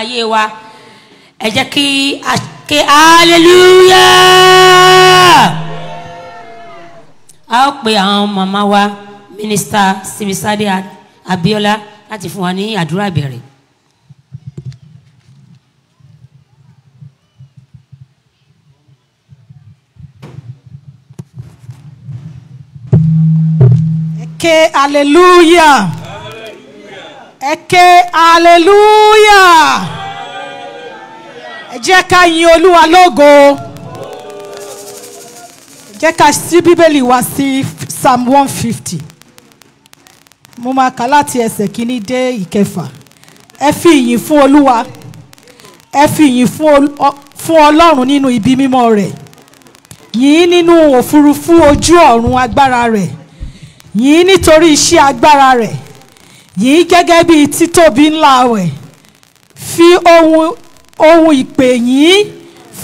ayé wa ẹ jẹ́ kí a ké hallelujah a ó pe àwọn màmá wa mínísítà Simisade Abiola láti fún wa ní àdúrà ìbẹ̀rẹ̀. ké hallelujah ẹ ké aleluya ẹ jẹ́ ká yin olúwa lógo ẹ jẹ́ ká ṣí bíbélì wá sí psalm one fifty mo máa kà láti ẹsẹ̀ kínní dé ìkẹfà ẹ fi ìyìn fún olúwa ẹ fi ìyìn fún ọlọ́run nínú ibi mímọ́ rẹ̀ yìn nínú òfurufú ojú ọ̀run agbára rẹ̀ yìn nítorí iṣẹ́ agbára rẹ̀ yìí gẹ́gẹ́ bí títóbi ńlá rẹ̀ fi ohun ohun ìpè yín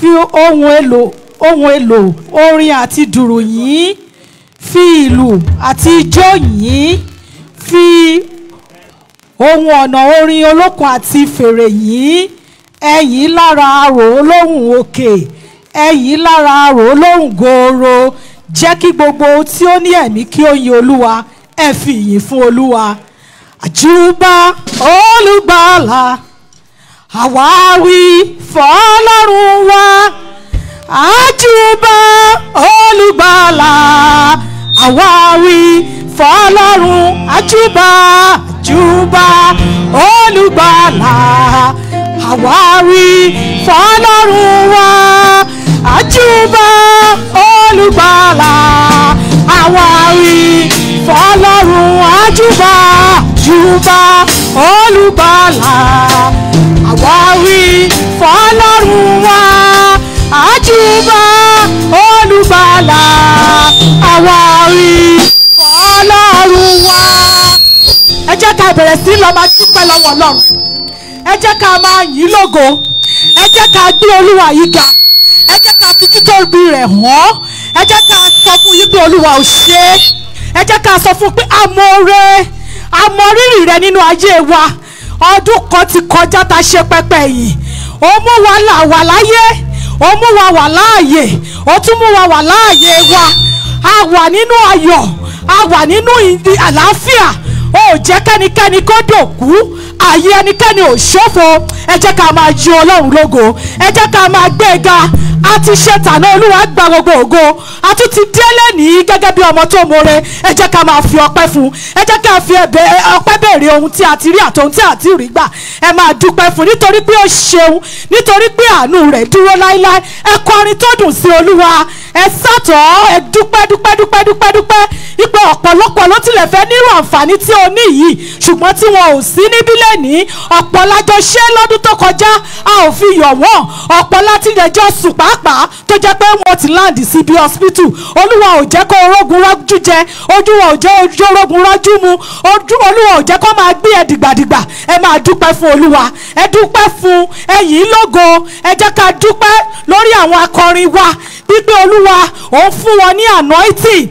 fi ohun èlò ohun èlò orin àti dùrù yín fi ìlù àti ijó yín fi ohun ọ̀nà orin olókùn àti fèrè yín ẹ̀yìn lára arò olóhùn òkè ẹ̀yìn lára arò olóhùn gooro jẹ́ kí gbogbo tí ó ní ẹ̀mí kí ó yin olúwa ẹ fi ìyìn fún olúwa àjùbà olùgbàlà àwáwí fọlọ́run wá àjùbà olùgbàlà àwáwí fọlọ́run àjùbà àjùbà olùgbàlà àwáwí fọlọ́run wá àjùbà olùgbàlà àwáwí fọlọ́run àjùbà júbà olùgbàlà àwa wí fọlọ́run wa àjùbà olùgbàlà àwa wí fọlọ́run wa. ẹ jẹ́ ká bẹ̀rẹ̀ sí lọ máa dúpẹ́ lọ́wọ́ ọlọ́run ẹ jẹ́ ká máa yìn lógo ẹ jẹ́ ká gbé olúwa yìí ga ẹ jẹ́ ká fi títóbi rẹ̀ hàn ẹ jẹ́ ká sọ fún yín pé olúwa ò ṣe é ẹ jẹ́ ká sọ fún pé amóore a mọ rírì rẹ nínú ayé wa ọdún kan ti kọjá ta ṣe pẹpẹ yìí ó mú wa là wà láyé ó mú wa wà láàyè ó tún mú wa wà láàyè wa a wà nínú ayọ̀ a wà nínú àlàáfíà o ò jẹ́ kẹ́nikẹ́ni kó dòkú ààyè ẹnikẹ́ni ò ṣófo ẹ jẹ́ ká máa yìn ọlọ́run lógo ẹ jẹ́ ká máa gbé ga a ti ṣe tàná olúwa gba gbogbo ògo a tún ti délé ní gẹ́gẹ́ bí ọmọ tó more ẹ jẹ́ ká máa fi ọpẹ́ fún ẹ jẹ́ ká fi ọpẹ́ béèrè ohun tí a ti rí àti tí a ti rí gbà ẹ máa dúpẹ́ fún nítorí pé ó ṣeun nítorí pé àánú rẹ̀ dúró láéláé ẹ kọrin tó dùn sí olúwa ẹ sàtọ̀ ẹ dúpẹ́ dúpẹ́ dúpẹ́ dúpẹ́ dúpẹ́ ipò ọ̀pọ̀lọpọ̀ ló tilẹ̀ fẹ́ nírú àǹfààní tí òní yìí ṣùgbọ́n tí wọn ò sí níbí lẹ́nìí ọ̀pọ̀ lájọ ṣe lọ́dún tó kọjá a ò fi yọ̀ wọ́n ọ̀pọ̀ láti rẹjọ́ sùn pàápàá tó jẹ́ pé wọn ti láǹdì sí ibi hospital olúwa ò jẹ́ kó orógun rájú jẹ ojú wọn ò jẹ́ ojú orógun rájú mu olúwa ò jẹ́ kó máa gbé ẹ dìgbàdìgbà ẹ máa dúpẹ́ fún olúwa ẹ dúpẹ́ fún ẹ̀yìn lógo ẹ jẹ́ ká dúpẹ́ lórí àwọn akọrin wa pípé olúwa òun fún wọn ní anointing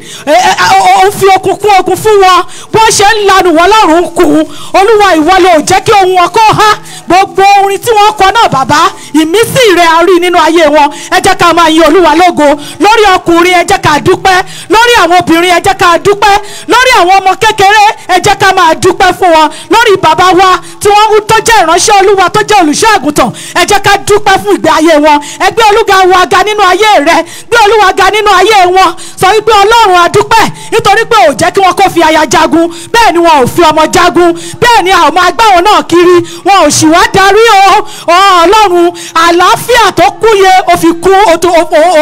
òun fi okun okun fún wọn bó ṣe ń la àánú wọn lọ́rùn kùn olúwa ìwọ ló jẹ́ kí ohun wọn kó há gbogbo orin tí wọ́n kọ náà bàbá ìmísí rẹ̀ a rí nínú ayé wọn ẹ jẹ́ ká máa yin olúwa lógo lórí ọkùnrin ẹ jẹ́ ká dúpẹ́ lórí àwọn obìnrin ẹ jẹ́ ká dúpẹ́ lórí àwọn ọmọ kékeré ẹ jẹ́ ká máa dúpẹ́ fún wọn lórí bàbá wa tí wọ́n ń tó jẹ́ ìránṣẹ́ olúwa tó jẹ́ olùṣọ́ àgùntàn ẹ jẹ́ ká dúpẹ́ fún ìgbé ayé wọn ẹ gbé olúga wa ga nínú ayé rẹ gbé olúwa ga nínú ayé wọn sọ wípé ọlọ́run a nítorí pé ó jẹ́ kí wọn kó fi aya jagun bẹ́ẹ̀ ni wọn ò fi ọmọ jagun bẹ́ẹ̀ ni àwọn ọmọ agbáwọn náà kiri wọn ò sì wá darí o ọlọ́run àlàáfíà tó kúye ó fi kú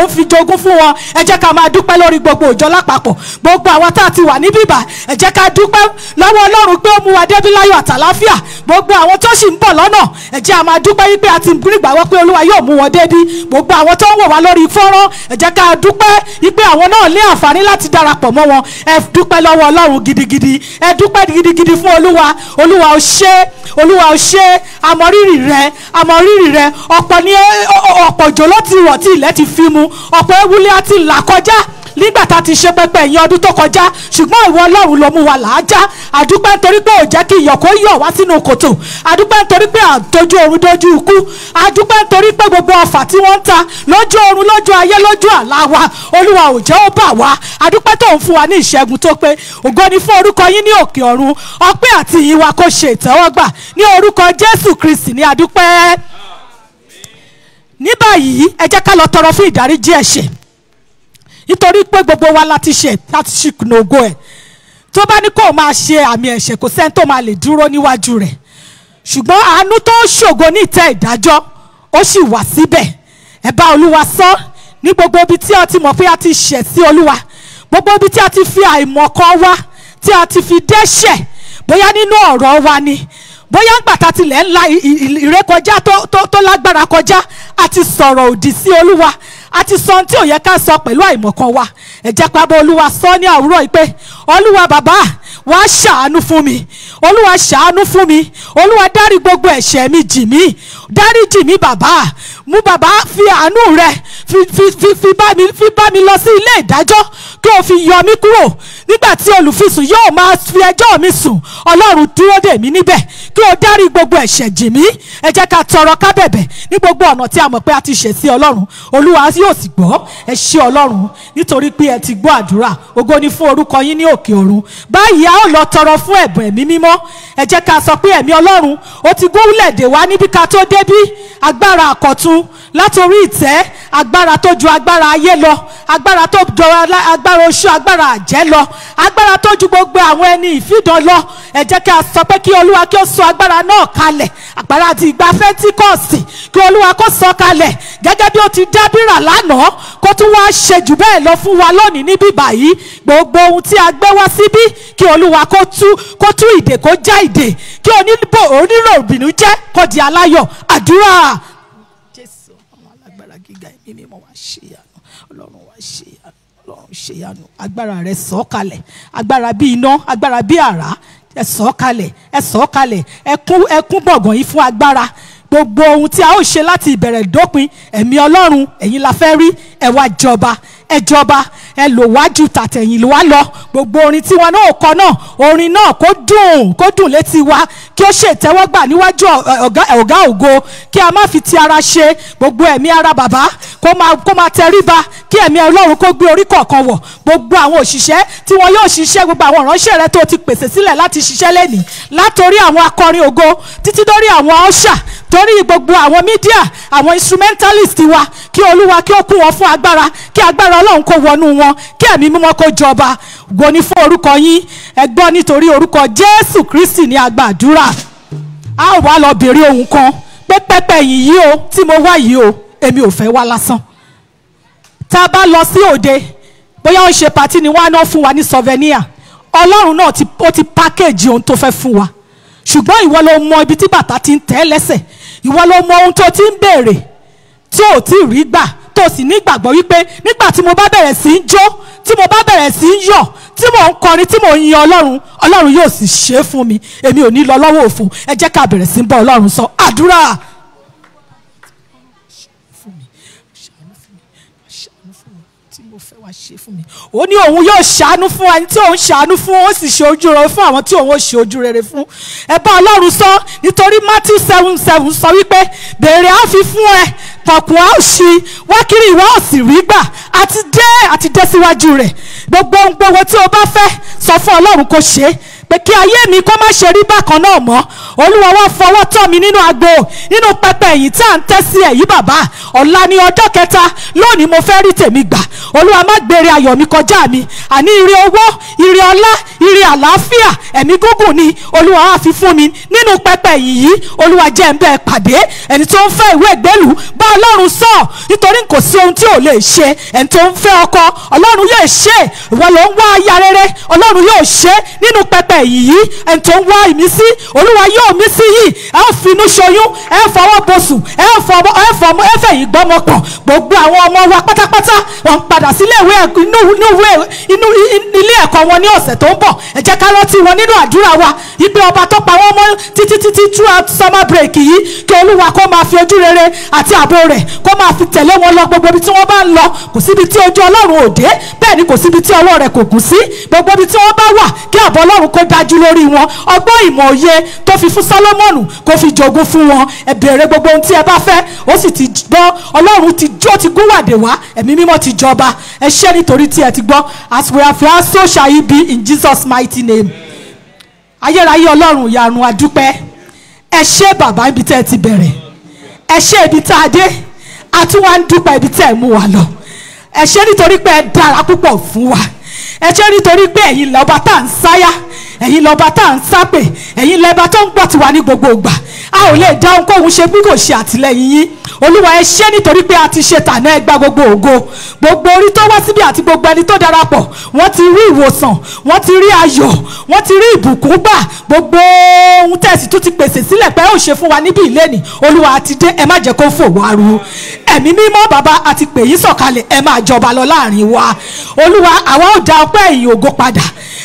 ó fi jogún fún wọn ẹ jẹ́ ká máa dúpẹ́ lórí gbogbo ìjọ lápapọ̀ gbogbo àwa tá a ti wà níbí ibà ẹ jẹ́ ká dúpẹ́ lọ́wọ́ ọlọ́run pé ó mú wa débí láyọ̀ àtàláfíà gbogbo àwọn tó sì ń bọ̀ lọ́nà ẹ jẹ́ a máa dúpẹ́ yí pé a ti gbígbàgbọ́ pé olúwa yóò mú wọn débí gbogbo àwọn tó ń wò wá lórí fọ́nrán ẹ jẹ́ ká dúpẹ́ yí pé àwọn náà ní àǹfààní láti darapọ̀ mọ́ wọn ẹ dúpẹ́ lọ́wọ́ ọlọ́run gidigidi ẹ dúpẹ́ dúpẹ́ gidigidi fún olúwa olúwa o ṣé olúwa o ṣé amọ̀rírì rẹ amọ̀rírì rẹ ọ̀pọ̀ ni ọ̀pọ̀ òjò ló ti rọ̀ tí ilẹ̀ ti fi mu ọ̀pọ̀ ewúlé á ti nígbà tá a ti ṣe pẹpẹ ìyẹn ọdún tó kọjá ṣùgbọ́n ìwọ ọlọ́run ló mú wa làájá àdúpẹ́ nítorí pé ò jẹ́ kí iyọ̀ kó yọ̀ wá sínú kòtò àdúpẹ́ nítorí pé àdojú oorun dojú ikú àdúpẹ́ nítorí pé gbogbo ọ̀fà tí wọ́n ń ta lójú oorun lójú ayé lójú àlá wa olúwa ò jẹ́ ó bà wá àdúpẹ́ tó ń fún wa ní ìṣẹ́gun tó pé ògo ni fún orúkọ yín ní òkè ọ̀run ọpẹ́ àti ìyìn wa kó ṣe ìtẹ́wọ́gbà ní orúkọ jésù kristi ní àdúpẹ́ ní báyìí ẹ jẹ́ ká lọ tọrọ fún ìdáríjì ẹ̀ṣẹ̀ nítorí pé gbogbo wa láti ṣe láti ṣìkùnà ògo ẹ̀ tó bá ní kó máa ṣe àmì ẹ̀ṣẹ̀ kò sẹ́ni tó máa lè dúró níwájú rẹ̀ ṣùgbọ́n àánú tó ṣògo ní ìtẹ́ ìdájọ́ ó sì wà síbẹ̀ ẹ bá olúwa sọ ní gbogbo ibi tí a ti mọ̀ pé a ti ṣẹ̀ sí olúwa gbogbo ibi tí a ti fi àìmọ̀kan wa tí a ti fi dẹ́ṣẹ̀ bóyá nínú ọ̀rọ̀ wa ni bóyá ńgbà tilẹ̀ ńlá ìrékọjá tó lágbára kọjá àti sọ̀rọ̀ òdì sí olúwa a ti sọ ohun tí ò yẹ ká sọ pẹ̀lú àìmọ̀kan wa ẹ jẹ́ olúwa sọ ní àwùrọ̀ yìí pé olúwa bàbá wá ṣàánú fún mi olúwa ṣàánú fún mi olúwa dárí gbogbo ẹ̀ṣẹ̀ mi jì mí dárí jì mí bàbá mú bàbá fi àánú rẹ fi fi fi fi bá mi fi bá mi lọ sí ilé ìdájọ́ kí o fi yọ mí kúrò nígbà tí olùfisùn yóò máa fi ẹjọ́ mi sùn ọlọ́run dúró dè mí níbẹ̀ kí o dárí gbogbo ẹ̀ṣẹ̀ jì mí ẹ jẹ́ ká tọrọ ká bẹ̀bẹ̀ ní gbogbo ọ̀nà tí a mọ̀ pé a ti ṣẹ̀ sí ọlọ́run olúwa yóò sì gbọ́ ẹ ṣé ọlọ́run nítorí pé ẹ ti gbọ́ àdúrà ògo ni fún orúkọ yín ní òkè ọ̀run báyìí ni a ó lọ tọrọ fún ẹ̀bùn ẹ̀mí mímọ́ ẹ jẹ́ ká sọ pé ẹ̀mí ọlọ́run ó ti gúnlẹ̀ dè wá níbi ká tó débí agbára àkọ̀tun látòrí ìtẹ́ agbára tó ju agbára ayé lọ agbára tó ju agbára oṣù agbára àjẹ́ lọ agbára tó ju gbogbo àwọn ẹni ìfidàn lọ ẹ jẹ́ kí a sọ pé kí olúwa kí ó sọ agbára náà kalẹ̀ agbára ti ìgbà fẹ́ntíkọ́ọ̀sì kí olúwa kó sọ kalẹ̀ gẹ́gẹ́ bí ó ti dábìrà lánàá kó tún wá ṣe jù bẹ́ẹ̀ lọ fún wa lónìí níbí báyìí gbogbo ohun tí a gbé wá síbí kí olúwa kó tú kó tú ìdè kó já ìdè kí oníbò onírò ìbìnújẹ́ kó di aláyọ̀ àdúrà. jésù ọmọ alágbára gíga ẹ̀mí mímọ́ wá ṣe ìyanu ọlọ́run wá ṣe ìyanu ọlọ́run ṣe ìyanu agbára rẹ̀ sọ̀ kalẹ̀ agbára bí iná agbára bí àrá ẹ sọ̀ kalẹ̀ ẹ sọ̀ kalẹ̀ ẹ kún ẹ kún gbọ̀ngàn yìí fún agbára gbogbo ohun tí a ó ṣe láti ìbẹ̀rẹ̀ dópin ẹ̀mí ọlọ́run ẹ̀yin la fẹ́ rí ẹ wá jọba ẹ jọba ẹ lò wájú tàtẹ̀yìn ló wá lọ gbogbo orin tí wọn náà kọ náà orin náà kó dùn kó dùn létí wa kí ó ṣe ìtẹ́wọ́gbà níwájú ọ̀gá ògo kí a má fi ti ara ṣe gbogbo ẹ̀mí ara bàbá kó máa kó máa tẹríba kí ẹ̀mí ọlọ́run kó gbé orí kọ̀ọ̀kan wọ̀ gbogbo àwọn òṣìṣẹ́ tí wọn yóò ṣiṣẹ́ gbogbo àwọn ìránṣẹ́ rẹ tó ti pèsè sílẹ̀ láti ṣiṣẹ́ lẹ́nìí látòrí àwọn akọrin ògo títí dórí àwọn ọ́ṣà torí gbogbo àwọn mídíà àwọn instrumentalist wa kí olúwa kí ó kún wọn fún agbára kí agbára ọlọ́run kó wọnú wọn wọn kí ẹ̀mí mímọ́ kó jọba ògo ni fún orúkọ yín ẹ gbọ́ nítorí orúkọ Jésù Kristi ní agbàdúrà a ó wá lọ béèrè ohun kan pé pẹ́pẹ́ yìí yìí o tí mo wá yìí o èmi ò fẹ́ wá lásán tá a bá lọ sí òde bóyá ó ń ṣe patí ni wọ́n á náà fún wa ní souvenir ọlọ́run náà ó ti package ohun tó fẹ́ fún wa ṣùgbọ́n ìwọ ló mọ ibi tí bàtà ti ń tẹ́ lẹ́sẹ̀ ìwọ ló mọ ohun tó ti ń béèrè tí ò tí ì rí gbà tó sì nígbàgbọ́ wípé nígbà tí mo bá bẹ̀rẹ̀ sí í jó tí mo bá bẹ̀rẹ̀ sí í yọ̀ tí mò ń kọrin tí mò ń yin ọlọ́run ọlọ́run yóò sì ṣe é fún mi èmi ò ní lọ lọ́wọ́ òfo ẹ jẹ́ ká bẹ̀rẹ̀ sí í bá ọlọ́run sọ àdúrà. wá ṣe fún mi ó ní òun yóò ṣàánú fún ẹni tí òun ṣàánú fún ó sì ṣe ojú rere fún àwọn tí òun ó ṣe ojú rere fún ẹ bá ọlọ́run sọ nítorí matthew seven seven sọ wípé béèrè á fi fún ẹ tọkùn á ṣí wákìrì ìwọ ò rí gbà àti dé àti dé síwájú rẹ̀ gbogbo ohun gbogbo tí o bá fẹ́ sọ fún ọlọ́run kó ṣe é pé kí ayé mi kó má ṣe rí bákan náà mọ́ olúwa wá fọwọ́ tọ́ mi nínú agbo nínú pẹpẹ èyí tá à ń tẹ́ sí èyí bàbá ọ̀la ni ọjọ́ kẹta lónìí mo fẹ́ rí tèmi gbà olúwa má gbèrè ayọ̀ mi kọjá mi àní ire owó ire ọlá ire àlàáfíà ẹ̀mí gúngùn ni olúwa á fi fún mi nínú pẹpẹ yìí olúwa jẹ́ ń bẹ́ẹ̀ pàdé ẹni tó ń fẹ́ ìwé ìgbélú bá ọlọ́run sọ nítorí kò sí ohun tí ò lè ṣe ẹni tó ń fẹ́ ọkọ ọlọ́run yóò ṣe ìwọ ló ń wá aya rere ọlọ́run yóò ṣe nínú pẹpẹ ẹ̀yìn yìí ẹni tó ń wá ìmísí olúwa yóò mí sí yìí ẹ ó finú ṣoyún ẹ fọwọ́ bosùn ẹ fọwọ́ ẹ fọmọ ẹ fẹ̀yìn gbọ́mọ pọ̀ gbogbo àwọn ọmọ wa pátápátá wọn padà sílé ìwé inú ilé ẹ̀kọ́ wọn ní ọ̀sẹ̀ tó ń bọ̀ ẹ jẹ́ ká rántí wọn nínú àdúrà wa ìpè ọba tó pa wọ́n mọ́ títí títí throughout summer break yìí kí olúwa kó máa fi ojú rere àti ààbò rẹ̀ kó máa fi tẹ̀lé wọn lọ gbogbo ibi tí wọ́n bá ń lọ kò síbi tí ojú ọlọ́run ò dé bẹ́ẹ̀ ni kò síbi tí ọwọ́ rẹ̀ kò kù sí gbogbo ibi tí wọ́n bá wà kí ààbò ọlọ́run kó dájú lórí wọn ọgbọ́n ìmọ̀ òye tó fi fún Sólómọ́nì kó fi jogún fún wọn ẹ béèrè gbogbo ohun tí ẹ bá fẹ́ ó sì ti gbọ́ Ọlọ́run ti jó ti gún wàdé wá ẹ̀mí mímọ́ ti jọba ẹ ṣé nítorí tí ẹ ti gbọ́ as we have heard so shall you be in Jesus mighty name ayérayé Ọlọ́run ìyanu adúpẹ́ ẹ ṣé bàbá ibi tẹ́ ẹ ti bẹ̀rẹ̀ ẹ ṣé ibi tá a dé a tún wá ń dúpẹ́ ibi tẹ́ ẹ mú wa lọ ẹ ṣé nítorí pé ẹ dára púpọ̀ fún wa ẹ ṣé nítorí pé ẹ̀yin lọ́ba tá à ń sáyà ẹ̀yin lọ́ba tá à ń sápè ẹ̀yin lẹ́ba tó ń gbọ́ tiwa ní gbogbo ìgbà a ò lè dá ohunkóhun ṣe bí kò ṣe àtìlẹ́yìn yín olúwa ẹ ṣé nítorí pé a ti ṣe tàná ẹ gba gbogbo ògo gbogbo orí tó wá síbi àti gbogbo ẹni tó darapọ̀ wọ́n ti rí ìwòsàn wọ́n ti rí ayọ̀ wọ́n ti rí ìbùkún gbà gbogbo ohun tẹ̀sí tó ti pèsè sílẹ̀ pé ó ṣe fún wa níbí ìlénì olúwa àti dé ẹ má jẹ́ kó fò wá ru ẹ̀mí mímọ́ bàbá àti pè sọ̀kalẹ̀ ẹ máa jọba lọ láàrin wa olúwa àwa ò dá ọpẹ́ ìyìn ògo padà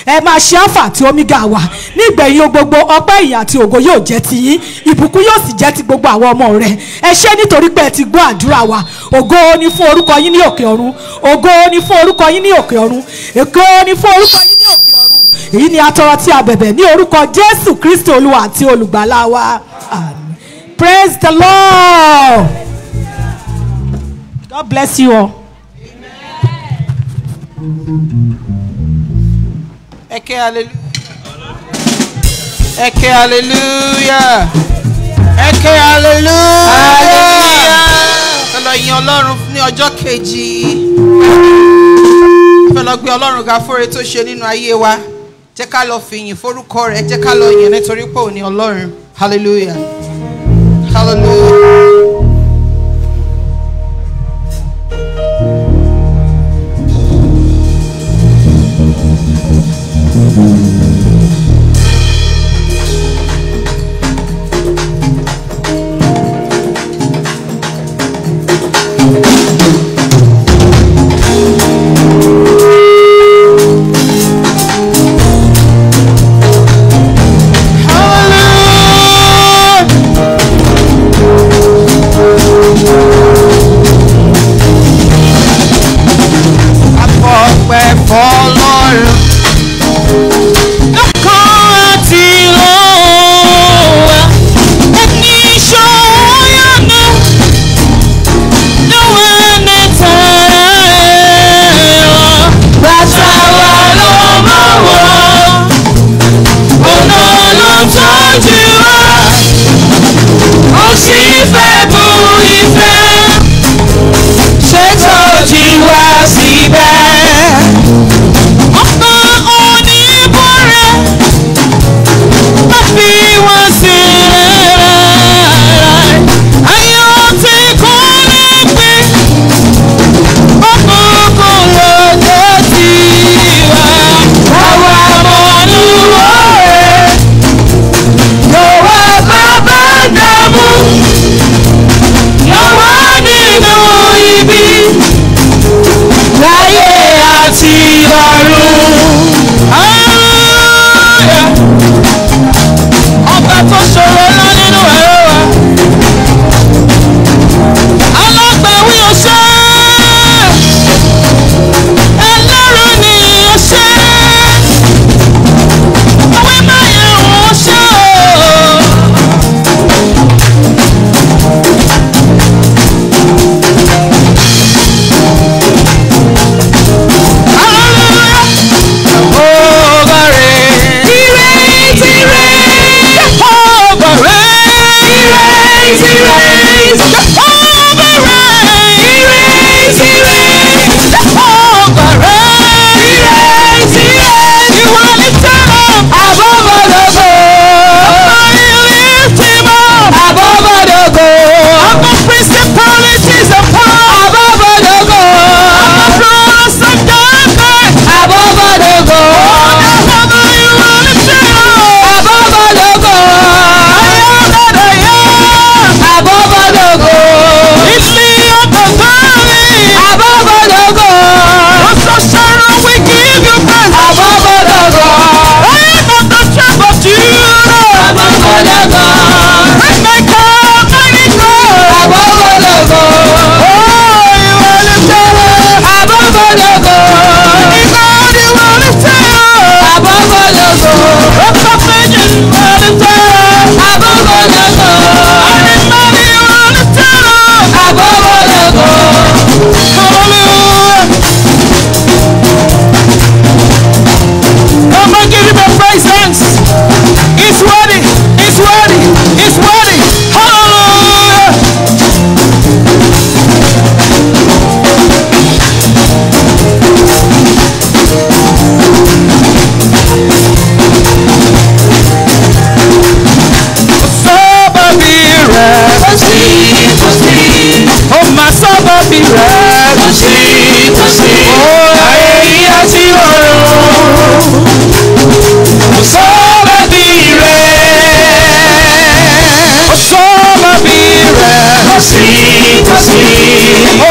ẹ máa ṣe àfà tí omi gíga wa nígbẹ̀yìn o gbogbo ọpẹ́ ìyìn àti ògo yóò jẹ́ ti yín ìbùkún yóò sì jẹ́ ti gbogbo àwọn ọmọ rẹ̀ ẹ ṣé nítorí pé ẹ ti gbọ́ àdúrà wa ògo ni fún orúkọ yín ní òkè ọ̀run ògo ni fún orúkọ yín ní òkè ọ̀run ògo ni fún orúkọ yín ní òkè ọ̀run èyí ni atọrọ tí a bẹ̀bẹ̀ ní orúkọ Jésù Kristi Olúwa àti olùgbàlà wa Praise the Lord. God bless you all. Amen. Eke hallelujah. Ẹ ké hallelujah. Ẹ ké hallelujah. Hallelujah. Ẹ lọ yin Ọlọ́run ní ọjọ́ kejì. Ẹ fẹ́ lọ gbé Ọlọ́run ga fóore tó ṣe nínú ayé wa. Jẹ́ ká lọ fìyìn forúkọ rẹ̀, jẹ́ ká lọ yìn nítorí pé òun ni Ọlọ́run. Hallelujah. Hallelujah.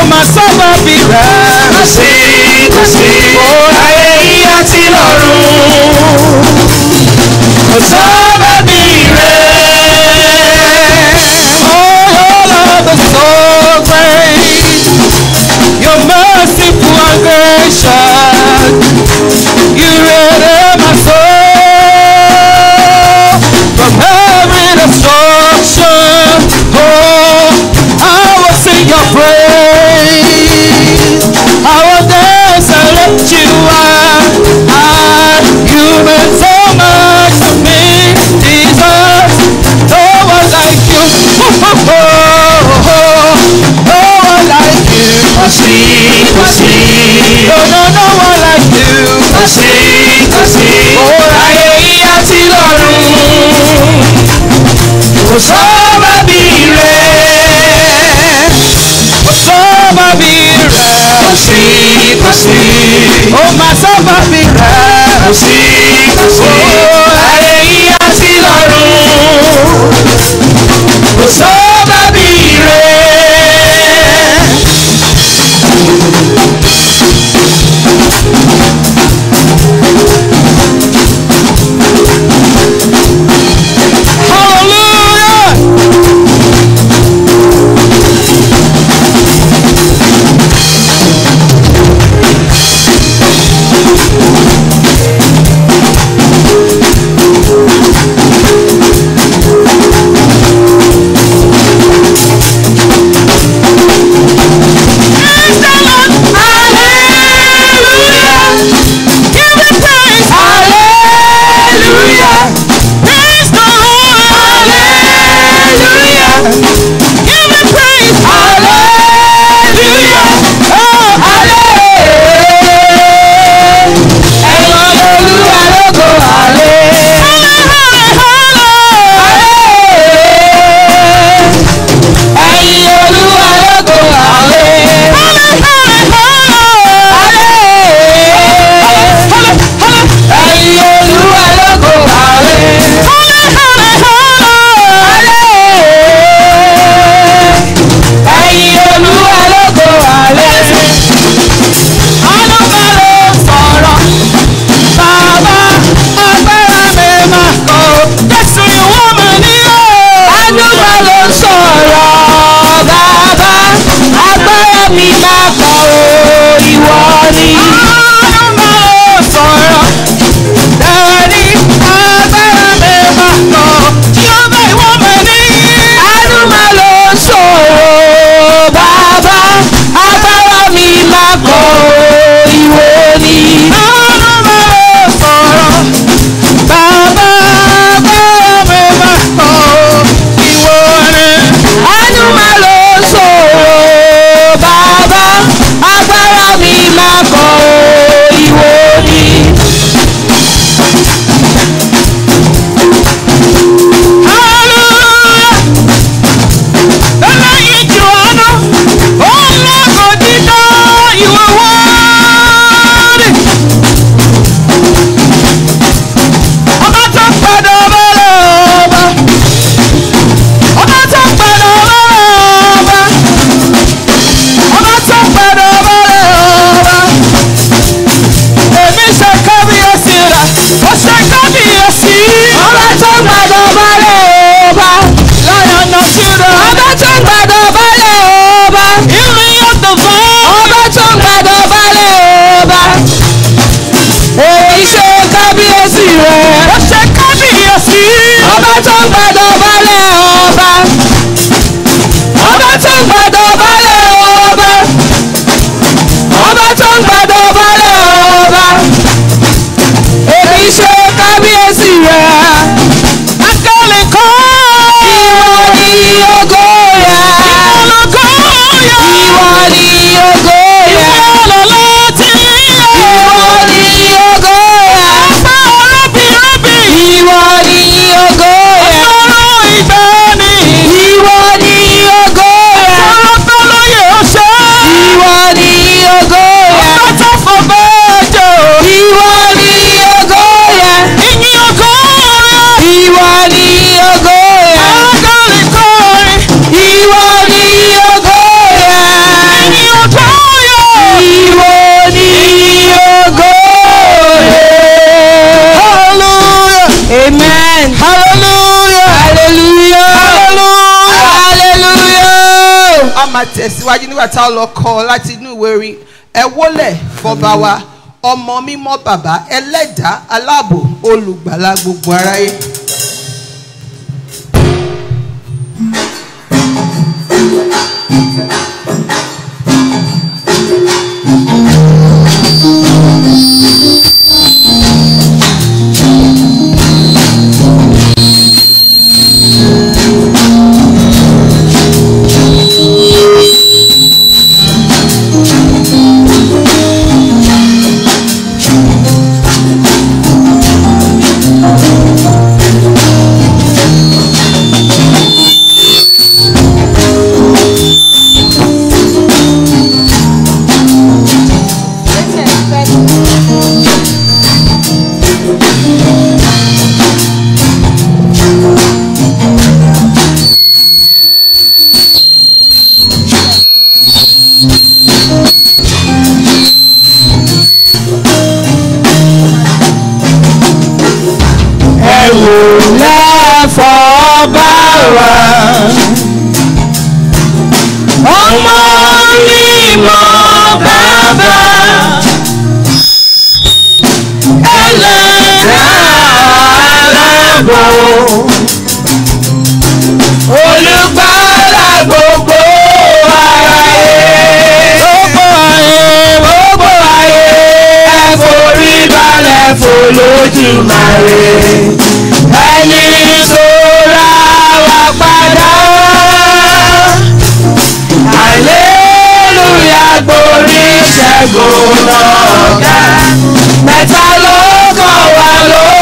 máa sábà bí rẹ̀. kò sí kò sí ayé lọ́run. kò sọ́ọ́. I sing, No, no, no one like you. I sing, Oh, ayé yìí àti lọ́run. Kò sọ́ba bí rẹ̀. Kò sọ́ba bí rẹ̀. Kò sí, kò sí. Ó máa Oh, ayé yìí àti lọ́run. Kò sọ́ba máa tẹ̀síwájú nígbà tá a lọ kọ́ láti inú ìwé orin ẹ wólẹ̀ fọba wa ọmọ mímọ́ bàbá ẹlẹ́dàá aláàbò olùgbàlà gbogbo aráyé. lẹ́fọ̀ọ́ bá wà. ọmọ mi mọ bàbá ẹlẹ́dàá alábò olùgbàlà gbogbo aráyé. gbogbo ayé gbogbo ayé ẹ forí balẹ̀ fọlójú ẹni sọ́ra wà padà. Àlélúyà gborí ṣẹ́gun náà. Mẹ́ta ló wá lórí.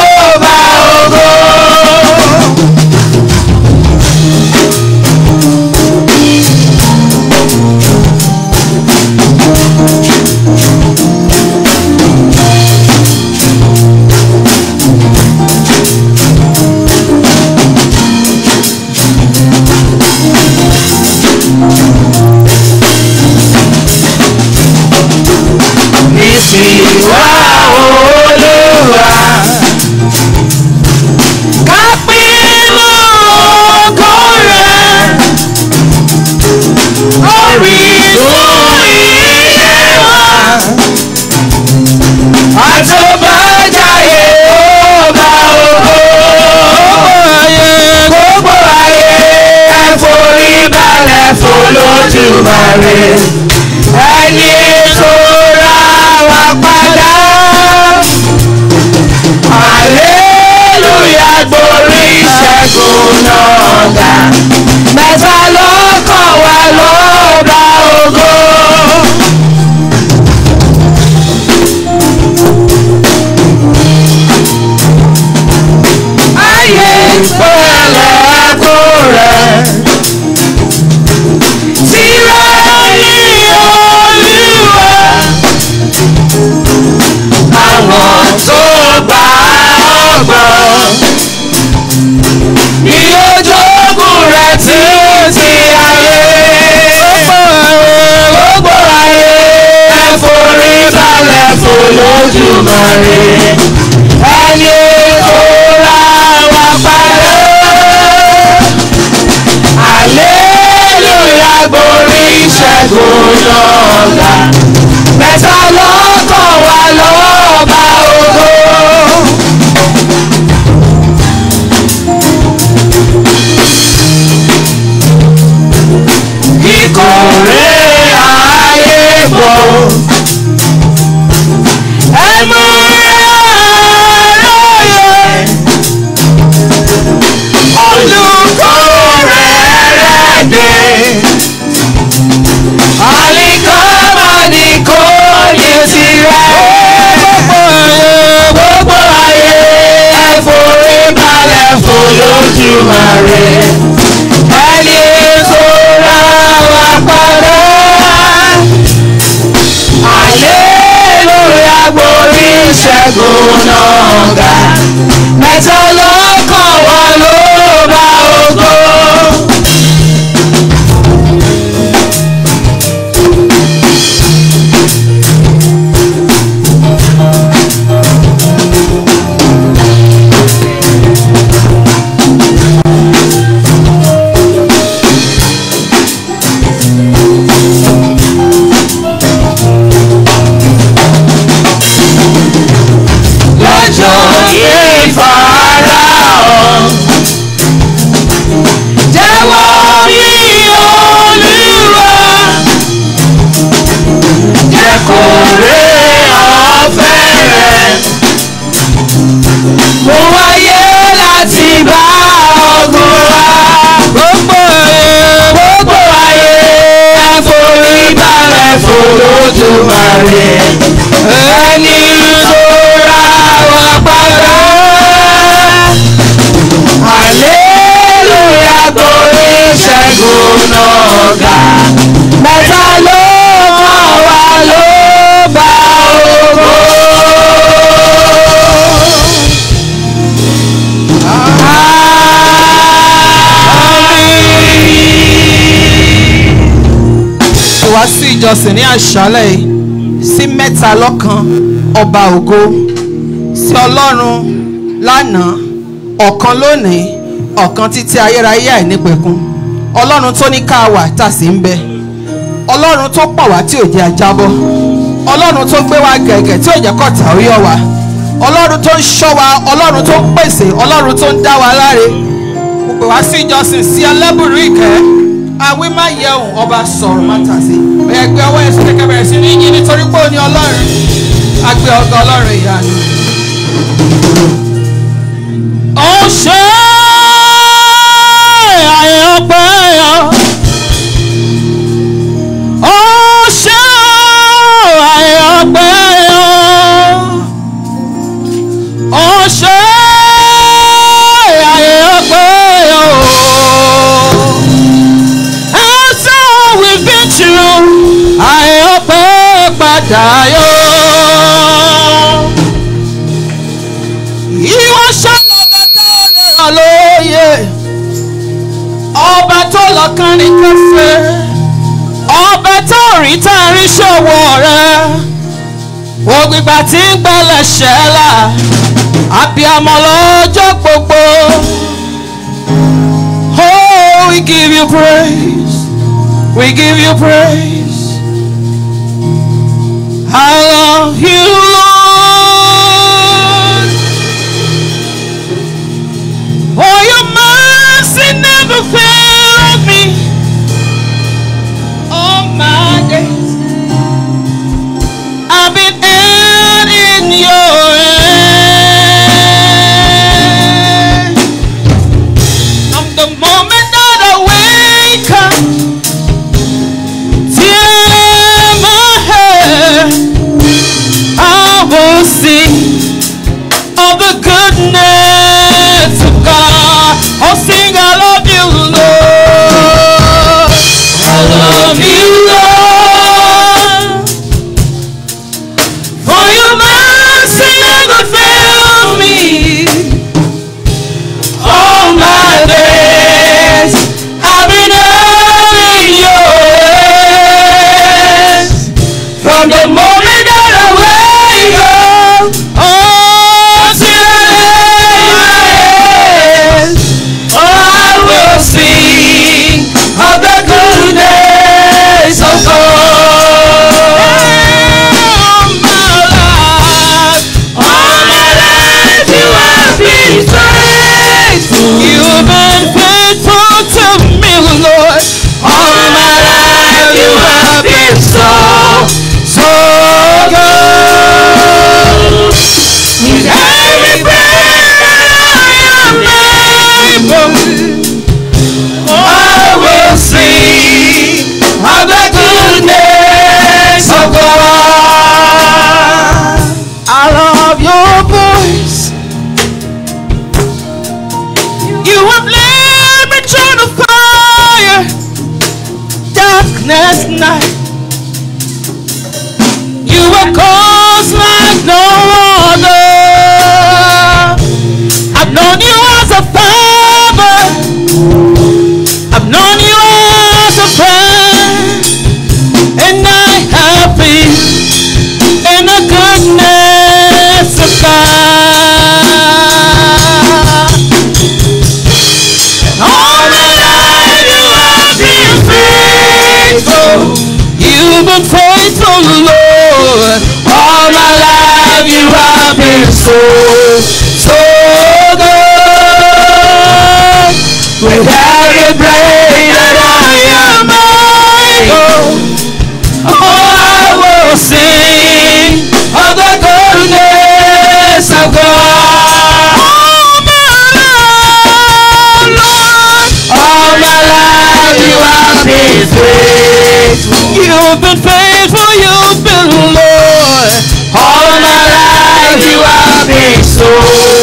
fọlójúmọ́re ẹni sọ́ra wa padà hallelujah gbórí ìṣẹ́gun náà ga mẹ́ta ló. olódùmarè ẹni tó ra wa padà àlélúyà borí ìṣẹ́gun lọ́la mẹ́ta lọ́kọ̀ wa lọ́ba ògo. Ikore ayé bọ̀. Olódùmarè. Ká lè tó ra wa padà. Hallelujah, borí ìṣẹ́gun náà ga. Mẹ́ta lọ́kàn. ìjọsìn ní àṣálẹ̀ yìí sí mẹ́ta lọ́kan ọba ògo sí ọlọ́run lánàá ọ̀kan lónìí ọ̀kan títí ayérayé àìnípẹ̀kun ọlọ́run tó ní ká wà tá sì ń bẹ ọlọ́run tó pọ̀ wá tí ò jẹ́ ajábọ́ ọlọ́run tó gbé wa gẹ̀gẹ̀ tí ò jẹ́ kọ̀tà ó yọ̀ wá ọlọ́run tó ń ṣọ́ wa ọlọ́run tó ń pèsè ọlọ́run tó ń dá wa láre pè wá sí ìjọsìn sí ẹlẹ́bùrú ìkẹ́. àwí má yẹ òun ọba sọ̀rọ̀ má sí. ẹgbẹ́ ọwọ́ sí ní yín nítorí pé àgbẹ̀ ọ̀gá kárí kẹfẹ́ ọbẹ̀ tó rí tá a rí ṣòwò rẹ̀ ògbìgbà tí ń gbẹlẹ̀ ṣẹlá àbíamọ lọ́jọ́ gbogbo. Oh, we give you praise, we give you praise. I love you. you by so, so good. Without your brain and I am mine. Oh, I will sing of the goodness of God. All my life, Lord, all my life you have been faithful. You've been faithful, you Lord.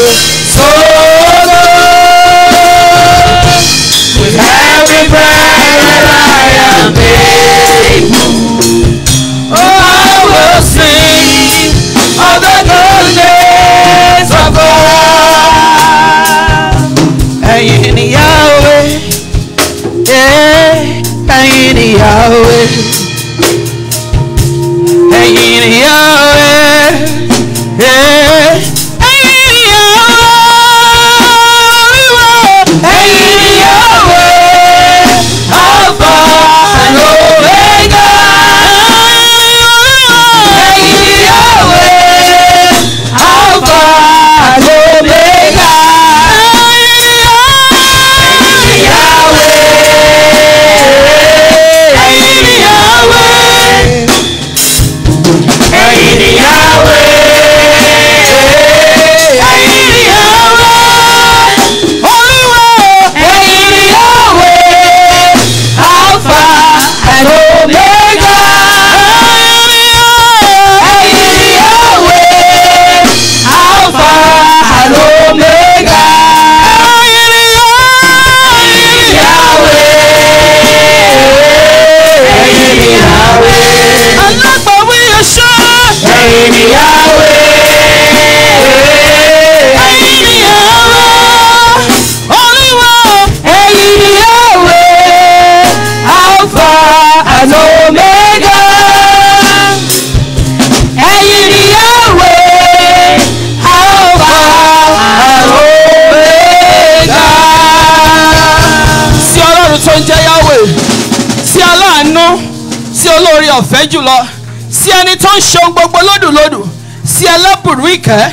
ìfẹ́ jùlọ sí ẹni tó ń ṣeun gbogbo lódùlódù sí ẹlẹ́bùrú ìkẹ́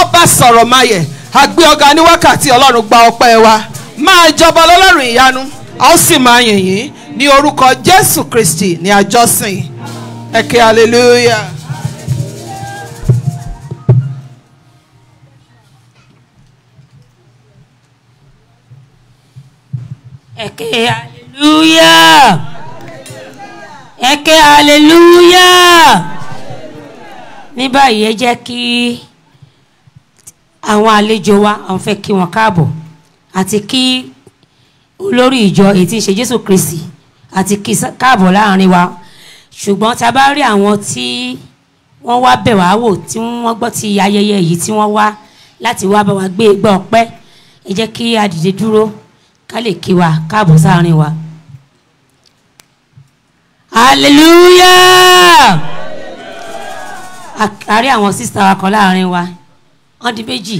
ọba sọ̀rọ̀ mayẹ̀ àgbẹ̀ ọ̀gá ní wákàtí ọlọ́run gba ọpẹ́ wa máa jọba lọ́lọ́run ìyanu a ó sì máa yìn yín ní orúkọ jésù kristi ní àjọsìn ẹ̀kẹ́ hallelujah. báyìí ẹ jẹ́ kí àwọn àlejò wa àwọn fẹ́ kí wọn káàbọ̀ àti kí olórí ìjọ èyí tí ń ṣe Jésù Kristi àti kí káàbọ̀ láàrin wa ṣùgbọ́n tá a bá rí àwọn tí wọ́n wá bẹ̀ wá wò tí wọ́n gbọ́ ti ayẹyẹ yìí tí wọ́n wá láti wá bá wa gbé e gbọ́ ọpẹ́ ẹ jẹ́ kí a dúró ká lè kí wa káàbọ̀ sáàrin wa. hallelujah àrí àwọn sister wa kan láàrin wa wọ́n di méjì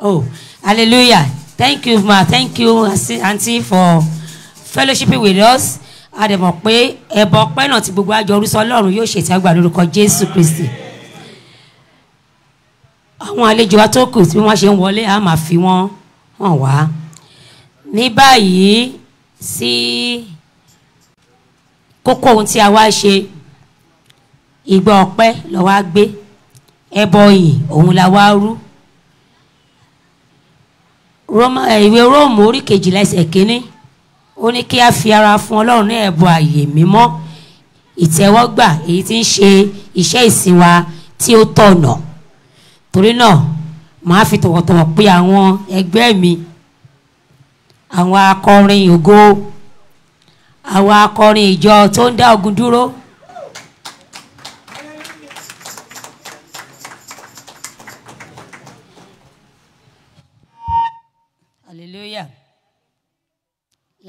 oh hallelujah thank you ma thank you aunty for fellowship with us àdèmọ̀ pé ẹ̀bọ̀ ọpẹ́ náà ti gbogbo àjọ orúsọ ọlọ́run yóò ṣètì àgbà lórúkọ jésù kristi àwọn àlejò wa tó kù tí wọ́n ṣe ń wọlé a máa fi wọ́n hàn wá ní báyìí sí kókó ohun tí a wá ṣe ìgbà ọpẹ́ lọ wá gbé ẹbọ ìyìn òun la wá rú ìwé róòmù orí kejìlá ẹsẹ̀ kínní ó ní kí a fi ara fún ọlọ́run ní ẹ̀bùn àyè mímọ́ ìtẹ́wọ́gbà èyí tí ń ṣe iṣẹ́ ìsìn wa tí ó tọ̀nà torí náà màá fi tọ̀wọ̀tọ̀wọ̀ pé àwọn ẹgbẹ́ mi àwọn akọrin ògo àwọn akọrin ìjọ tó ń dá ogun dúró.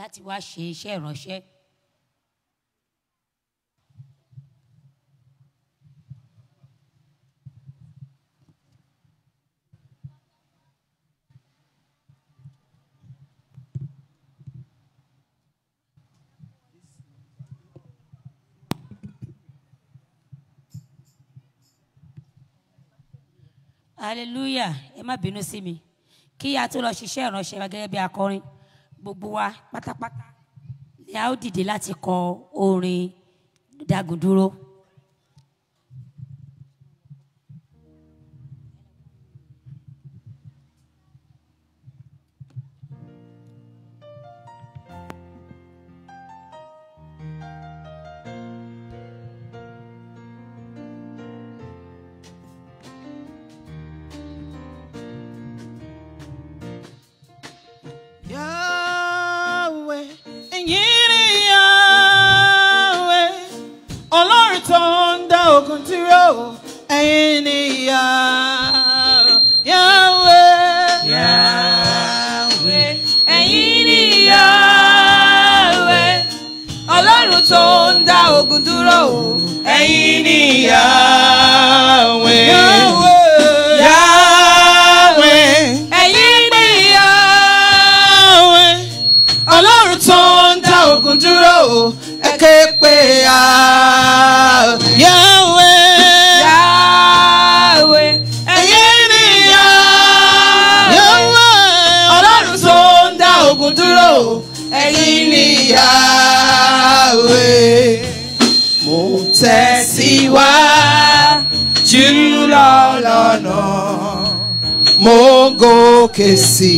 láti wá ṣe iṣẹ́ ìránṣẹ́. hallelujah ẹ má bínú sí mi kí a tó lọ ṣiṣẹ́ ìránṣẹ́ gẹ́gẹ́ bí akọrin. gbogbo wa pátápátá ni a ó dìde láti kọ orin dagunduro. Yeah. ìyìn níyàwó ọlọ́run tó ń dá ogun dúró ẹ̀yin níyàwó. Yahweh ẹ̀yin níyàwó ọlọ́run tó ń dá ogun dúró ẹ̀yin níyàwó. o ẹ ké pé a. Yahweh. ẹ̀yin ni Yahweh. Mo tẹ̀síwájú lọ lọ́nà, mo gòkè sí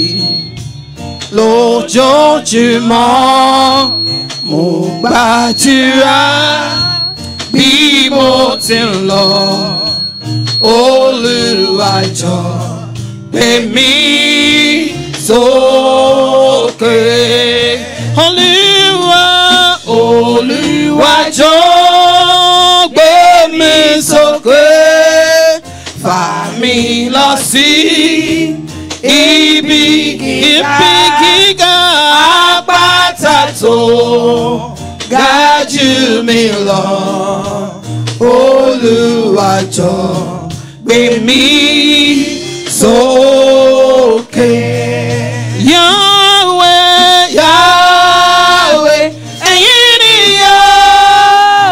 lójoojúmọ́ mo gbàdúrà bí mo ti ń lọ Olúwa jọ̀ọ́ gbé mi sókè Olúwa Olúwa gbé mi sókè fà mí lọ sí ibi gíga ga God ga me long, lọ Olúwa jọ̀ọ́ gbé mi sókè. Yahweh Yahweh ẹ̀yin ni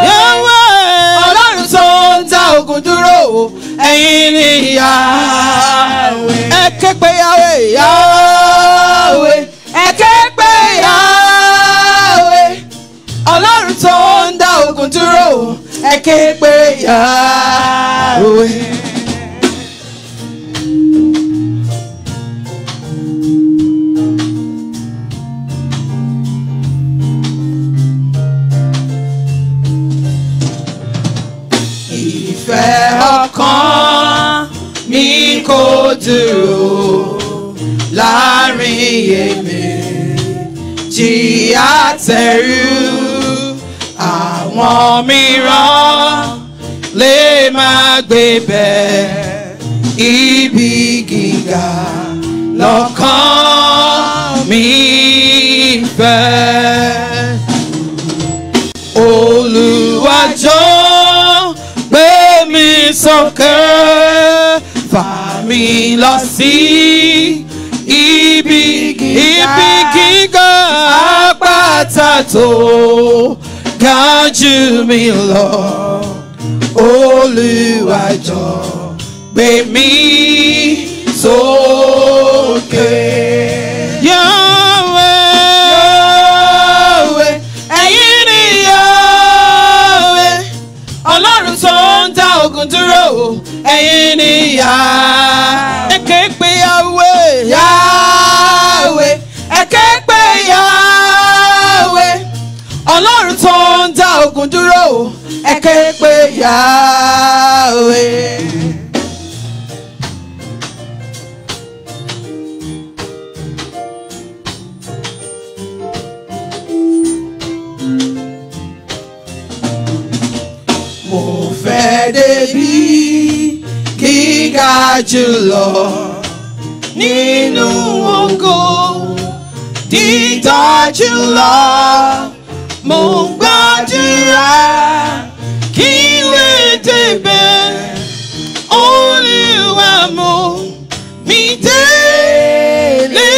Yahweh ọlọ́run tó ń dá ogun dúró ẹ̀yin ni Yahweh ẹ Yahweh Yahweh. ẹ ké pé yá òwe. ìfẹ́ ọkàn mi kò dúró láàrin èmi jí àtẹrù. Ah wọ́n mìíràn lè máa gbé bẹ̀ ibi gíga lọ́kàn mi fẹ́. Olúwa jọ̀ọ́ gbé mi sókè fà mí lọ sí ibi gíga àpáta tó. God you mi lọ Olúwa Make me so sókè. Yahweh Yahweh ẹ̀yin ni Yahweh Ọlọ́run tó Yahweh. ogun dúró ẹ ké pe Yahweh. mo fẹ́ débi gíga jùlọ nínú ògo dídá jùlọ. mo ń gbàdúrà kí lè débẹ̀ Olúwa mú mi délé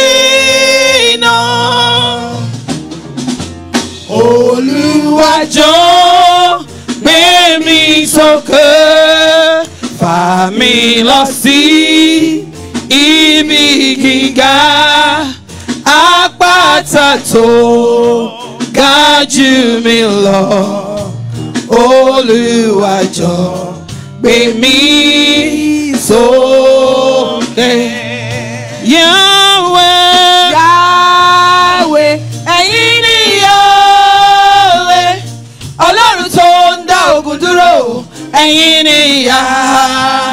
náà Olúwa jọ̀ọ́ gbé mi sókè fà mí lọ sí ibi gíga àpáta tó ga jù mí lọ Olúwa jọ̀ọ́ gbé mi sókè. Yahweh Yahweh ẹ̀yin ni Yahweh Ọlọ́run tó ń dá ogun dúró ẹ̀yin ni Yahweh.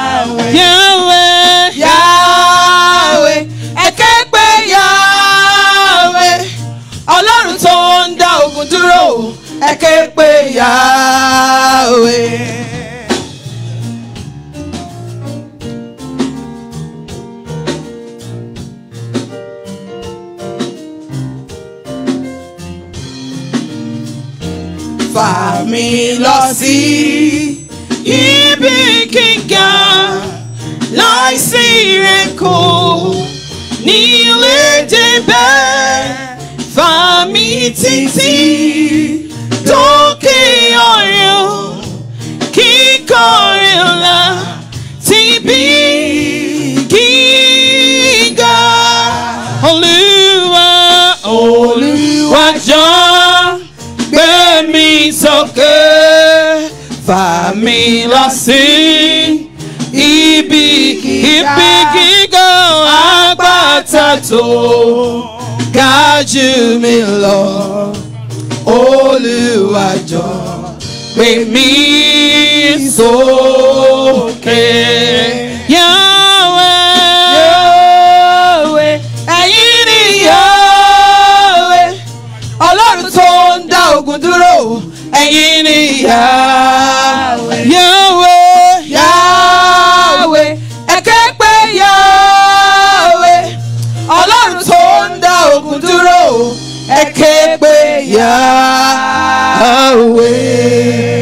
ẹ ké pe Yahweh. fà mí lọ sí ibi gíga láìsí ìrẹ́kọ̀ọ́ nílé débẹ̀ fà mí títí tókè ọ̀run kíkọrin ńlá síbí gíga olúwa olúwa jọ gbé mi sókè fà mí lọ sí ibi ibi gíga àpáta tó ga jù mí lọ. Olúwa jọ pè mí sókè. Yahweh Yahweh ẹ̀yin ni Yahweh ọlọ́run tó ń dá ogun dúró ẹ̀yin Yahweh. Yahweh Yahweh ẹ ké Yahweh ọlọ́run tó ń dá ogun dúró ẹ away.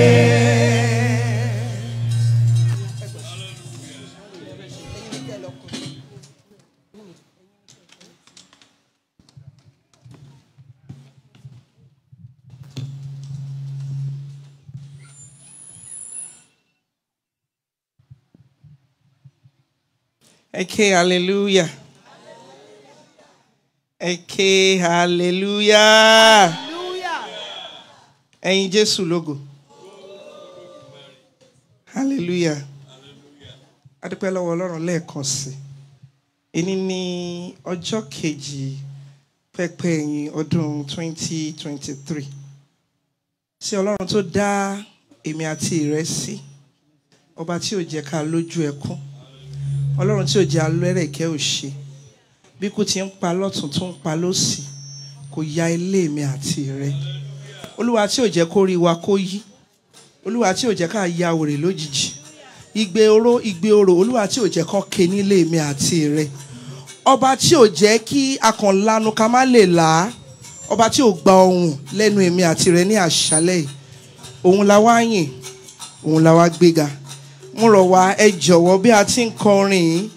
Okay, hallelujah. Okay, hallelujah. ẹ̀yin Jésù logo. hallelujah adúpẹ́ lọ́wọ́ Ọlọ́run lẹ́ẹ̀kan sí ẹni ní ọjọ́ kejì pẹpẹ ẹ̀yìn ọdún 2023 sí Ọlọ́run tó dá èmi àti ìrẹ́ sí ọba tí ò jẹ́ ká lójú ẹkún Ọlọ́run tí ò jẹ́ alẹ́rẹ̀kẹ́ òṣè bí kò ti ń pa lọ́tún tó ń pa lósì kò ya ilé mi àti ìrẹ́ olúwa tí ò jẹ́ kó rí wa kó yí olúwa tí ò jẹ́ ká ya òrè lójijì igbe oró igbe oró olúwa tí ò jẹ́ kó ke nílé mi àti rẹ ọba tí ò jẹ́ kí akànlanu ká má lè là á ọba tí ò gba ohùn lẹ́nu èmi àti rẹ ní àṣálẹ́ yìí òun la wá yìn òun la wá gbéga mo rọ̀ wá ẹ jọ̀wọ́ bí a ti ń kọrin yìí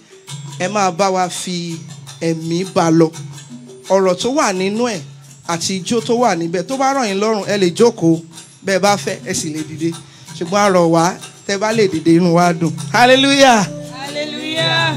ẹ máa bá wa fi ẹ̀mí bá lọ ọ̀rọ̀ tó wà nínú ẹ̀ àti ijó tó wà níbẹ̀ tó bá ràn yín lọ́rùn ẹ lè jókòó bẹ́ẹ̀ bá fẹ́ ẹ sì lè dìde ṣùgbọ́n àrọ̀ wá tẹ́ bá lè dìde inú wa dùn hallelujah. hallelujah.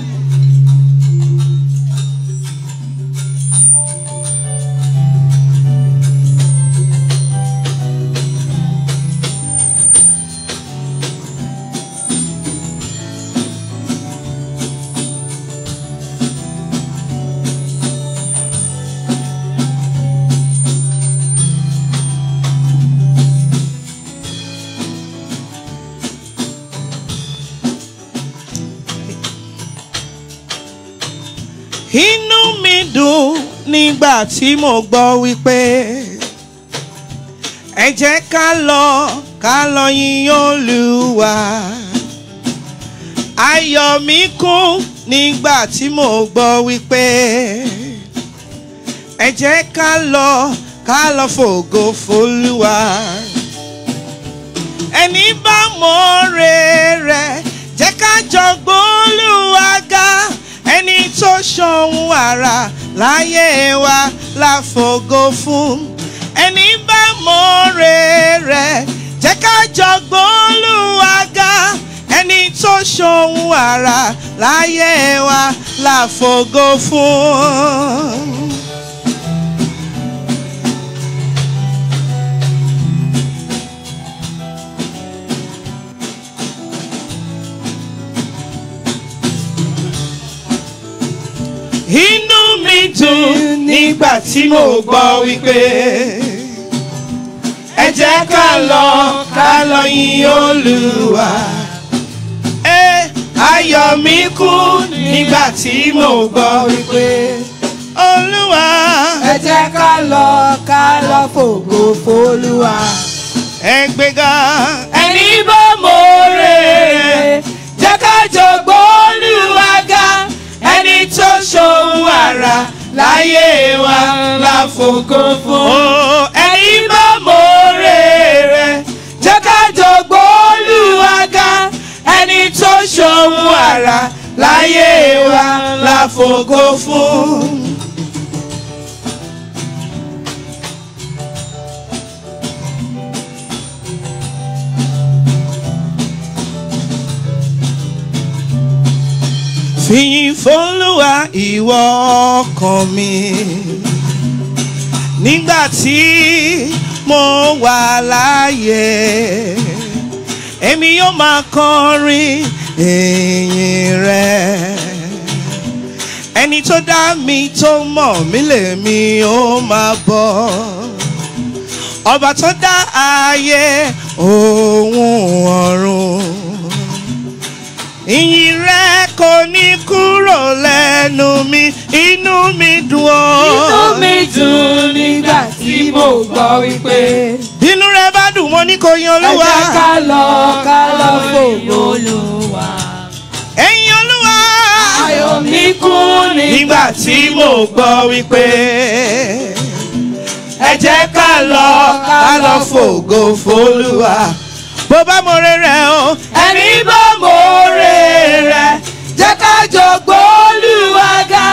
nígbà tí mo gbọ́ wípé ẹ jẹ́ ká lọ ká lọ yìn Olúwa ayọ̀ mi kún nígbà tí mo gbọ́ wípé ẹ jẹ́ ká lọ ká lọ fògo f'Olúwa ẹni bá mọ̀ ọ́ jẹ́ ká jọ gbólúwa ẹni tó ṣohun àrà láyé wa láfògo fún ẹni bá mọ̀ọ́re rẹ̀ jẹ́ ká jọ gbólúwàgá ẹni tó ṣohun àrà láyé wa láfògo fún. inú mi dùn nígbà tí mo gbọ́ wípé ẹ jẹ́ ká lọ ká lọ yìn Olúwa ayọ̀ mi kún nígbà tí mo gbọ́ wípé Olúwa ẹ jẹ́ ká lọ ká lọ fògo f'Olúwa ẹ gbéga ẹni bá mo rè ṣòwò ara láyé wa láfokún fún. Oh. ẹ̀yin bá mòórè rẹ̀ jẹ́ ká ẹni tó ṣòwò ara láyé wa láfokún fún. fìyìn f'Olúwa ìwọ ọkàn mi nígbà tí mo wà láàyè èmi yóò máa kọrin ìyìn rẹ ẹni tó dá mi tó mọ̀ mí lèmi ó máa bọ̀ ọba tó dá ayé òun ọ̀run ìyìn rẹ kò ní kúrò lẹ́nu mi inú mi dùn ọ́. inú mi dùn nígbà tí mo gbọ́ wípé. inú rẹ bá dùn mo ní kò yin olúwa. ẹ jẹ́ ká lọ ká lọ fòyìn olúwa. ẹ̀yin olúwa. ayọ̀ mi kún nígbà tí mo gbọ́ wípé. ẹ jẹ́ ká lọ ká lọ fògo f'olúwa bó bá mo re rẹ̀ o. ẹni bá mo re rẹ̀ jẹ́ ká jọ̀gbọ́ olúwaga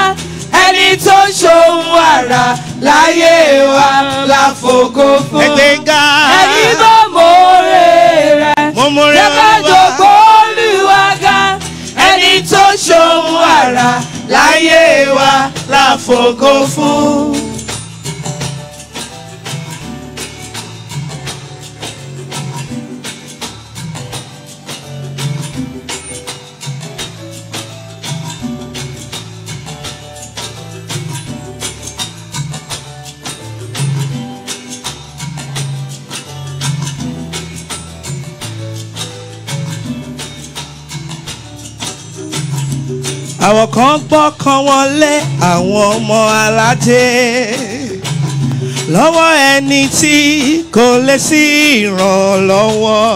ẹni tó ṣohun àrà láyé wa la fògo fún. ẹgbẹ́ ga. ẹni bá mo re rẹ̀ jẹ́ ká jọ̀gbọ́ olúwaga ẹni tó ṣohun àrà láyé wa la fògo fún. àwọn kan gbọ́kàn wọn lé àwọn ọmọ aládé lọ́wọ́ ẹni tí kò lè sí ìrànlọ́wọ́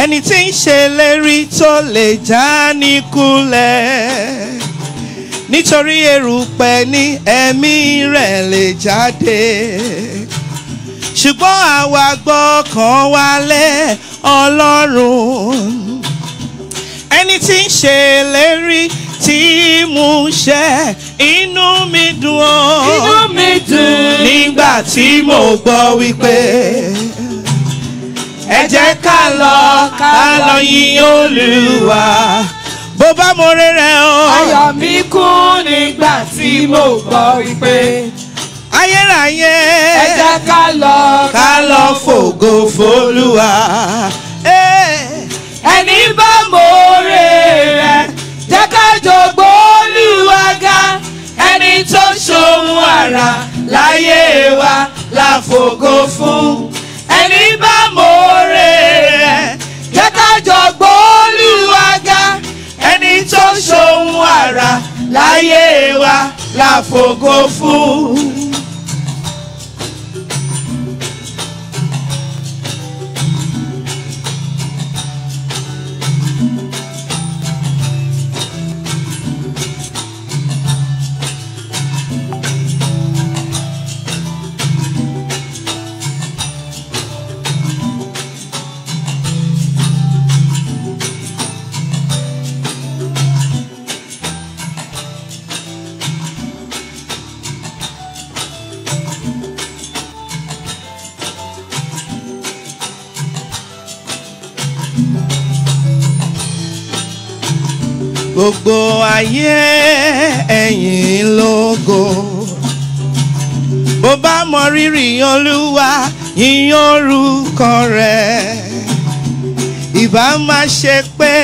ẹni tí ń ṣèlérí tó lè já ní kulẹ̀ nítorí erùpẹ̀ ní ẹ̀mí rẹ̀ lè jáde ṣùgbọ́n àwa gbọ́kàn wa Ọlọ́run ẹni tí ń ṣe lérí tí mú ṣẹ inú mi dùn ó inú mi dùn nígbà tí mo gbọ́ wípé ẹ jẹ́ ká lọ ká lọ yìn Olúwa bó bá mo rere o. ayọ̀ mi kún nígbà tí mo gbọ́ wípé ayérayé ẹ jẹ́ ká lọ ká lọ fògo f'Olúwa eh. ẹni bá mo jògbóluwaga ẹni tó ṣohun àrà láyé wa la fògo fún ẹni bá mòóre rẹ̀ jẹ́ ká jògbóluwaga ẹni tó ṣohun àrà láyé wa la fún. gbogbo ayé ẹ̀yin lógo bó bá mọ rírì olúwa yín orúkọ rẹ̀ ìbá má ṣe pé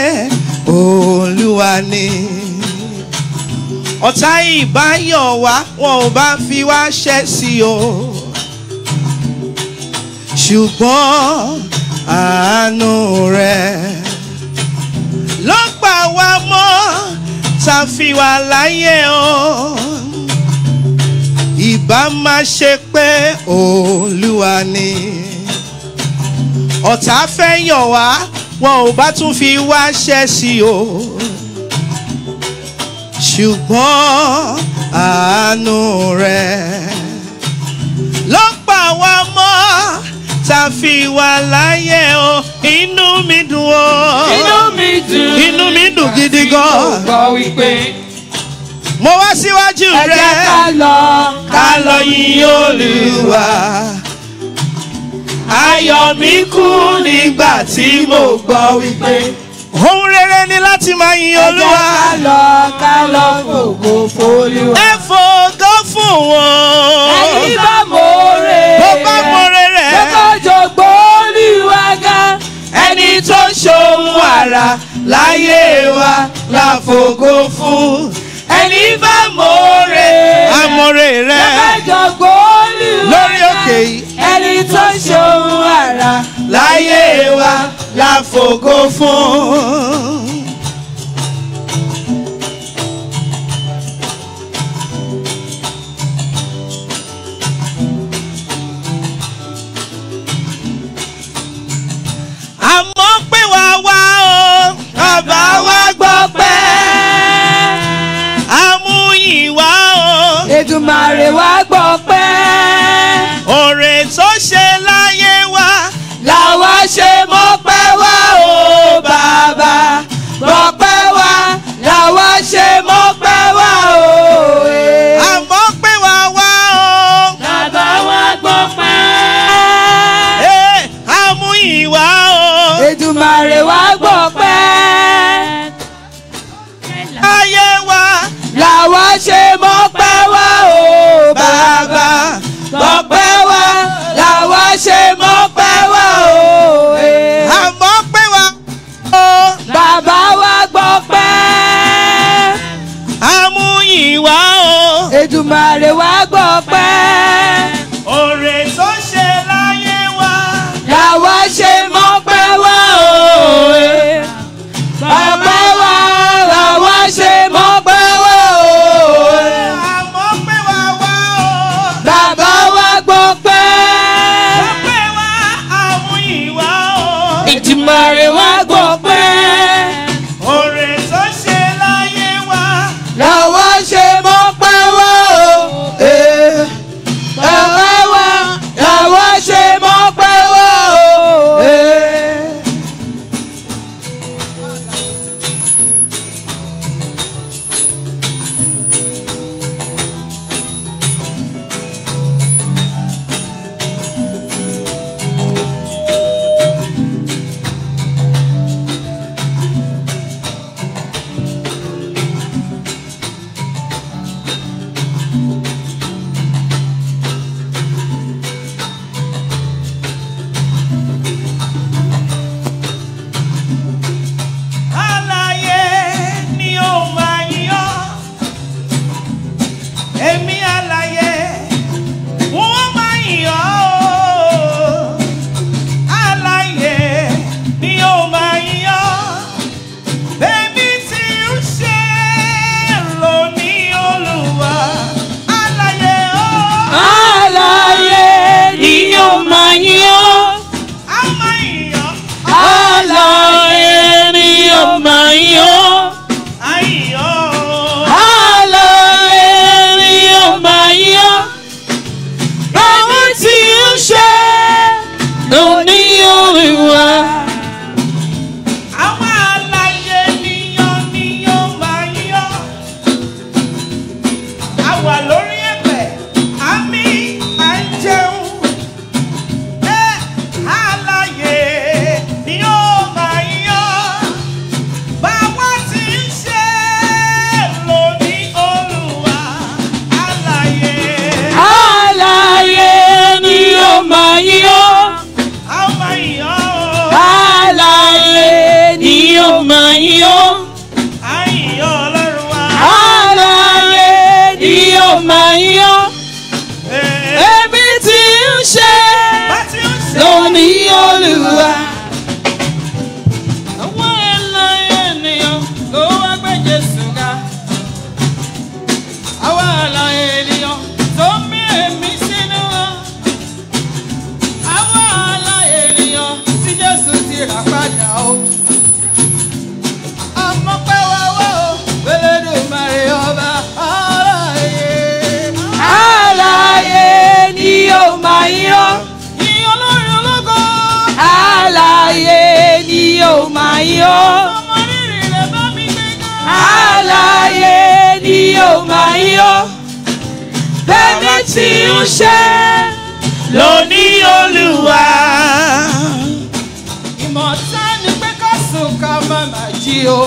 olúwa ni ọ̀tá ìbá yọ̀ wá wọn ò bá fi wá ṣẹ́ sí o ṣùgbọ́n àánú rẹ̀ ló pa wá mọ́ ṣàfihàn láyé o ìbá má ṣe pé Olúwa ni ọ̀tá fẹ́ yàn wá wọn ò bá tún fi wá ṣẹ́ sí o ṣùgbọ́n àánú rẹ̀ ló pa mọ́ ṣàfi wà láyé o inú mi dùn o inú mi dùn inú mi dùn gidi gan. mo wá síwájú rẹ ẹ jẹ́ ká lọ ká lọ yìn Olúwa ayọ̀ mi kú nígbà tí mo gbọ́ wípé. ohun rere ni láti máa yìn Olúwa. ẹ jẹ́ ká lọ ká lọ fògo f'Olúwa. ẹ fògo fún wọn. ẹni bá mọ̀ ọ́ bó bá mọ̀ rẹ̀. ẹni tó ṣohun àrà láyé wa la fògo fún ẹni bá mọ̀ọ́rẹ́ rẹ̀ amọ̀ọ́rẹ́ rẹ̀ lọ́bàjọ́ gbòólù lórí òkè yìí ẹni tó ṣohun àrà láyé wa la fògo fún. bàbá wa gbọpẹ́ àmúyìnwá o Èdùmàrè wa. ṣe lóní olúwa. ìmọ̀ta ni pé ká sùn ká má o.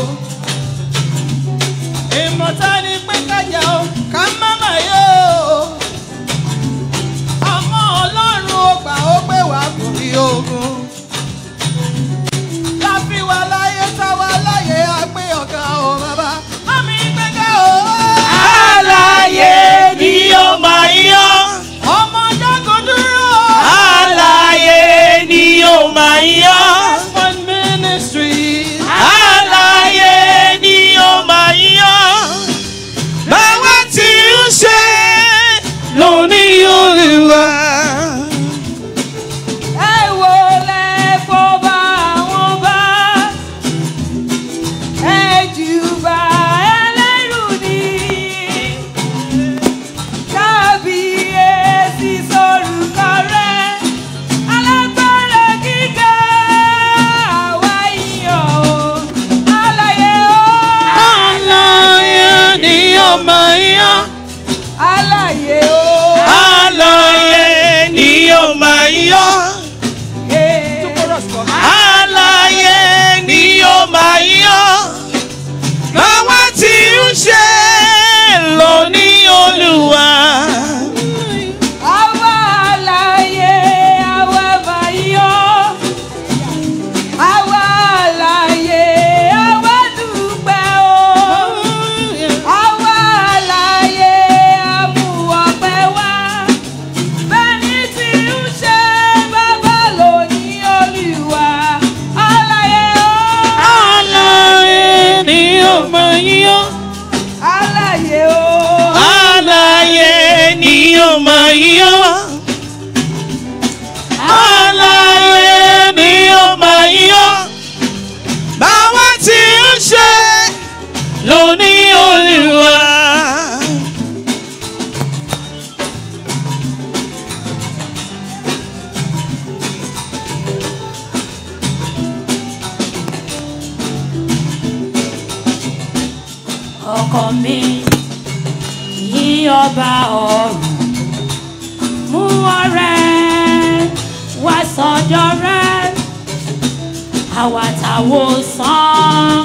àwàtàwò sàn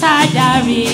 tá a darí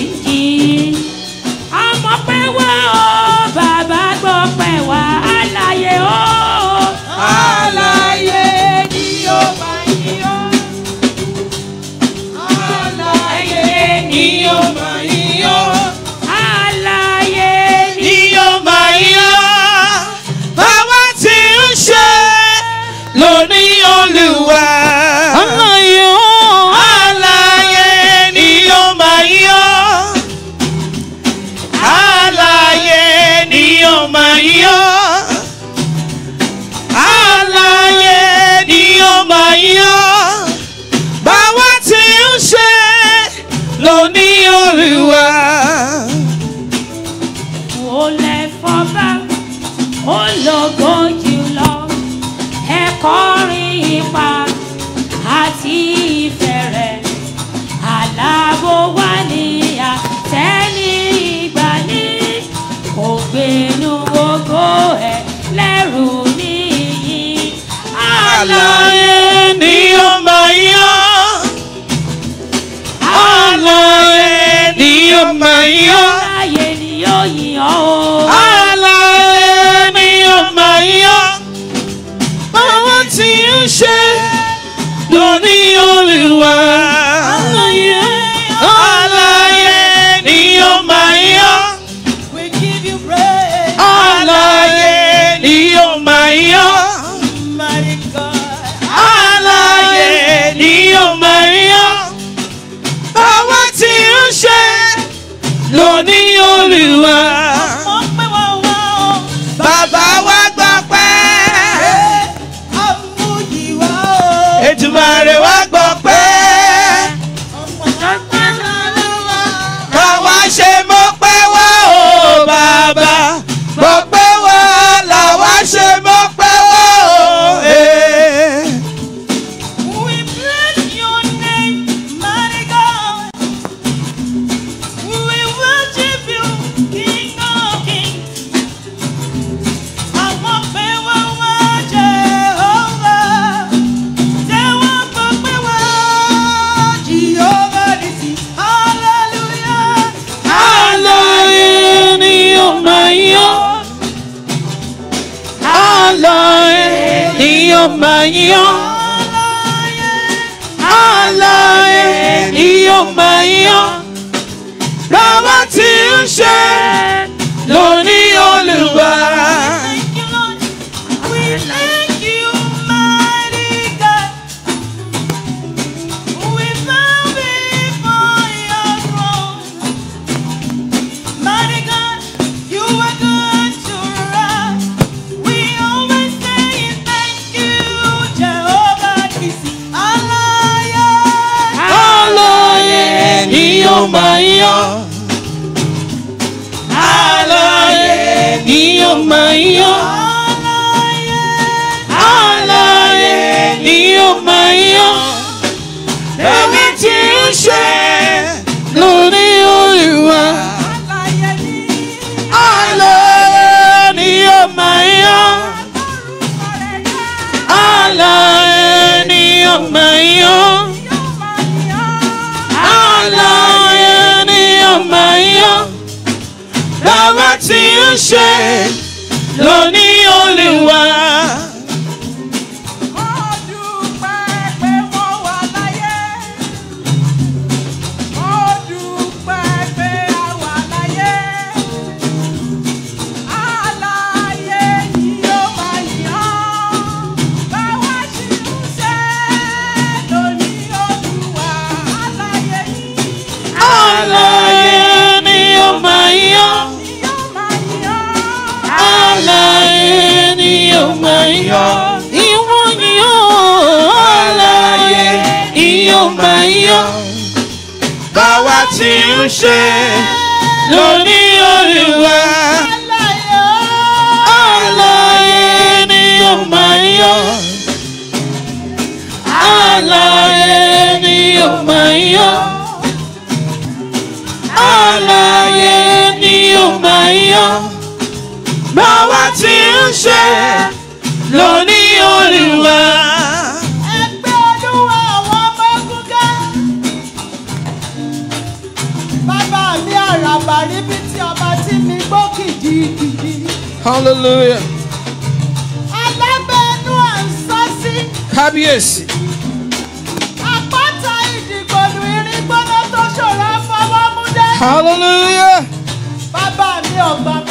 Señor. my heart. ṣe lóní olúwa. ń ṣe lóní Olúwa. Hallelujah. Alábẹ́nu àǹsọ́sí. Kábíyèsí. Àpáta ìdìgbòlù irin gbóná tó ṣòro fọwọ́ dé. Hallelujah. Bàbá mi ọ̀gbọ́n.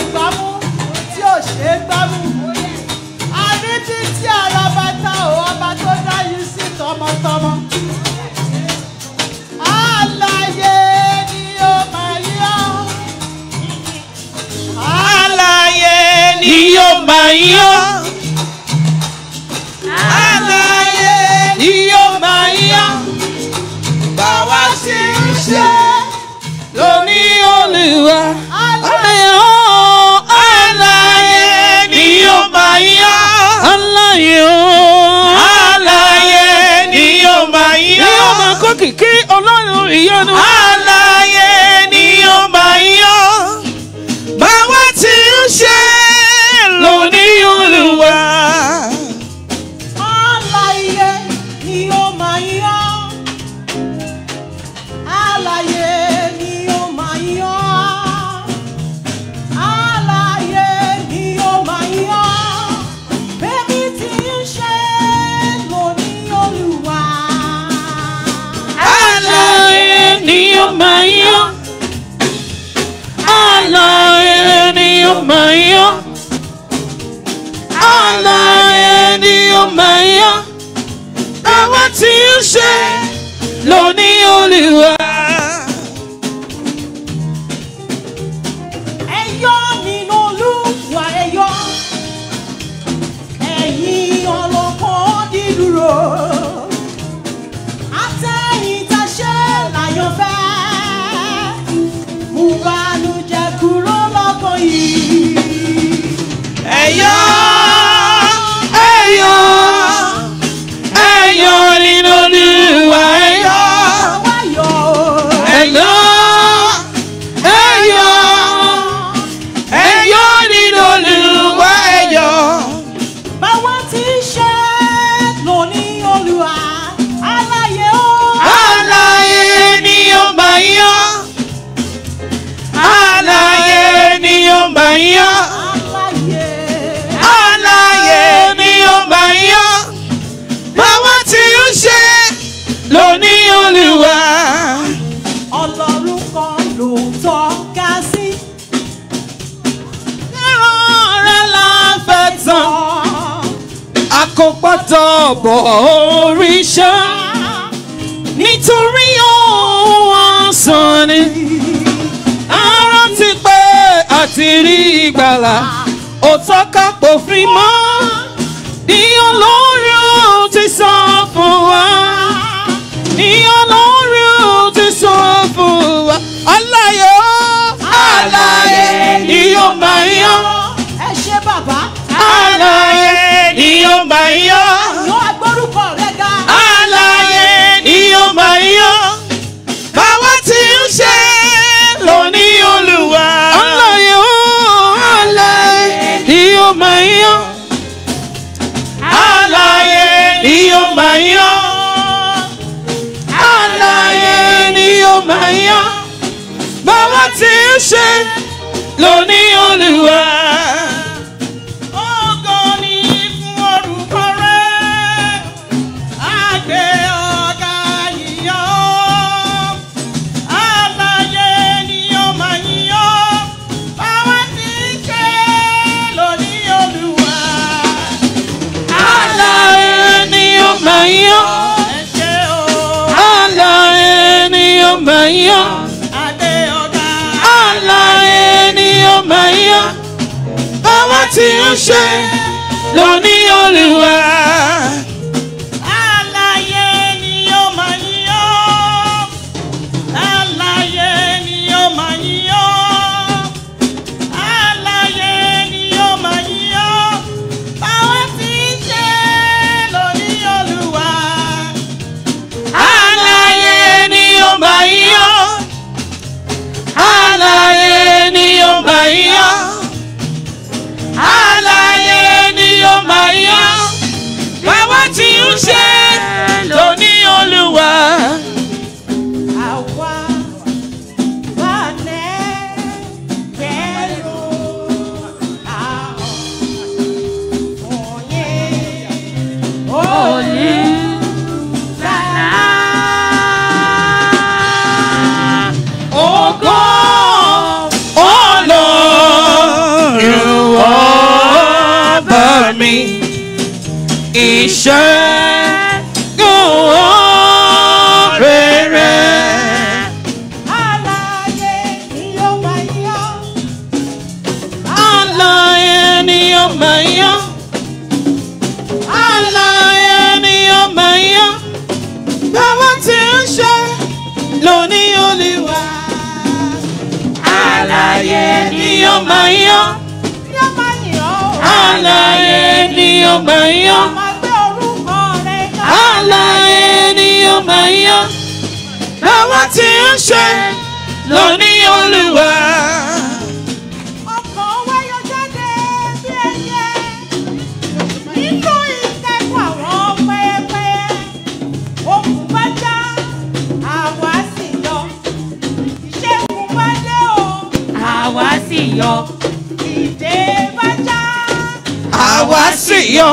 mano! Ah! ọ̀bọ òrìṣà nítorí ohun asán ni ara ti pẹ́ àti rí ìgbàlà òótọ́ kápò fímọ́ ní Ọlọ́run ti sọ fún wa. ṣe lóní olúwa. tí ń ṣe lóní olúwa. ṣẹ́gun rere. Alààyè ni ó máa yọ. Alààyè ni ó máa yọ. Alààyè ni ó máa ni ó máa yọ. Alààyè ni ó máa yọ. wa ti ń ṣe lóní olúwa. ọkàn wa yọ jáde bí ẹyẹ nínú ìkẹ́kọ̀ọ́ àwọn pẹ́ẹ́pẹ́ẹ́ òkun bá já àwa sì yọ ìṣẹ́gun bá dé o àwa sì yọ ìdè bá já àwa sì yọ.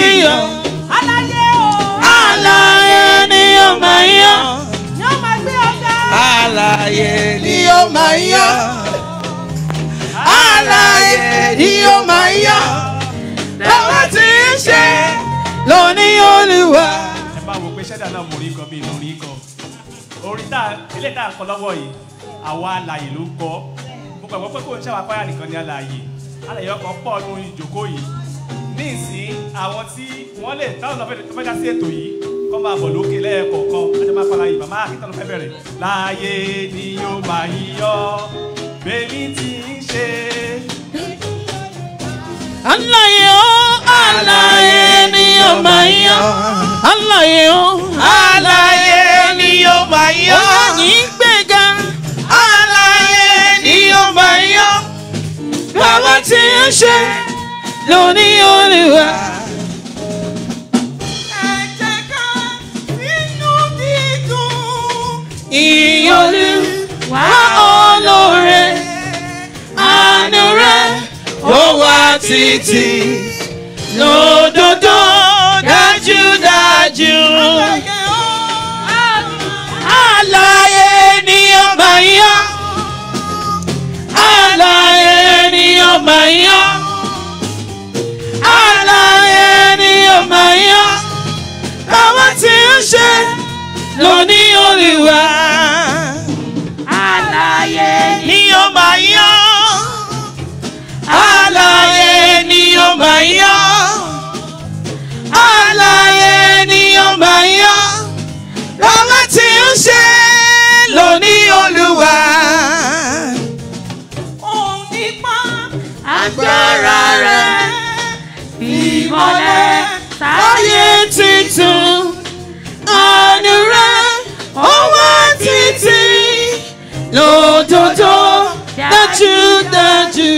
sí yọ. aláyé o. aláyé ni yóò máa yọ. yóò máa gbé ọ̀gá. aláyé ni yóò máa yọ. aláyé ni yóò máa yọ. lọ́wọ́ tí ń ṣe lóní olúwa. ẹ bá wo pé ṣẹ́dá náà mo rí kan bí mo rí kan orin tá ilé tá a kọ lọ́wọ́ yìí àwa alàyè ló kọ́ mo gbàgbọ́ pé kò ń ṣàwápáyà nìkan ní alàyè alàyè ọkọ̀ pọ̀ nù ìjókòó yìí nísìnyí àwọn tí wọ́n lè táwọn náà fẹ́ dá sí ètò yìí kọ́ máa bọ̀ lókè lẹ́ẹ̀kọ̀ọ̀kan ajá máa fara yìí màmá akíntàn fẹ́ bẹ̀rẹ̀. láàyè ni yóò máa yíyọ bèmí ti ń ṣe. aláyé o aláyé ni yóò máa yíyọ aláyé o aláyé ni yóò máa yíyọ. ó ní gbẹ̀gà aláyé ni yóò máa yíyọ bàbá ti ń ṣe lóní olùwà. ìyìn Olúwa olóore àánú rẹ̀ ó wà títí mọ́lẹ̀ sáyé titun àánú rẹ̀ ó wá títí lódodo dájúdájú.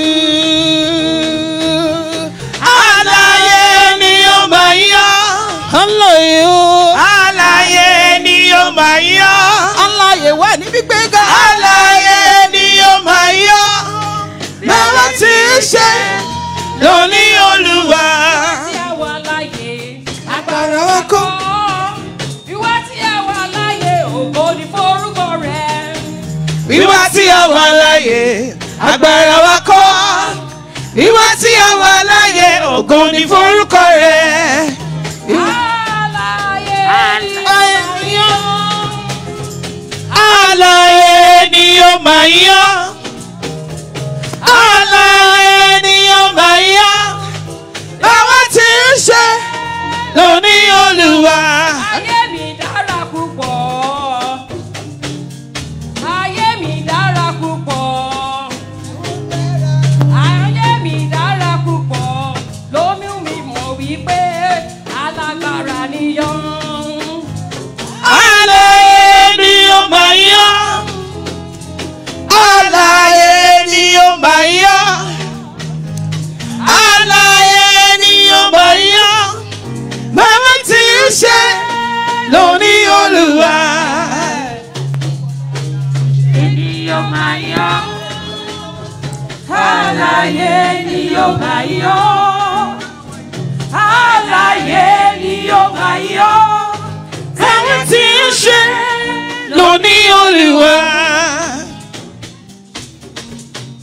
Alààyè ni ó máa yọ. Alààyè o. Alààyè ni ó máa yọ. Alààyè wà ní gbígbéga. Alààyè ni ó máa yọ. Bàbá ti ṣe lónìí. lóko. ìwọ tí a wà láyé ògo ni forúkọ rẹ. ìwọ tí a wà láyé agbára wa kọ́. ìwọ tí a wà láyé ògo ni forúkọ rẹ. àlàyé ni ó. àlàyé ni ó máa yán. àlàyé ni ó máa yán. làwọn tí ń ṣe lónìí olúwa. ayé mi dára púpọ̀. ayé mi dára púpọ̀. ayé mi dára púpọ̀. ló mú mi mọ̀ wípé alágbára nìyọ́. alààyè ni ó máa yọ. alààyè ni ó máa yọ. máa yọ̀ alààyè ni Olúwa.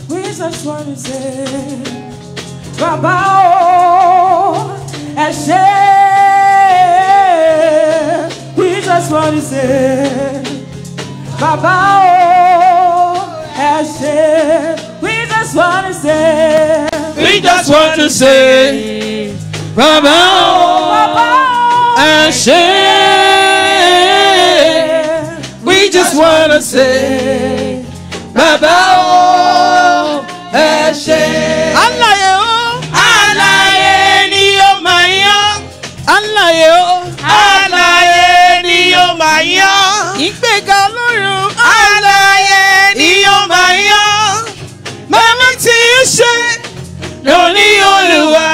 We just wanna say, Bàbá o, We just wanna say, Bàbá I we just want to say, we just want to say, Baba, and Shay. We just want to say, Baba, and Shay. lóní olúwa.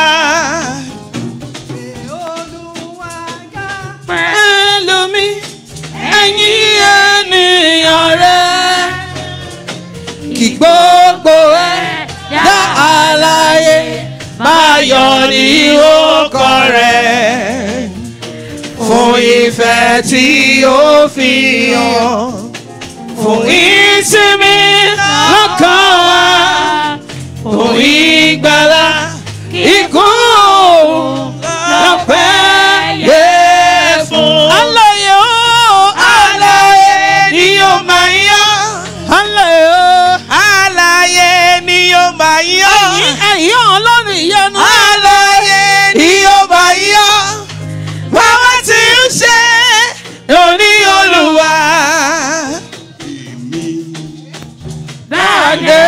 pẹ̀lú mi ẹ̀yin ènìyàn rẹ̀ kí gbogbo ẹ̀ dá àlàyé máa yọ̀ ní orúkọ rẹ̀ fún ìfẹ́ tí ó fi hàn fún ìsinmi lọ́kàn wa o ìgbàlà ikú lọ́pẹ́ Jésù. alààyè o alààyè ni yóò máa yọ. alààyè o alààyè ni yóò máa yọ. ẹ̀yin ẹ̀yin ọlọ́run ìyanu. alààyè ni yóò máa yọ. báwa ti ń ṣe òní olúwa. dáadé.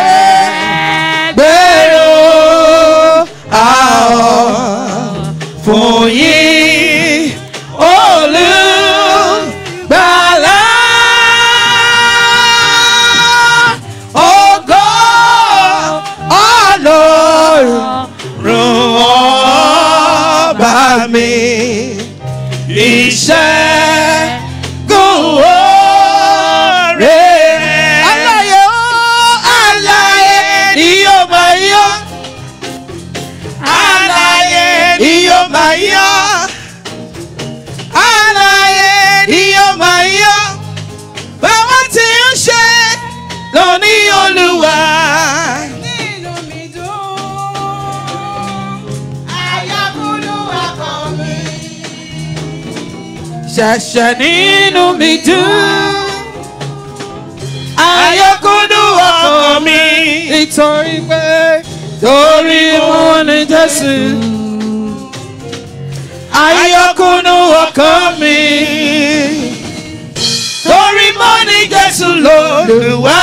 Amen. ṣẹ̀ṣẹ̀ nínú mi dùn. Ayọ̀kúndùn ọkàn mi. Nítorí pé torí wọn ni Jésù. Ayọ̀kúndùn ọkàn mi. Torí mo ní Jésù lòlùwà.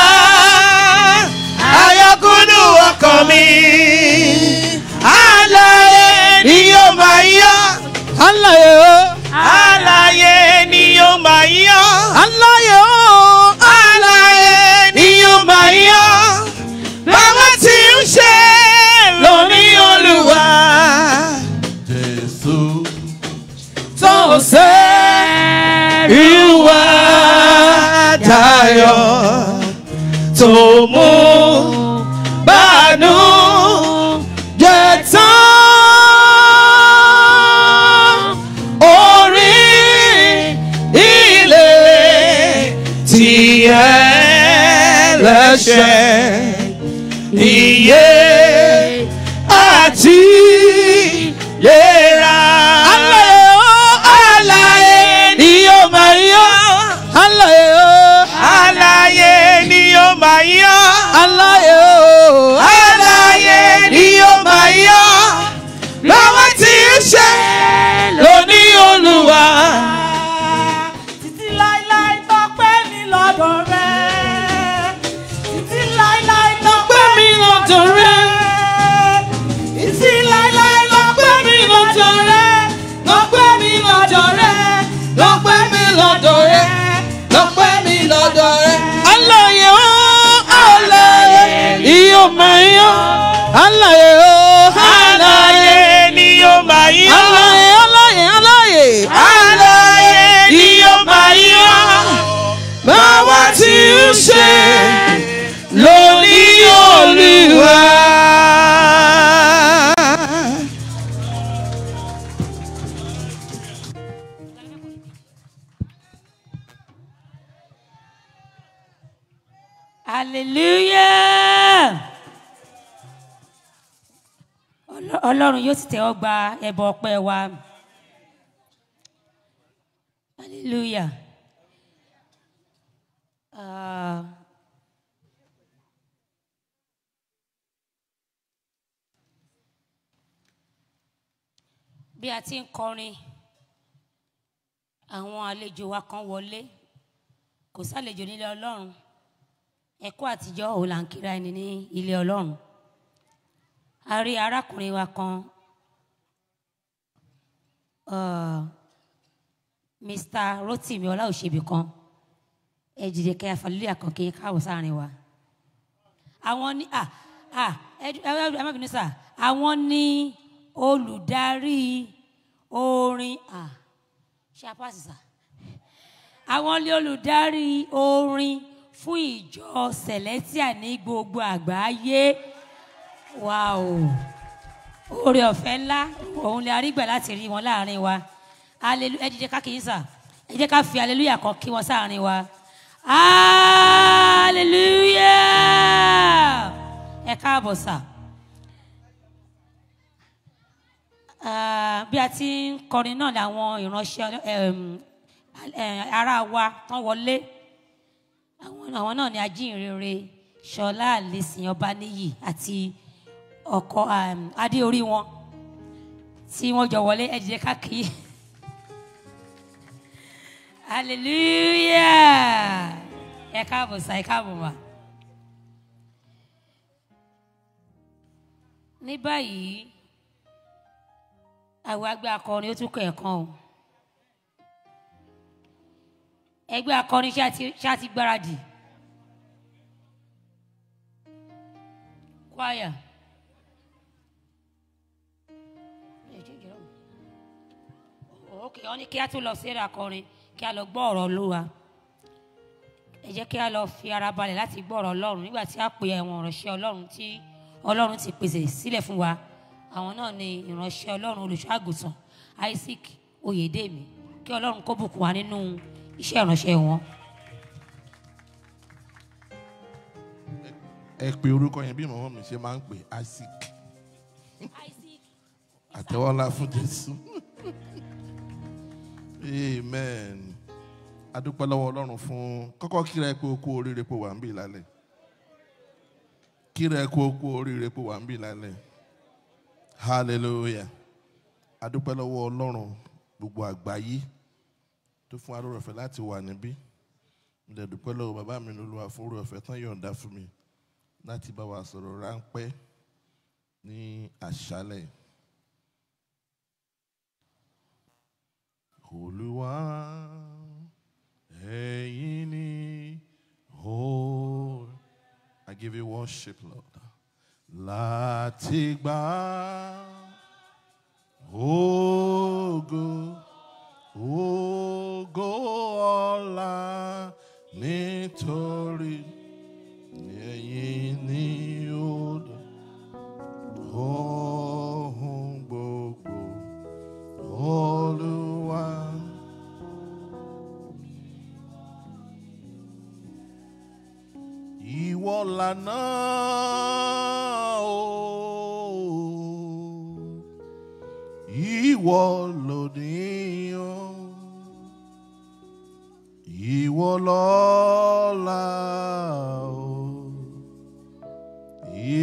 Ayọ̀kúndùn ọkàn mi. Àlàyé ni yóò máa yá. Àlàyé o. Alààyè ni yóò máa yọ. Alààyè o. Alààyè ni yóò máa yọ. Bàbá tí ń ṣe lórí Olúwa. Jésù tó ṣe ìwà dayọ̀ tó mú. Hashem. Yeh Allah eh, ọlọ́run yóò sì tẹ́wọ́ gba ẹbọ ọpẹ́ wa hallelujah uh, bí a ti ń kọrin àwọn àlejò wa kan wọlé kò sálejò nílé ọlọ́run ẹ̀kọ́ àtijọ́ òun là ń kíra ẹni ní ilé ọlọ́run a rí arákùnrin wa kan uh, Mr. Rotimi Ọláòṣèbí kan ẹ jìde kẹ àfàlùlẹ àkànkè káàbọ̀ sáàrin wa àwọn ní à à ẹ má bínú sà àwọn ní olùdarí orin à ṣe apáṣẹ sà àwọn ní olùdarí orin fún ìjọ Celestial ní gbogbo àgbáyé wáò oore ọ̀fẹ́ ńlá òun lè arígbà láti rí wọn láàrin wa alelu ẹ dìde ká kì í sà ẹ jẹ́ ká fi aleluya kan kí wọn sáàrin wa aleluya ẹ káàbọ̀ sà ah, bí a ti ń kọrin náà làwọn ìránṣẹ́ eh, ará wa tán wọlé àwọn náà ni ajínrere ṣọlá àlesìn ọba níyì àti ọkọ um, adé orí wọn tí wọ́n jọ wọlé ẹ dìde káàkiri hallelujah ẹ káàbọ̀ sá ẹ káàbọ̀ wá. ní báyìí àwọn àgbẹ̀ akọrin ó tún kọ ẹ̀kan o ẹgbẹ́ akọrin ṣá ti gbáradì kwaya. òkè ọ ní kí a tún lọ sí ẹ̀rà kí a lọ gbọ́ ọ̀rọ̀ olúwa ẹ jẹ́ kí a lọ fi ara balẹ̀ láti gbọ́ ọ̀rọ̀ ọlọ́run nígbà tí a pè àwọn ìránṣẹ́ ọlọ́run tí ọlọ́run ti pèsè sílẹ̀ fún wa àwọn náà ni ìránṣẹ́ ọlọ́run olùṣọ́àgùtàn Isaac Oyèdèmí kí ọlọ́run kó bùkún wa nínú iṣẹ́ ìránṣẹ́ wọn. ẹ pe orúkọ yẹn bí màmá mi ṣe máa ń pè Isaac àtẹ́wọ́lá fún Jésù. amen adúpẹ́ lọ́wọ́ ọlọ́run fún kọ́kọ́ kíra ẹ pé o oríire wà ń bì lálẹ́ kíra hallelujah adúpẹ́ lọ́wọ́ ọlọ́run gbogbo àgbáyé tó fún arúgbó ọ̀fẹ́ láti wà níbí ìdẹ̀dùpẹ́ lọ́wọ́ bàbá mi lóluwà fún orú ọ̀fẹ́ tán fún mi láti bá wa sọ̀rọ̀ ráńpẹ́ Olúwa ẹ̀yin ni o. I give you worship, Lord. Láti gbà ògo ògo ọlá nítorí ẹ̀yin ni o. Ohun gbogbo Olúwa. ìwọ lànà o ìwọ o, ìwọ lọ́la o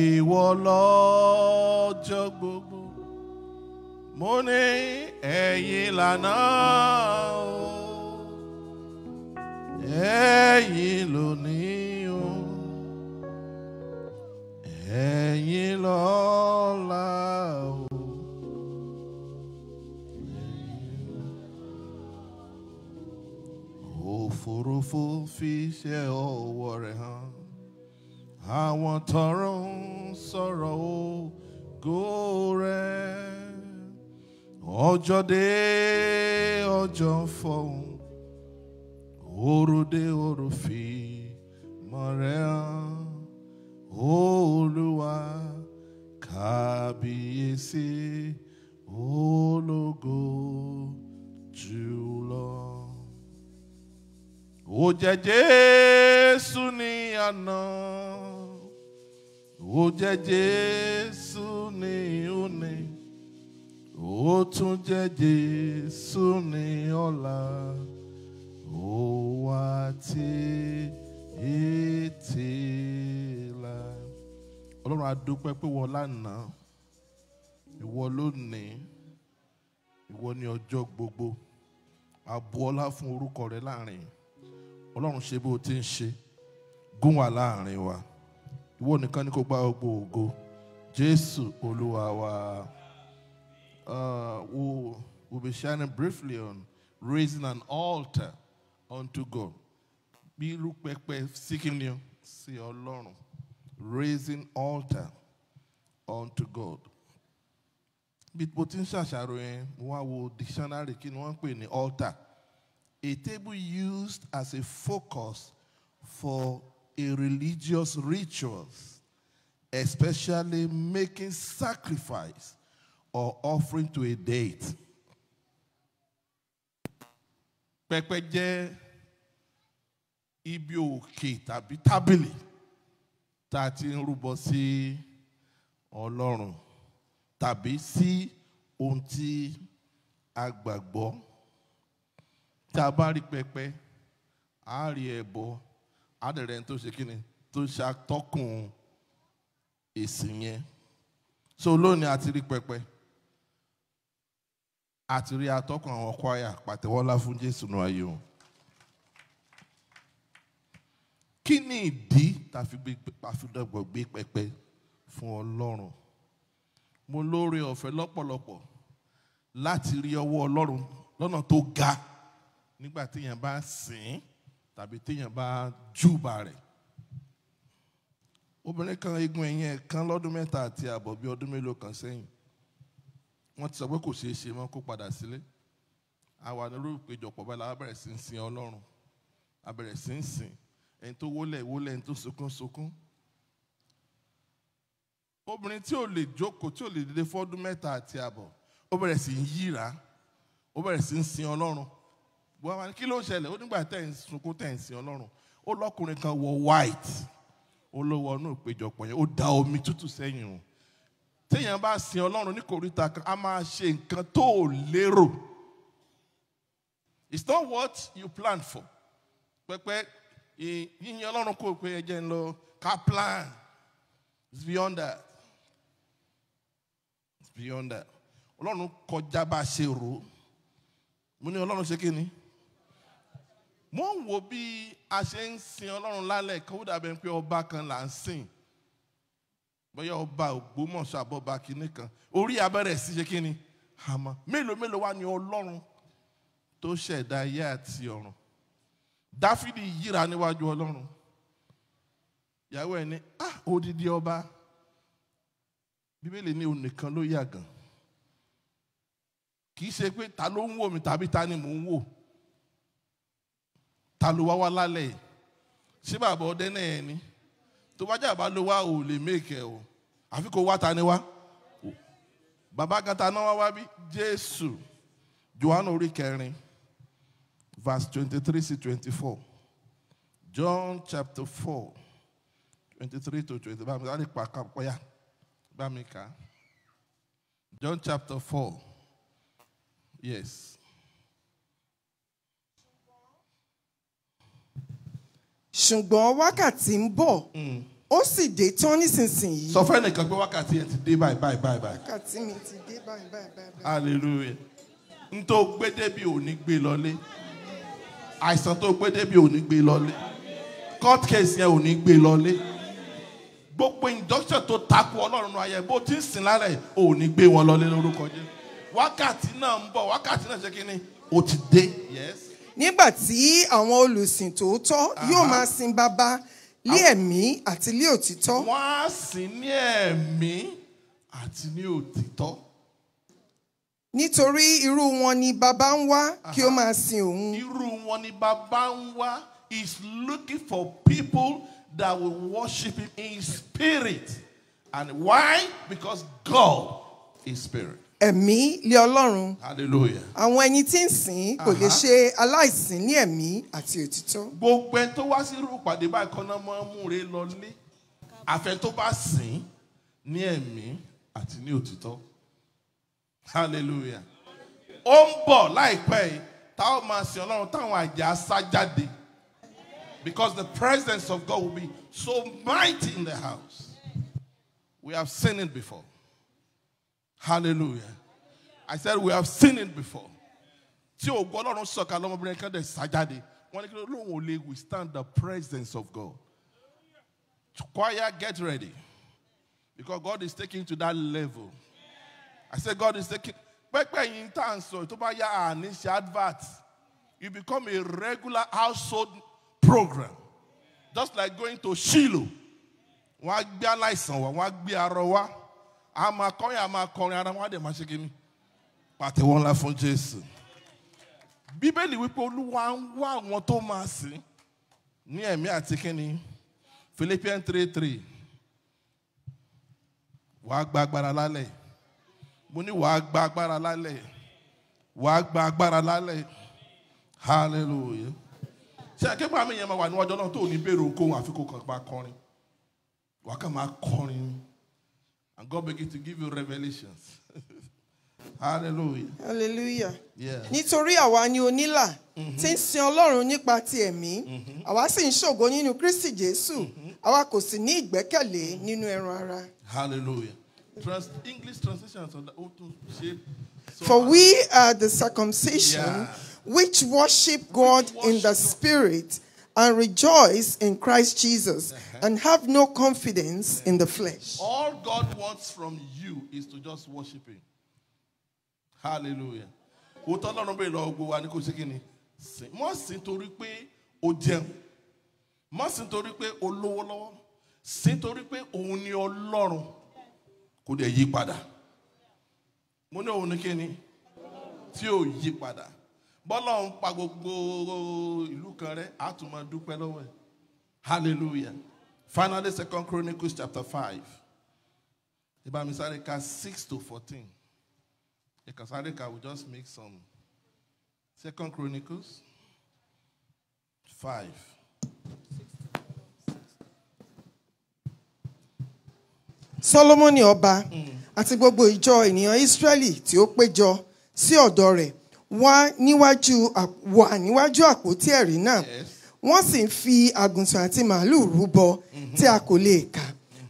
ìwọ lọ́jọ́ gbogbo mo ní ẹ̀yin lànà. àtọ̀run sọ̀rọ̀ ògo rẹ̀ ọjọ́ dé ọjọ́ fọ̀hún òru dé òru fi mọ̀ rẹ̀ hàn Olúwa kábíyèsí ológo jùlọ. Ó jẹ́ suni àná. ó jẹ́ Jésù ní òní ó tún jẹ́ Jésù ní ọ̀la ó wá tí ètè la ọlọ́run a dúpẹ́ pé wọ́n lánàá ìwọ lónìí ìwọ ní ọjọ́ gbogbo àbúọlá fún orúkọ rẹ láàrin ọlọ́run ṣe bó ti ń ṣe gún wa láàrin wa. ìwọ nìkan ni kò gba jésù olúwa uh, we'll be shining briefly on raising an altar unto God bí irú pẹpẹ See sí ọlọ́run raising altar unto God bí mo ti ń ṣàṣàrò yẹn mo wá wo dictionary kí ni wọ́n ń pè ní altar a table used as a focus for in religious rituals, especially making sacrifice or offering to a date. Pepe je ibi òkè tàbí tábìlì tá a ti ń rúbọ sí Ọlọ́run tàbí sí ohun tí a gbàgbọ́. Tá a bá rí pẹpẹ, a á ẹbọ. E àdẹ̀rẹ̀ ń tó ṣe kí ni tó ṣàtọ́kùn èsì yẹn so lónìí àti rí pẹpẹ àti rí atọ́kùn àwọn kwaya pàtẹ́wọ́lá fún Jésù nù ayé o kí ni ìdí tàfidọ́gbọ̀ gbé pẹpẹ fún Ọlọ́run mo lóore ọ̀fẹ́ lọ́pọ̀lọpọ̀ láti rí ọwọ́ Ọlọ́run lọ́nà tó ga nígbà tí èèyàn bá sìn ín tàbí téèyàn bá júbà rẹ̀ obìnrin kan eegun ẹ̀yìn ẹ̀ kan lọ́dún mẹ́ta àti ààbọ̀ bíi ọdún mélòó kan sẹ́yìn wọ́n ti sọ pé kò ṣeé ṣe mọ́ kó padà sílé àwa ní olórí ìpéjọpọ̀ báyìí la bẹ̀rẹ̀ sí ń sin ọlọ́run a bẹ̀rẹ̀ sí ń sìn ẹni tó wólẹ̀ wólẹ̀ ẹni tó sunkún sunkún obìnrin tí ò lè jókòó tí ò lè dédé fọ́dún mẹ́ta àti ààbọ̀ ó bẹ̀rẹ̀ sí ń yíra ó bẹ̀rẹ̀ sí ń sin ọlọ́run bọ́ wa kí ló ń ṣẹlẹ̀ ó nígbà tẹ̀ ń sunkún tẹ̀ ń sin ọlọ́run ó lọ́kùnrin kan wọ white ó ló wọ inú ìpéjọpọ̀ yẹn ó da omi tútù sẹ́yìn o téèyàn bá sin ọlọ́run ní kòríta kan a máa ṣe nǹkan tó o lérò it's not what you plan for pẹpẹ yíyan ọlọ́run kò pé ẹ jẹ́ ń lọ ká plan it's beyond that it's beyond that ọlọ́run kọjá bá a ṣe rò ó mo ní ọlọ́run ṣe kí ni mo ń wo bí a ṣe ń sin ọlọ́run lálẹ́ kó dàbẹ̀ pé ọba kan là ń sìn bóyá ọba Ògbómọ̀ṣọ́ àbọ̀ba kínní kan orí abẹ́rẹ́ sí ṣe kínní àmọ́ mélòó mélòó wá ní ọlọ́run tó ṣẹ̀dá ayé àti ọ̀run Dáfídì yíra níwájú ọlọ́run ìyàwó ẹ̀ ní ah odidi ọba bíbélì ni onìkan ló yàgàn kì í ṣe pé ta ló ń wò mí tàbí ta ni mò ń wò ta ló wá wá lálẹ́ yìí ṣé bàbá ọdẹ náà ni tó bá jàbá ló wá ò lè mẹ́kẹ̀ o àfi kó wá ta ni wá bàbá kan náà wá wá bí Jésù Jòhánù orí kẹrin verse twenty-three to twenty-four John chapter four twenty-three to twenty bá mi ká lè pa kápẹ́yà bá mi ká John chapter four yes. ṣùgbọ́n wákàtí ń bọ̀ hmm. ó sì dé tán nísinsìnyí. sọ fẹ́ nìkan pé wákàtí yẹn ti dé báyìí báyìí báyìí. wákàtí mi ti dé báyìí báyìí báyìí. hallelujah n tó gbé débi òní gbé lọlé àìsàn tó gbé débi òní gbé lọlé court case yẹn òní gbé lọlé gbogbo induction tó takò ọlọ́run ayẹ bó ti ń sìn lára òní gbé wọn lọlé lórúkọ jẹ́ wákàtí náà ń bọ̀ wákàtí náà ṣe kí ó ti dé yes. nígbà tí àwọn olùsìn tòótọ́ yóò máa sin bàbá ní ẹ̀mí àti ní òtítọ́. wọ́n á sìn ní ẹ̀mí àti ní òtítọ́. nítorí irú wọn ni bàbá ń wá kí ó máa sin òun. irú wọn ni bàbá ń wá is looking for people that will worship him in spirit. And why? Because God is spirit. ẹ̀mí lé ọlọ́run. hallelujah. àwọn ẹni tí ń sìn kò lè ṣe aláìsìn ní ẹ̀mí àti òtítọ́. gbogbo ẹni tó wá sí irú ìpàdé báyìí kan náà máa ń múre lọlé àfẹ tó bá sìn ní ẹ̀mí àti ní òtítọ́ hallelujah. ó ń bọ̀ láìpẹ́ yìí táwọn máa sìn ọlọ́run táwọn àjà sá jáde because the presence of God will be so mighty in the house. We have seen it before. Hallelujah. I said, we have seen it before. Tí ògo Ọlọ́run sọ̀ka lọ́mọbìnrin kan dẹ̀ sájáde, wọ́n ní ò lè withstand the presence of God. Choir, get ready. Because God is taking to that level. I said, God is taking. Pẹ́pẹ́ yìí ń tà ń sọ, tó bá yá àní ṣe advert. You become a regular household program. Just like going to Shiloh. Wọ́n gbé aláìsàn wá, gbé a máa kọrin a máa kọrin ara wọn á dẹ̀ máa ṣe kíni pàtẹ́wọ́ ńlá fún Jésù bíbélì wípé olúwa ń wá àwọn tó máa sìn ní ẹ̀mí àti kíni Philippians three three wàá gba agbára lálẹ́ mo ní wàá gba agbára lálẹ́ wàá gba agbára lálẹ́ hallelujah ṣé akẹ́kọ̀ọ́ àmì yẹn máa wà ní ọjọ́ náà tó ní bèrè okòwò àfikún kan pa kọrin wàá kàn máa kọrin And God begin to give you revelations. Hallelujah. Hallelujah. Yeah. Nítorí àwa ni onílà mm-hmm. tí ń sin Ọlọ́run nípa ti ẹ̀mí, mm-hmm. àwa sì ń ṣògo nínú Kristi Jésù, mm-hmm. àwa kò sì ní ìgbẹ́kẹ̀lé nínú ẹran ara. Hallelujah. Trans English translation the old shape. So For we are the circumcision yeah. which worship God which worship in the Spirit and rejoice in Christ Jesus. Yeah and have no confidence in the flesh. All God wants from you is to just worship Him. Hallelujah. Ó tọ́ lọ́rùn bèrè lọ gbogbo wa ní kò sí kí Mọ̀ sí torí pé o jẹun. Mọ̀ sí torí pé o lówó lọ́wọ́. Sí torí pé òun ni Ọlọ́run. Kò dẹ̀ yí padà. Mo ní òun ní kí Tí ò yí padà. Bọ́lá ń pa gbogbo ìlú kan rẹ̀, a tún máa dúpẹ́ lọ́wọ́ ẹ̀. Hallelujah. Finally, Second Chronicles chapter 5. The Bible says 6 to 14. Because I will just make some. Second Chronicles 5. Solomon ọba hmm. àti gbogbo ìjọ ènìyàn Israeli tí ó péjọ sí ọ̀dọ̀ rẹ̀ wá níwájú àpótí ẹ̀rí náà. wọ́n sì ń fi àgùntàn àti màálùú rúbọ tí a kò lè kà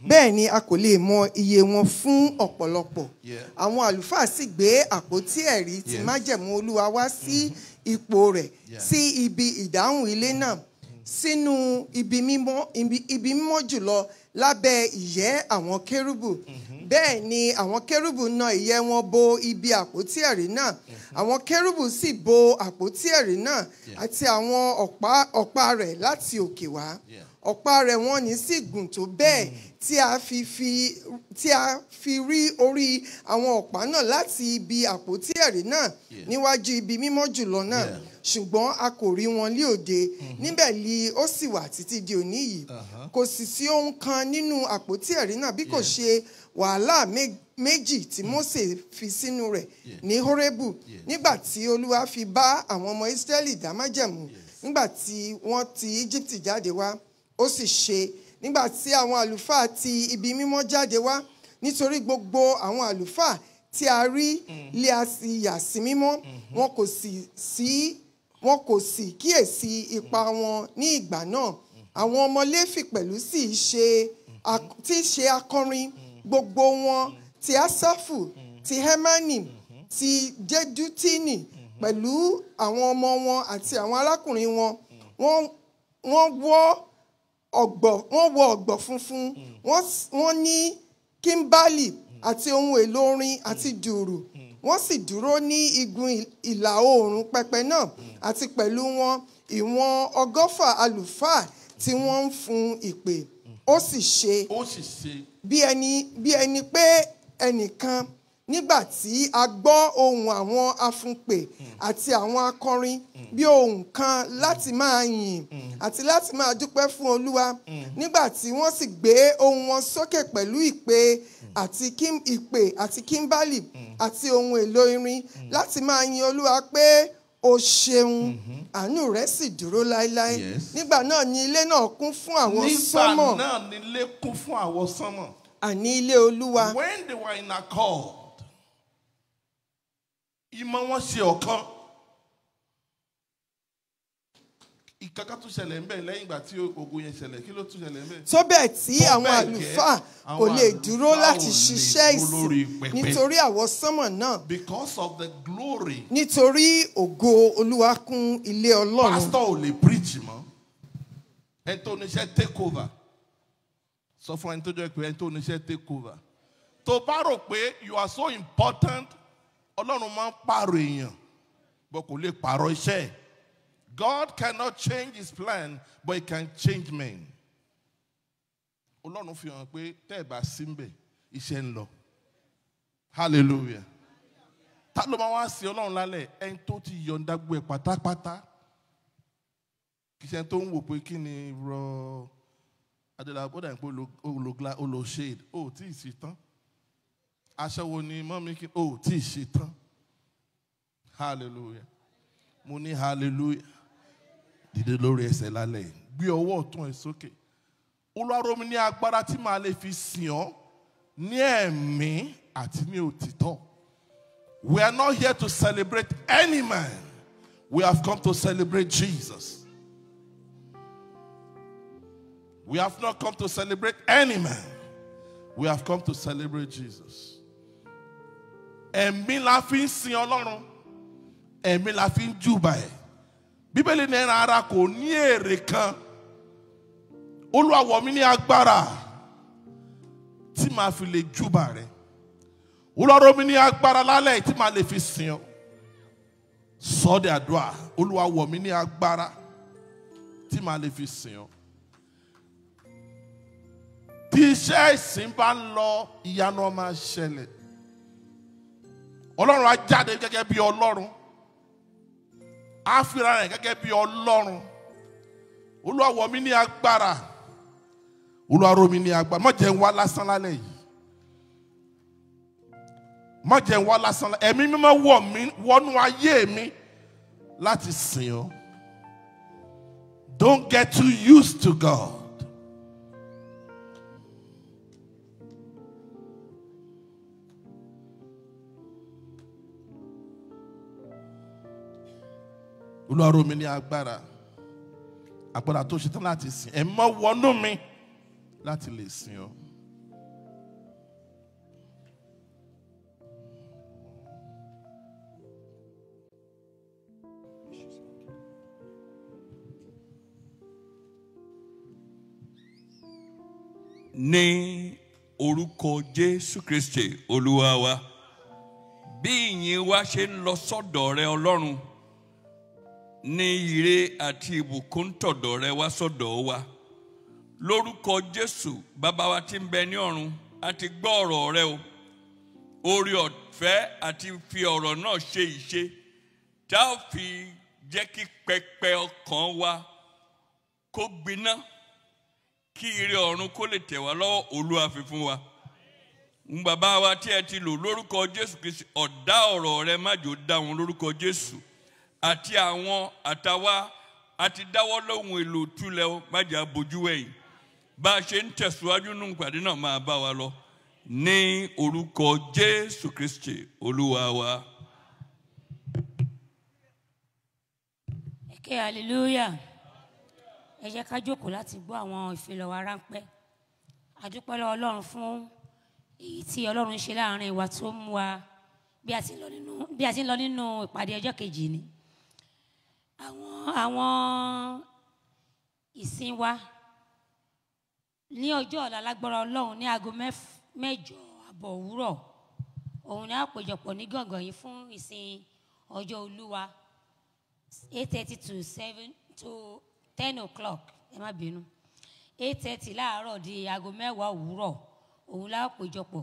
bẹ́ẹ̀ ni a kò lè mọ iye wọn fún ọ̀pọ̀lọpọ̀ àwọn àlùfáà sì gbé àpótí ẹ̀rí ti májẹ̀mú olúwa wá sí mm-hmm. ipò rẹ̀ sí ibi ìdáhùn ilé náà sínú ibi mímọ́ ibi mímọ́ jùlọ lábẹ́ ìyẹ́ àwọn kérúbù mhm. bẹ́ẹ̀ ni àwọn kérúbù na ìyẹ́ wọn bo ibi àpótí ẹ̀rí náà mhm. àwọn kérúbù sì bo àpótí ẹ̀rí náà àti àwọn ọ̀pá rẹ̀ láti òkè wá ọ̀pá rẹ̀ wọ́n ní sì gùn tó bẹ́ẹ̀ hmm. tí a fi fi tí a fi rí orí àwọn ọ̀pá náà láti ibi àpótí ẹ̀rí náà níwájú ibi mímọ́ jùlọ náà ṣùgbọ́n a kò rí wọn lí òde hmm. níbẹ̀ li ó sì wà títí di òní yìí uh-huh. kò sì sí ohun kan nínú àpótí ẹ̀rí náà bí kò ṣe wàhálà méjì tí hmm. Mósè fi sínú rẹ̀ ní Hórébù nígbà tí Olúwa fi bá àwọn ọmọ Ísírẹ́lì dá nígbà tí wọ́n ti Íjíbítì jáde wá. Yeah ó sì ṣe nígbà tí àwọn àlùfáà ti ibi mímọ́ jáde wá nítorí gbogbo àwọn àlùfáà tí a rí mm. lé a sì yà sí mímọ́ mm-hmm. wọn kò sì sí wọn kò sì kíyèsí ipa mm. wọn ní ìgbà náà mm-hmm. àwọn ọmọ Léfì pẹ̀lú sì ṣe mm-hmm. tí ṣe akọrin gbogbo wọn ti Asafu ti Hemani ti Jedutini pẹ̀lú àwọn ọmọ wọn àti àwọn arákùnrin wọn wọ́n ọ̀gbọ̀ wọ́n wọ ọ̀gbọ̀ funfun hmm. wọ́n ní kimbali àti ohun èlò orin àti hmm. dùrù hmm. wọ́n sì dúró ní igun ìlà oòrùn pẹpẹ náà àti pẹ̀lú wọn ìwọ̀n ọgọ́fà àlùfáà tí wọ́n ń fún ìpè ó sì ṣe bí ẹni pé ẹnìkan nígbà tí a gbọ́ ohùn àwọn afunpè àti àwọn akọrin bí ohùn kan láti máa yìn àti láti máa dúpẹ́ fún olúwa nígbà tí wọ́n sì gbé ohùn wọn sókè pẹ̀lú ìpè àti ìpè àti kímbálì àti ohun èlò irin láti máa yin olúwa pé o ṣeun àánú rẹ sì dúró láéláé nígbà náà ni ilé náà kún fún àwọn sánmọ̀ nígbà náà ni ilé kún fún àwọn sánmọ̀. àní ilé olúwa. when they were in accord ìmọ̀ wọn ṣe ọ̀kan ìkankan tún ṣẹlẹ̀ ń bẹ̀ lẹ́yìn ìgbà tí ogun yẹn ṣẹlẹ̀ kí ló tún ṣẹlẹ̀ ń bẹ̀. tó bẹ́ẹ̀ tí àwọn àlùfáà kò lè dúró láti ṣiṣẹ́ ìsìn nítorí àwọsánmọ̀ náà. because of the glory. nítorí ògo Olúwa kún ilé Ọlọ́run. pastor ò lè preach mọ́ ẹni tó níṣẹ́ take over sọ fún ẹni tó jẹ́ pé ẹni tó níṣẹ́ take over tó bá rò pé you are so important ọlọ́run máa ń pààrọ̀ èèyàn but kò lè pààrọ̀ iṣẹ́ God cannot change his plan but he can change men. ọlọ́run fi hàn pé tẹ́ ẹ̀ bá sí ń bẹ̀ iṣẹ́ ń lọ hallelujah ta ló máa wá sí ọlọ́run lálẹ́ ẹni tó ti yọ̀ǹda gbogbo ẹ̀ pátápátá kì í ṣe ẹni tó ń wò pé kí ni rọ adélábọ́dà ń pé ó ó tí ì sí tán. aṣẹ́wó ni mọ́mí kí o tí ì ṣe tán hallelujah mo ní hallelujah dìde lórí ẹsẹ̀ lálẹ́ gbé ọwọ́ ọ̀tún ẹ̀ sókè ní agbára tí màá lè fi sìn ọ́ ní ẹ̀mí àti ní òtítọ́ we are not here to celebrate any man we have come to celebrate Jesus we have not come to celebrate any man we have come to celebrate Jesus. ẹ̀mí la fi ń sin ọlọ́run ẹ̀mí la fi ń júbà ẹ̀ bíbélì ní ẹran ara kò ní èrè kan Olúwa wọ̀ mí ní agbára tí màá fi lè júbà rẹ̀ Olúwa rọ̀ ní agbára lálẹ́ tí màá lè fi sìn ọ́ sọ́ọ́dì àdúrà Olúwa wọ̀ ní agbára tí màá lè fi sìn ọ́ tí iṣẹ́ ìsìn bá ń lọ ìyanu máa ṣẹlẹ̀ ọlọ́run á jáde gẹ́gẹ́ bí ọlọ́run á fira rẹ̀ gẹ́gẹ́ bí ọlọ́run olúwa wọ̀ ní agbára olúwa rọ̀ ní agbára má jẹ́ wá lásán lálẹ́ yìí má jẹ́ wá lásán lálẹ́ ẹ̀mí mímọ́ wọ̀ mí wọnú ayé mi láti sìn ọ́ don't get too used to God. olúwa rọ̀ mí ní agbára agbára tó ṣetán láti sìn ẹ mọ́ wọnú mi láti lè sìn ọ́. ní orúkọ Jésù Kristi olúwa wa bí ìyìn wa ṣe ń lọ sọ́dọ̀ rẹ Ọlọ́run ní ire àti ìbùkún tọ̀dọ̀ rẹ wá sọ́dọ̀ wa lórúkọ Jésù bàbá wa tí ń bẹ ní ọ̀run àti gbọ́ ọ̀rọ̀ rẹ o oore ọ̀fẹ́ àti fi ọ̀rọ̀ náà ṣe ìṣe tá a fi jẹ́ kí pẹpẹ ọkàn wa kó gbiná kí ire ọ̀run kó lè tẹ̀ wá lọ́wọ́ Olúwa fún wa ń bàbá wa tí ẹ ti lò lórúkọ Jésù Kristi ọ̀dá ọ̀rọ̀ rẹ má jò dáhùn lórúkọ Jésù àti àwọn àtàwa àti dáwọ́ lóhùn èlò túlẹ̀ ó májà bójú wẹ̀yìn bá a ṣe ń tẹ̀síwájú nù pàdé náà máa bá wa lọ ní orúkọ Jésù Kristi Olúwa wa. ẹ ké hallelujah ẹ jẹ́ ká jókòó láti gbọ́ àwọn ìfilọ̀ wa ráńpẹ́ àdúpẹ́ lọ́wọ́ Ọlọ́run fún èyí tí Ọlọ́run ṣe láàrin wa tó mú wa bí a ti ń lọ nínú ìpàdé ọjọ́ kejì ni àwọn àwọn ìsìn wa ní ọjọ́ ọ̀la lágbára ọlọ́run ní aago mẹ́jọ àbọ̀ òwúrọ̀ òun ni a péjọpọ̀ ní gàngàn yìí fún ìsìn ọjọ́ olúwa eight thirty to seven to ten o'clock ẹ má bínú eight thirty láàárọ̀ di aago mẹ́wàá òwúrọ̀ òun la péjọpọ̀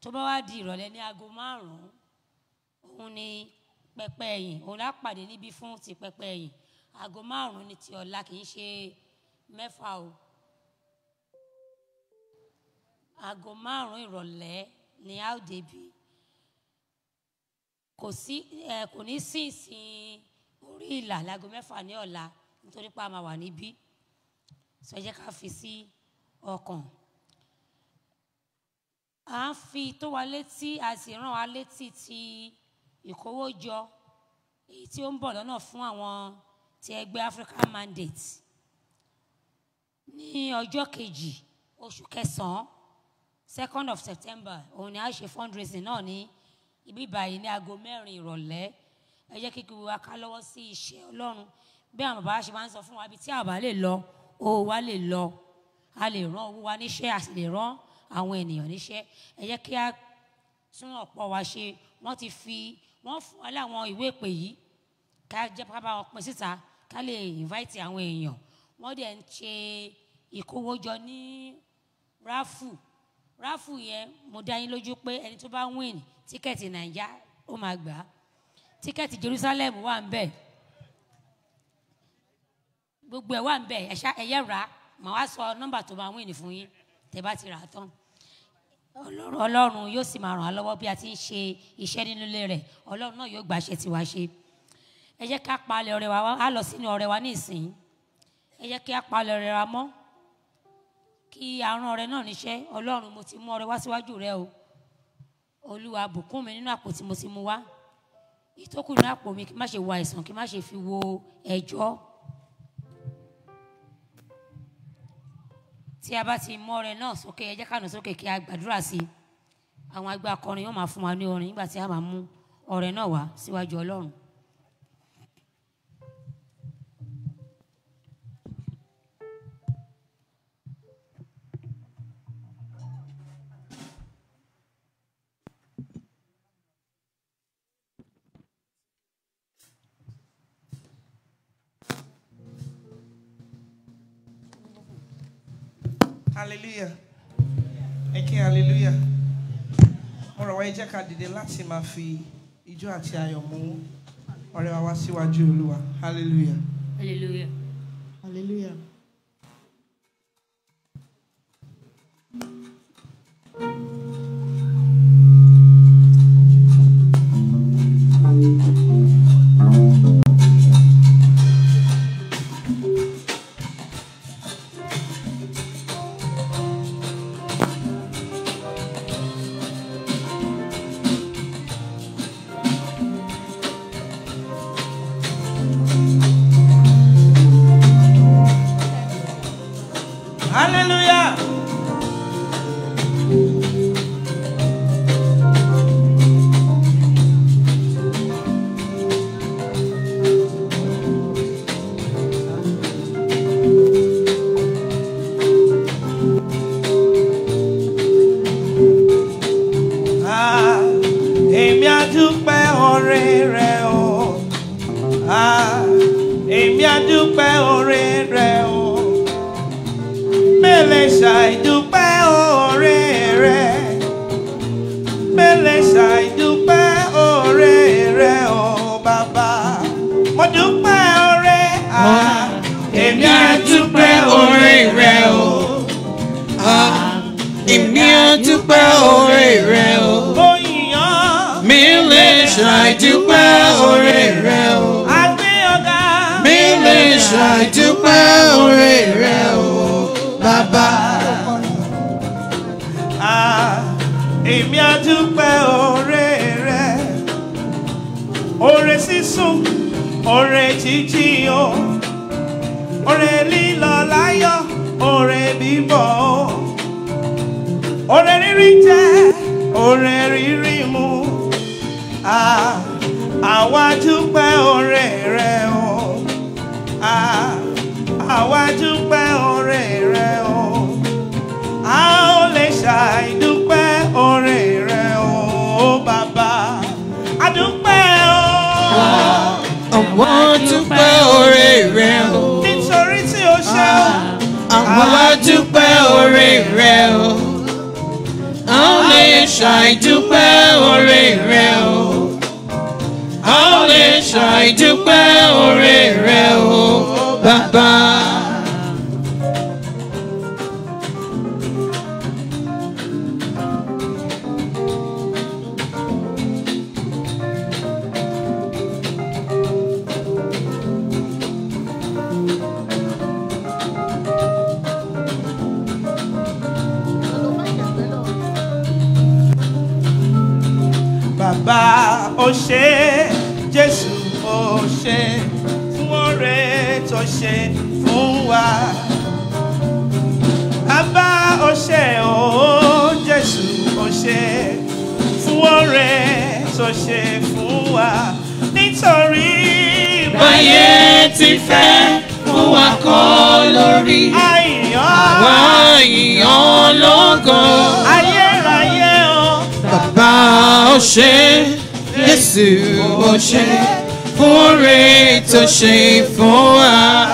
tó bá wá di ìrọ̀lẹ́ ní aago márùn-ún òun ni pẹpẹ ẹ̀yìn òun la pàdé níbi fún ti pẹpẹ ẹ̀yìn aago márùn-ún ti ọ̀la kì í ṣe mẹ́fà o aago márùn-ún ni a ó débi kò sí ẹ kò ní sí ìsìn orí ìlà láago mẹ́fà ní ọ̀la nítorí pé a máa wà níbí sọ ẹ ká fi sí ọkàn à ń fi tó wa létí a sì rán wa létí ti. ti ìkówójọ èyí tí ó ń bọ̀ lọ́nà fún àwọn ti ẹgbẹ́ African Mandate ní ọjọ́ kejì oṣù kẹsàn-án second of September òun ni a ṣe fundraising náà ní ibi ìbàyí ní aago mẹ́rin ìrọ̀lẹ́ ẹ jẹ́ kí gbogbo wa ká lọ́wọ́ sí iṣẹ́ Ọlọ́run bí àwọn bàbá ṣe máa ń sọ fún wa bí tí àbá lè lọ owó wa lè lọ a lè rán owó wa níṣẹ́ a sì lè rán àwọn ènìyàn níṣẹ́ ẹ jẹ́ kí a tún ọ̀pọ̀ wa ṣe wọ́n ti fi wọ́n fún wa láwọn ìwé ìpè yìí ká jẹ́ ká bá síta ká lè invite àwọn èèyàn wọ́n dẹ̀ ń ṣe ìkówójọ ní ráfù ráfù yẹn mo dá yín lójú pé ẹni tó bá win tíkẹ́ẹ̀tì nàìjà ó máa gbà á tíkẹ́ẹ̀tì Jerusalem wà ń bẹ̀ gbogbo ẹ̀ wà ń bẹ̀ ẹ̀yẹ́ rà á màá wá sọ nọ́mbà tó máa win fún yín tẹ́ bá ti rà á tán ọlọ́run ọlọ́run yóò sì máa ràn á lọ́wọ́ bí a ti ń ṣe iṣẹ́ nínú ilé rẹ̀ ọlọ́run náà yóò gbàṣẹ tiwa ṣe ẹ jẹ́ ká palẹ̀ ọ̀rẹ́ wa á lọ sínú ọ̀rẹ́ wa ní ìsìn ẹ jẹ́ kí palẹ̀ ọ̀rẹ́ wa mọ́ kí a ọ̀rẹ́ náà níṣẹ́ ọlọ́run mo ti mú ọ̀rẹ́ wá síwájú rẹ o olúwa bùkún mi nínú àpò tí mo ti mú wá ìtókù nínú àpò mi kí má ṣe wo àìsàn kí má ṣe fi wo ẹjọ́ tí a bá ti mú ọrẹ náà sókè ẹ jẹ́ ká nù sókè kí a gbàdúrà sí i àwọn agbé akọrin yóò máa fún wa ní orin nígbà tí a máa mú ọrẹ náà wá síwájú ọlọ́run. hallelujah ẹ kí hallelujah mo rọ̀ wá ẹ ká dìde láti máa fi ijó àti ayọ̀ mú ọ̀rẹ́ wa wá síwájú olúwa hallelujah. hallelujah. hallelujah. thank you ṣe fún wa abá o ṣe o Jésù o ṣe fún oore tó ṣe fún wa nítorí báyé ti fẹ́ mú wa kọ́ lórí àwa ìyàn lógo ayérayé o bàbá o Jésù o fún oore tó ṣe fún wa.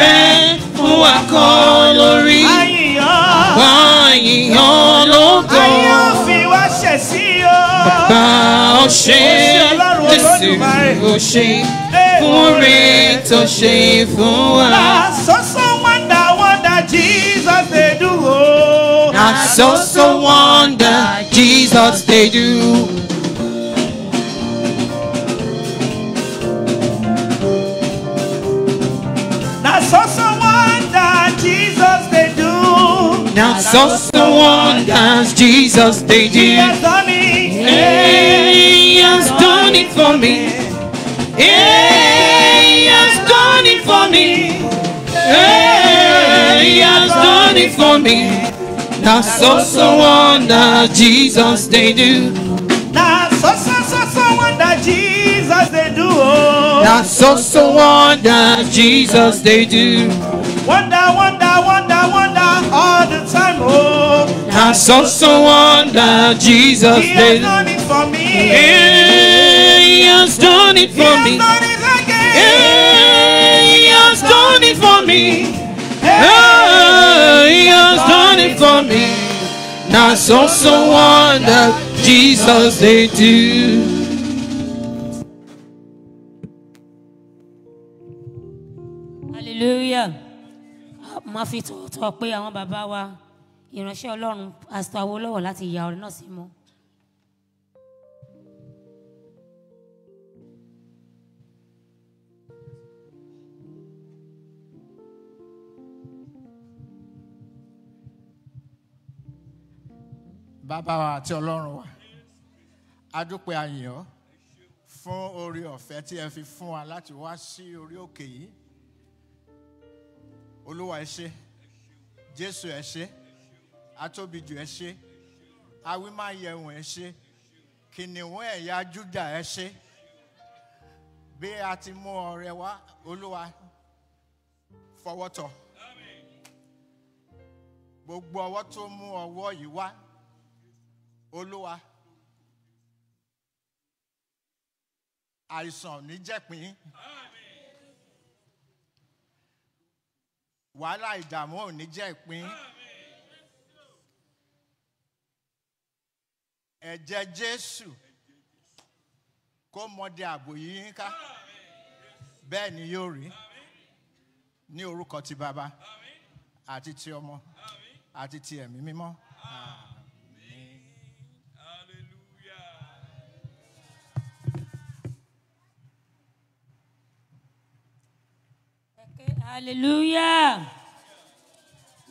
fẹ́ fún wa lórí. Àwọn èèyàn ló gọ̀. Ayé ò fi wá ṣẹ̀ sí o. wa. se si o baba jesu se fun re to wọ́ndà Jesus dey do o. Oh. Àsọ́sọ́ wọ́ndà Jesus dey do. That's the one that Jesus they did. He has done it. He has done it for me. He has done it for me. He has done it for me. That's also one that Jesus they do. That's also, also one that Jesus they do. That's also one that Jesus they do. I saw someone that Jesus he did. He has done it for me. he has done it for he me. Has done it again. he has done it for me. he has done it for me. I saw someone that Jesus did too. Hallelujah. Máa fi tòótọ́ pé àwọn bàbá wa. ìránṣẹ́ ọlọ́run pásítọ̀ awólọ́wọ̀ láti ya orin náà sí mọ́. bàbá wa àti ọlọ́run wa adúpẹ́ àyàn fún orí ọ̀fẹ́ tí ẹ fi fún wa láti wá sí orí òkè yìí olúwa ẹ ṣé jésù ẹ ṣé atóbijù ẹ ṣé awímáyẹ̀wùn ẹ ṣé kìnìún ẹ̀yà júdà ẹ ṣé bí a ti mú ọrẹ wá olúwa fọwọ́ tọ́ gbogbo ọwọ́ tó mú ọwọ́ yìí wá olúwa àìsàn ní wàhálà ìdààmú ò ní ẹ̀jẹ̀ jésù kó mọdé ààbò yìí ká bẹ́ẹ̀ ni yóò rí ní orúkọ ti bàbá àti ti ọmọ àti ti ẹ̀mí mímọ́. hallelujah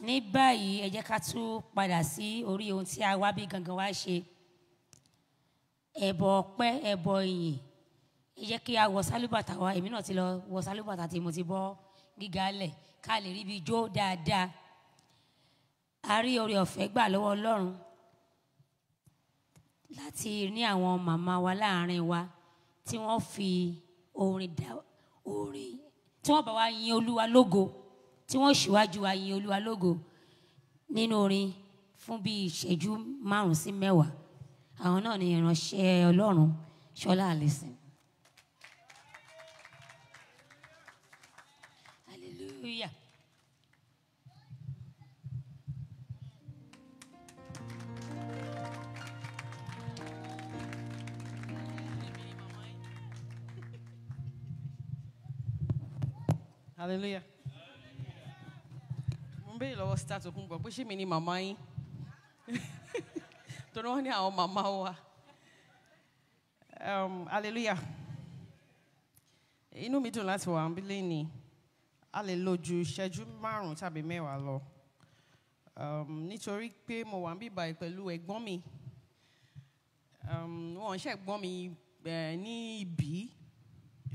ní báyìí ẹ jẹ́ ká tún padà sí orí ohun tí a wá bí gangan wá ṣe ẹbọ ọpẹ́ ẹbọ ìyìn ẹ jẹ́ kí a wọ sálúbàtà wa èmi náà ti lọ wọ sálúbàtà tí mo ti bọ́ gíga lẹ̀ ká lè ríbi jó dáadáa a rí oore ọ̀fẹ́ gbà lọ́wọ́ Ọlọ́run láti ní àwọn màmá wa láàrin wa tí wọ́n fi orin dá orin tí wọ́n bá wa yin Olúwa lógo tí wọ́n ṣíwájú wa yin Olúwa lógo nínú orin fún bíi ìṣẹ́jú márùn sí mẹ́wàá àwọn náà ni ìránṣẹ́ Ọlọ́run Ṣọlá Allyson. hallelujah. hallelujah. mo ń béèrè lọ́wọ́ star tó kún pé ṣé mi ni màmá yín tunaone hao mamaua um, hallelujah inú mi dùn láti wà níbí lẹ́ni a lè lo ju ìṣẹ́jú márùn-ún tàbí mẹ́wàá lọ um, nítorí pé mo wà níbí báyìí pẹ̀lú ẹ̀gbọ́n mi um, wọn ṣe ẹ̀gbọ́n mi ní ibi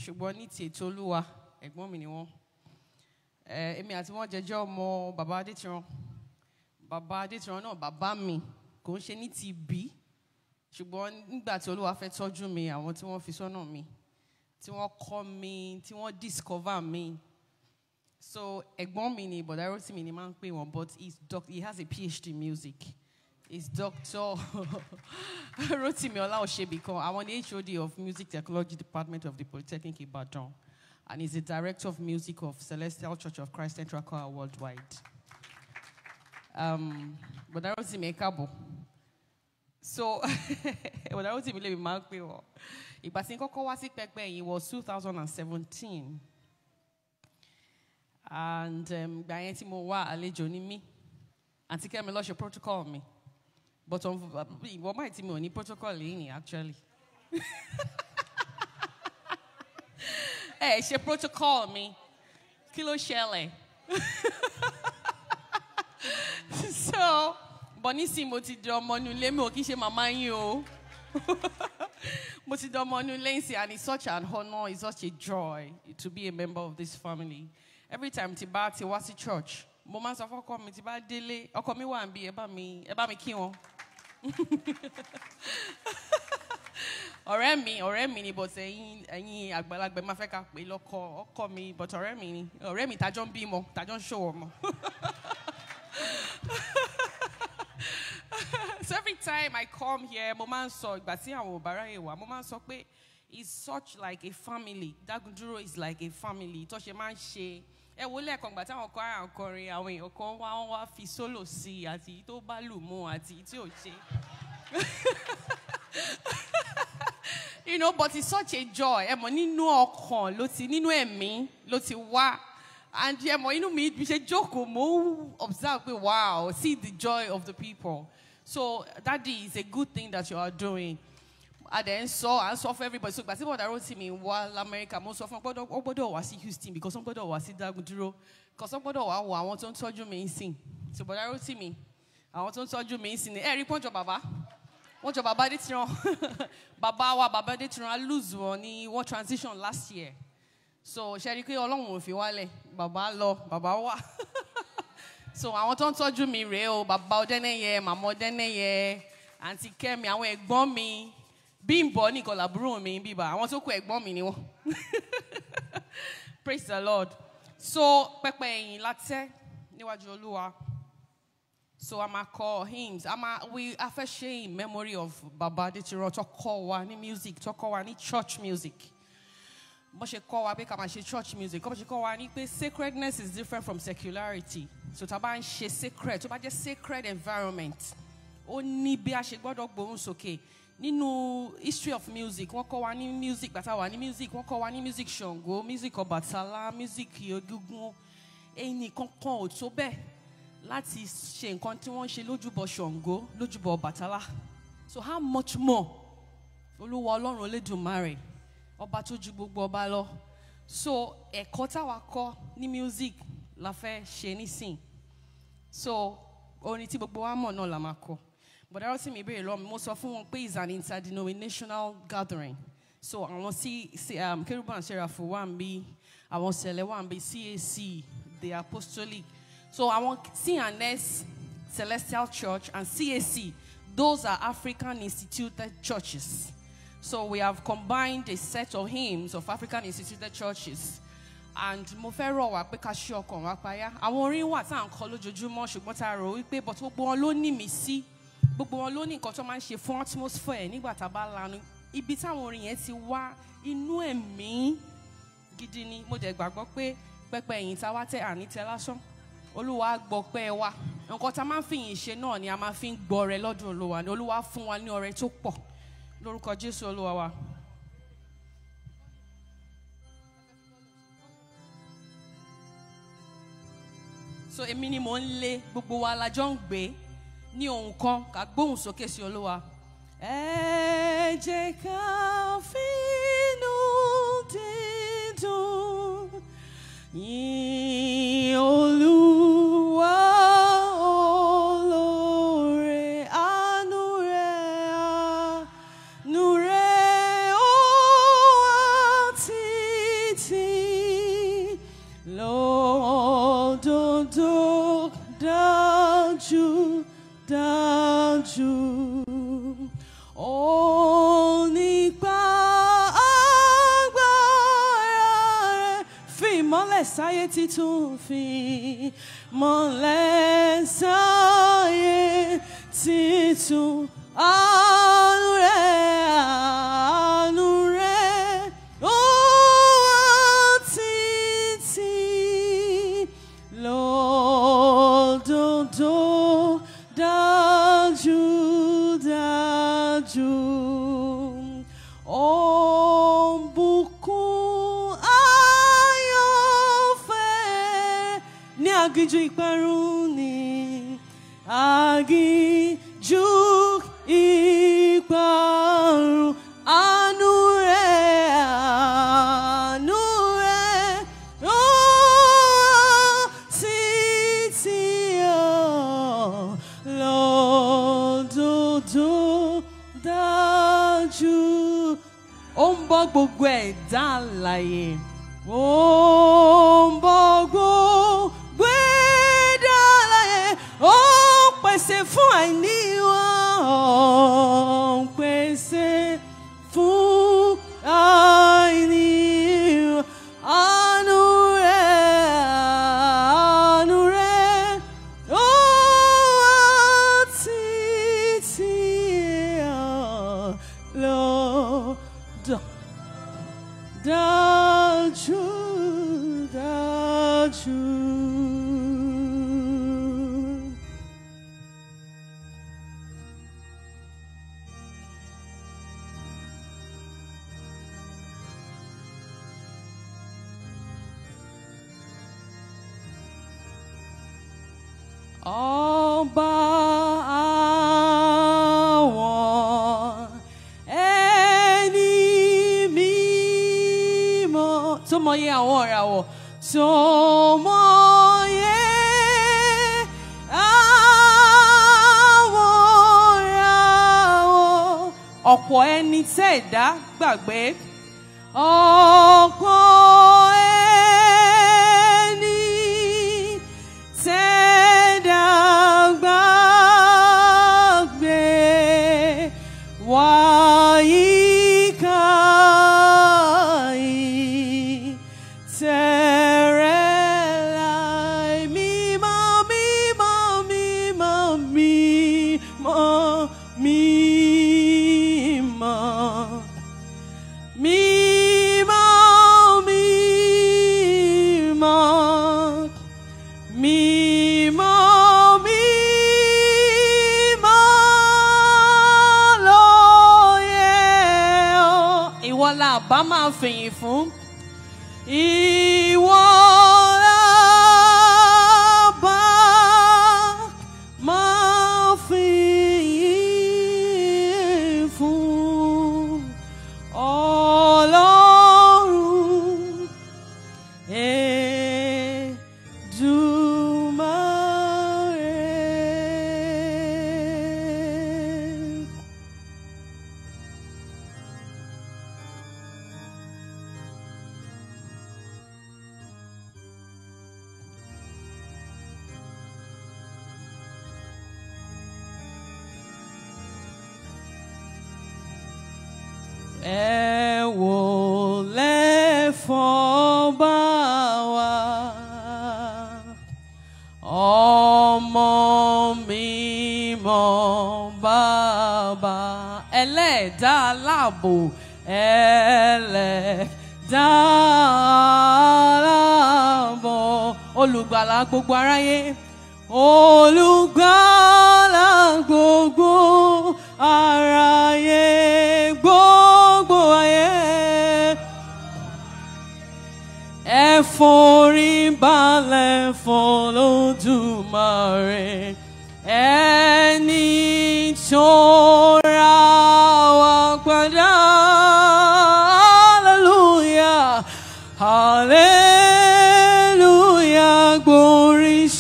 ṣùgbọ́n ní ti ètò olúwa ẹ̀gbọ́n mi ni wọ́n èmi àti wọn jẹjọ́ ọmọ bàbá adétiran bàbá adétiran náà bàbá mi. kò ń ṣe ní ti ìbí ṣùgbọ́n nígbà tí olúwa fẹ́ tọ́jú mi àwọn tí wọ́n fi sọ́nà mi tí wọ́n kọ́ mi tí wọ́n discover mi so ẹ̀gbọ́n mi ni bọ̀dá Rótìmí ni máa ń pè wọ́n but he's doc he has a PhD in music he's doctor Rótìmí Ọláòṣèbí kan àwọn the HOD of music technology department of the Polytechnic Ibadan and he's the director of music of Celestial Church of Christ Central Choir worldwide um, but I don't see me cabo. So, when I was in If I think tí kọ́kọ́ wá back pẹ́pẹ́ it was two thousand and to um, and ìgbà yẹn tí mo wá àlejò and mí àti kẹ́mi lọ ṣe protocol me. but on um, what tí mi ò protocol yìí actually hey, she protocol me. Kilo ló so bọ̀ nísìnyí mo ti di ọmọ inú ilé mi ò kí ṣe màmá yín o mo ti di ọmọ inú ilé yìí and it's such an honour it's such a joy to be a member of this family every time ti bá ti wá sí church mo máa ń sọ fọ́kọ mi ti bá délé ọkọ mi wà níbí ẹ bá mi ẹ bá mi kí wọn ọ̀rẹ́ mi ọ̀rẹ́ mi ni but ẹ̀yin ẹ̀yin àgbàlagbà máa fẹ́ ká pè lọ́kọ ọkọ mi but ọ̀rẹ́ mi ni ọ̀rẹ́ mi tàjọ́ ń bímọ tàjọ́ ń ṣòwò mọ́. so every time I come here, mo máa ń sọ ìgbà tí it's such like a family. Dagunduro is like a family. Tó ṣe máa ń ṣe ẹ wo lẹ́ẹ̀kan gbà táwọn kan àwọn akọrin àwọn èèyàn kan wá wọ́n wá fi sólò sí i àti tó bá lù mú àti tí ò ṣe. you know but it's such a joy ẹ mọ̀ nínú ọkàn ló ti nínú ẹ̀mí ló ti wá. And yeah, mo inu mi bi ṣe jókòó mo observe pé wow, see the joy of the people. So that is a good thing that you are doing. And then so and so for everybody. So but people that wrote to me while America most often gbọ́dọ̀ ó gbọ́dọ̀ wá Houston because somebody was wá sí because somebody was wá wo àwọn tó ń tọ́jú mi ń So but I wrote to me I want tó ń tọ́jú mi ń sìn ni ẹ rí pọ́njọ bàbá wọ́n jọ bàbá dé tiran bàbá wa bàbá dé tiran lose wọn ni wọ́n transition last year so ṣe rí i pé ọlọ́run ò fi wálẹ̀ bàbá lọ bàbá wà so àwọn tó ń tọ́jú mi rèé o fi ọdẹ́nẹ́yẹ màmá ọdẹ́nẹ́yẹ àǹtí kẹ́mi àwọn ẹ̀gbọ́n mi bímbọ nìkan làbúrò mi bíbà àwọn biba want to go ẹ̀gbọ́n mi ni wọ́n praise the lord so pẹpẹ ẹ̀yìn látẹ́ níwájú olúwa so a máa kọ hymns a máa we a fẹ́ ṣe memory of bàbá adétirọ́ tó call one. music tó call one. church music. bọ́n ṣe kọ́ wa pé ká máa ṣe church music bọ́n ṣe kọ́ wa ní pé sacredness is different from secularity so tá a bá ń ṣe sacred tó bá jẹ́ sacred environment ó ní bí a ṣe gbọ́dọ̀ gbóhùn sókè nínú history of music wọ́n kọ́ wa ní music bàtà wà ní music wọ́n kọ́ wa ní music Ṣàngó music Ọbàtálá music Egúngún ẹni kankan ò tó bẹ́ẹ̀ láti ṣe nǹkan tí wọ́n ń ṣe lójúbọ Ṣàngó lójúbọ Ọbàtálá so how much more olúwa ọlọ́run Olódùmarè. ọba tó ju gbogbo ọba lọ so ẹ̀kọ́ táwa kọ́ ní music la fẹ́ ṣe nísìn so orin tí gbogbo wa mọ̀ náà la máa kọ bọ̀dá Rótìmí béèrè lọ́wọ́ mi mo sọ fún wọn pé it's an interdenominational gathering so àwọn sí um, Kérúbù Séráfù wà ń bí àwọn sẹ̀lẹ̀ wà ń bí CAC the apostolic so àwọn CNS Celestial Church and CAC those are African instituted churches. So we have combined a set of hymns of African instituted churches. And mo fẹ́ rọ̀ wá pé ká ṣe ọkàn wa payá. Àwọn orin wà tá à ń kọ lójoojúmọ́ ṣùgbọ́n tá a rò wípé but gbogbo wọn ló ní mí sí. Gbogbo wọn ló ní nǹkan tó máa ń ṣe fún atmosphere nígbà tá a bá lanu. Ibi táwọn orin yẹn ti wá inú ẹ̀mí gidi ni. Mo dẹ̀ gbàgbọ́ pé pẹpẹ ẹ̀yìn tá a wá tẹ àní tẹ lásán. Olúwa gbọ́ pẹ́ wa. Nǹkan tá a máa ń fi yìn ṣe náà ni a máa fi ń gbọ́ rẹ lọ́dún Olúwa ni Olúwa fún wa ní ọrẹ tó pọ̀ lórúkọ Jésù Olúwa wa. so èmi ni mò ń lé gbogbo wa la jọ ń gbé ní ohun kan ká gbóhùn sókè sí Olúwa. ẹ jẹ́ ká. see to ẹ̀dá gbàgbé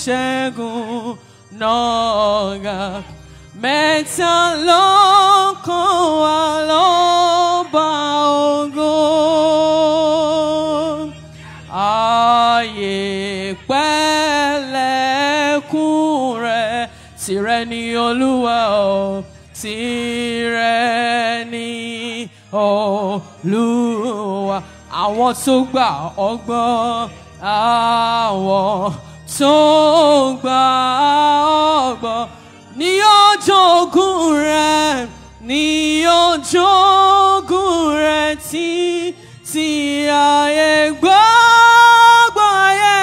ṣẹ́gun náà mẹ́ta ló kàn wá ló bá ògo kure pẹ́lẹ́kùn olúwa o tìrẹ ni olúwa àwọn tó gbà ọgbọ́n àwọn. tó gbà ọ́ gbọ́ ní ọjọ́ ogun rẹ̀ ní ọjọ́ ogun rẹ̀ tí tí ayé gbọ́gbọ́ ayé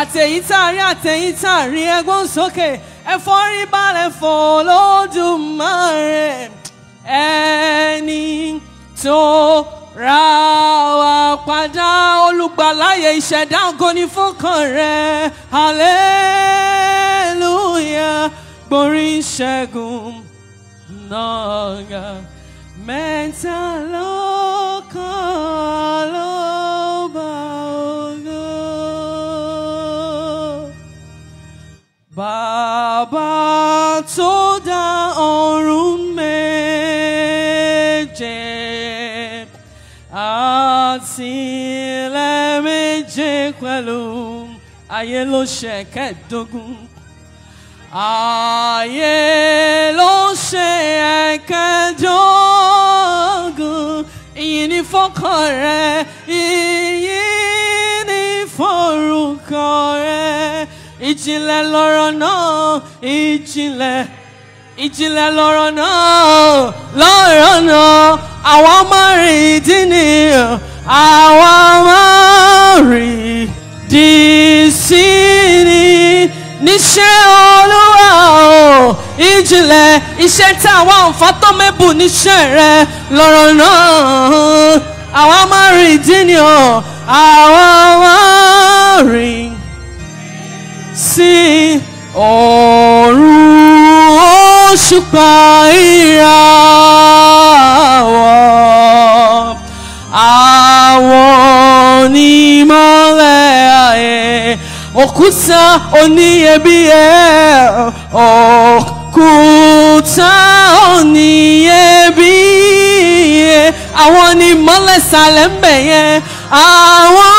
àtẹ̀yítàrí àtẹ̀yítàrí ẹgbọ́n sókè ẹ̀fọ́rí balẹ̀ fọ́ lódùmarè ẹni tó. ra wa padà rẹ̀ hallelujah borí ìṣẹ́gun naga mẹ́ta ayé ló ṣe kẹ́ẹ̀dógún ayé ló ṣe kẹ́ẹ̀dógún ìyìn ní fọ́kọ rẹ ìyìn ní forúkọ rẹ ìjìnlẹ̀ lọ́rọ̀ náà ìjìnlẹ̀ ìjìnlẹ̀ lọ́rọ̀ náà lọ́rọ̀ náà àwa máa rìn ìdí nìyẹn àwa máa rìn. di sí ni níṣẹ́ olúwa o ìjìnlẹ̀ iṣẹ́ tí àwọn àǹfà tó mẹ́bù níṣẹ́ rẹ lọ́rọ̀ náà àwa máa rìn dín o àwa máa rìn sí ọ̀run òṣùpá ìràwọ̀ àwọn onímọ̀ ẹ òkúta oníyebíyẹ òkúta oníyebíyẹ àwọn ni mọ́lẹ̀ sálẹ̀ ń bẹ̀ yẹn àwọn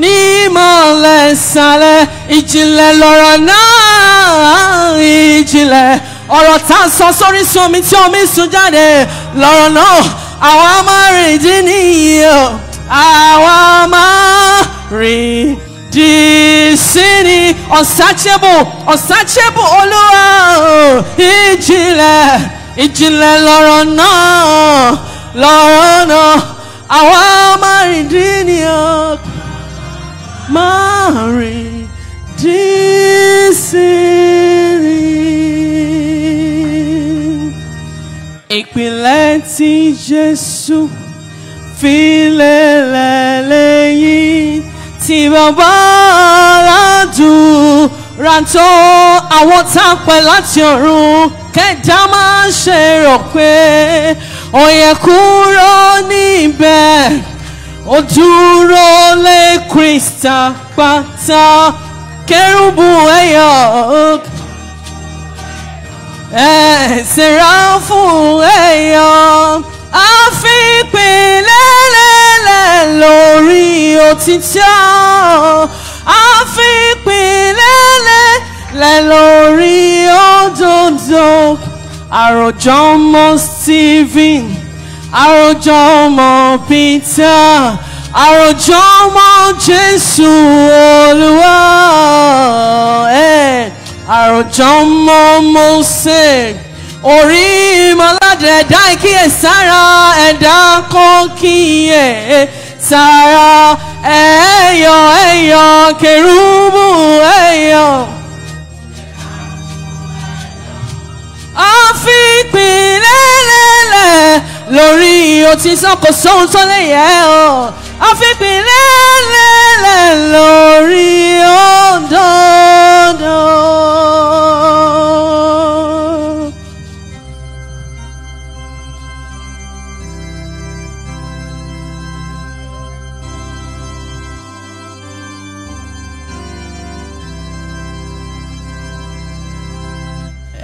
ní mọ́lẹ̀ sálẹ̀ ìjìnlẹ̀ lọ̀rọ̀ náà ìjìnlẹ̀ ọ̀rọ̀ tá a sọ sórí sun omi tí omi sun jáde lọ́rọ̀ náà àwa máa rìn dín nìyí o àwa máa rìn ìjìnsí ni unsearchable unsearchable olúwa ìjìnlẹ̀ ìjìnlẹ̀ lọ̀rọ̀ náà lọ̀rọ̀ náà àwa máa rìn ìpìlẹ̀ tí Jésù fi lélẹ̀ lẹ́yìn tí bàbá aládùúrà tó àwọn tá a pẹ́ láti ọ̀run kẹjà máa ṣe rò pé ó yẹ kúrò níbẹ̀ ó lé kírísítà pátá kérúbù ẹ̀yọ̀ ẹ̀ sẹ́ráfù ẹ̀yọ̀ àfipínlẹ̀lẹ̀lẹ̀ lórí òtítọ́ àfipínlẹ̀lẹ̀lẹ̀ lórí òdodo àròjọmọ Stephen àròjọmọ Peter àròjọmọ Jésù Olúwa àròjọmọ Mose orí mọ́ládẹ̀ dá ìkíyèsára ẹ̀dá kan kíyè sára ẹ̀yọ̀ ẹ̀yọ̀ kẹrùbù ẹ̀yọ̀. àfipín lẹ́lẹ́lẹ́ lórí òtítọ́ kò sóhun tó lè yẹ ọ́ àfipín lẹ́lẹ́lẹ́ lórí òǹdọ̀ọ̀dọ̀.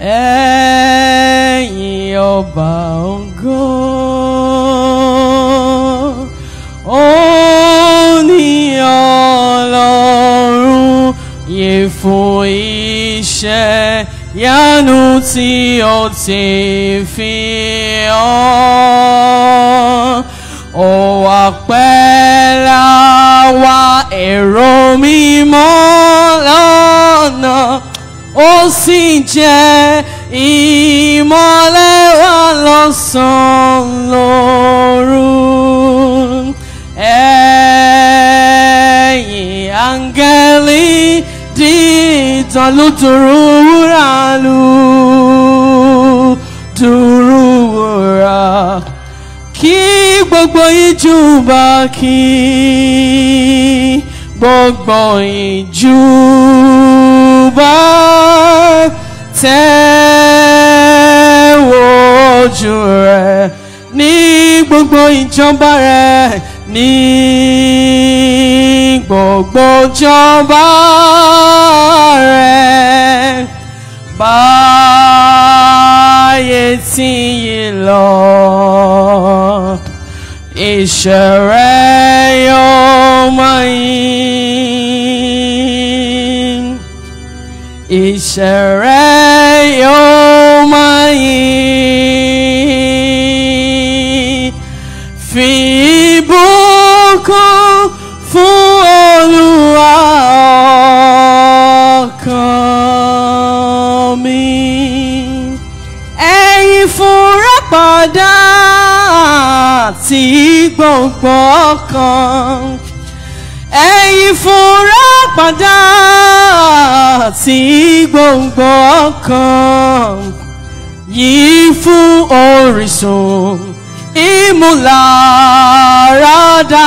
ẹ̀yin ọba ògo òní ọlọ́run yẹ fún iṣẹ́ yanu tí o ti fi hàn ó wà pẹ́ láwa èrò mímọ́ lọ́nà. ó sì jẹ́ ìmọ́lẹ̀ wa lọ́sàn-án lóru. Ẹ̀yin áńgẹ́lì dídán ló dùrú wúrà lù dùrú wúrà kí gbogbo ìjúbà kí. gbogbo ìjú bá tẹ́ ojú rẹ̀ ní gbogbo ìjọba rẹ̀ ní gbogbo ìjọba rẹ̀ báyé tí yìí lọ. Israel, oh my Israel, oh my àti gbogbo ọkàn ẹ̀yin fúnra padà àti gbogbo ọkàn yìí fún orísun ìmúláradá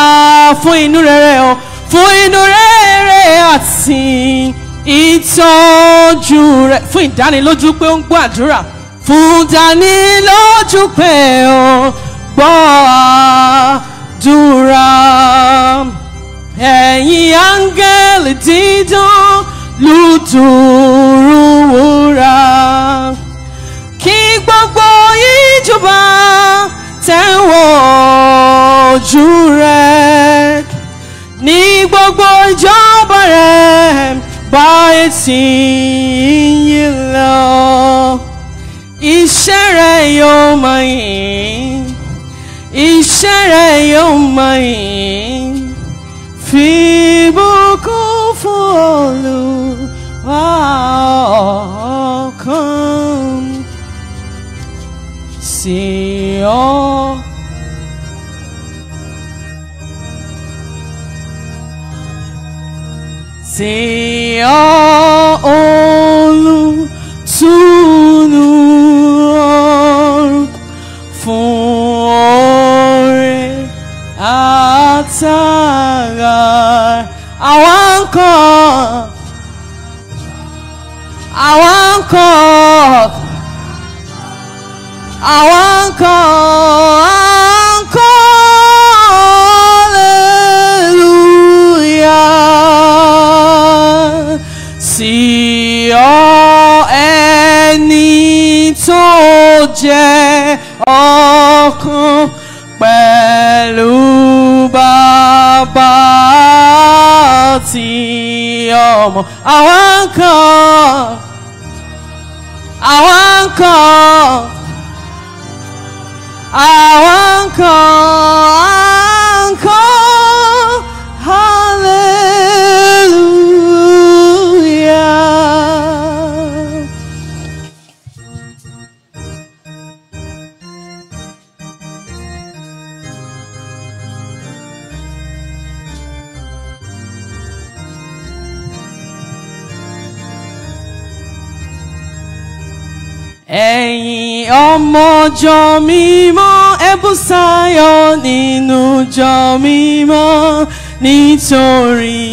fún inú rere o fún inú rere àti ìtọ́jú rẹ̀ fún ìdánilójú pé ó ń gbọ́ àdúrà fún ìdánilójú pé ó gbàdúrà ẹ̀yin áńgẹ́lì dídán lùtùrù wúrà kí gbogbo ìjọba tẹ̀wọ̀ ojú rẹ̀ ní gbogbo ìjọba rẹ̀ bá etí yìí lọ iṣẹ́ rẹ̀ yóò máa yìn. iṣẹ́ rẹ̀ yóò mọ yìí fi bùkún fún Sí. I wan cook. I wan cook. I wan cook. sí ọ ẹni tó jẹ ọ̀kan pẹ̀lú bàbá àti ọmọ àwọn kan àwọn kan àwọn kan àwọn kan. ọmọ jọ mímọ́ ẹ̀bùn sáyọ nínú jọ mímọ́ nítorí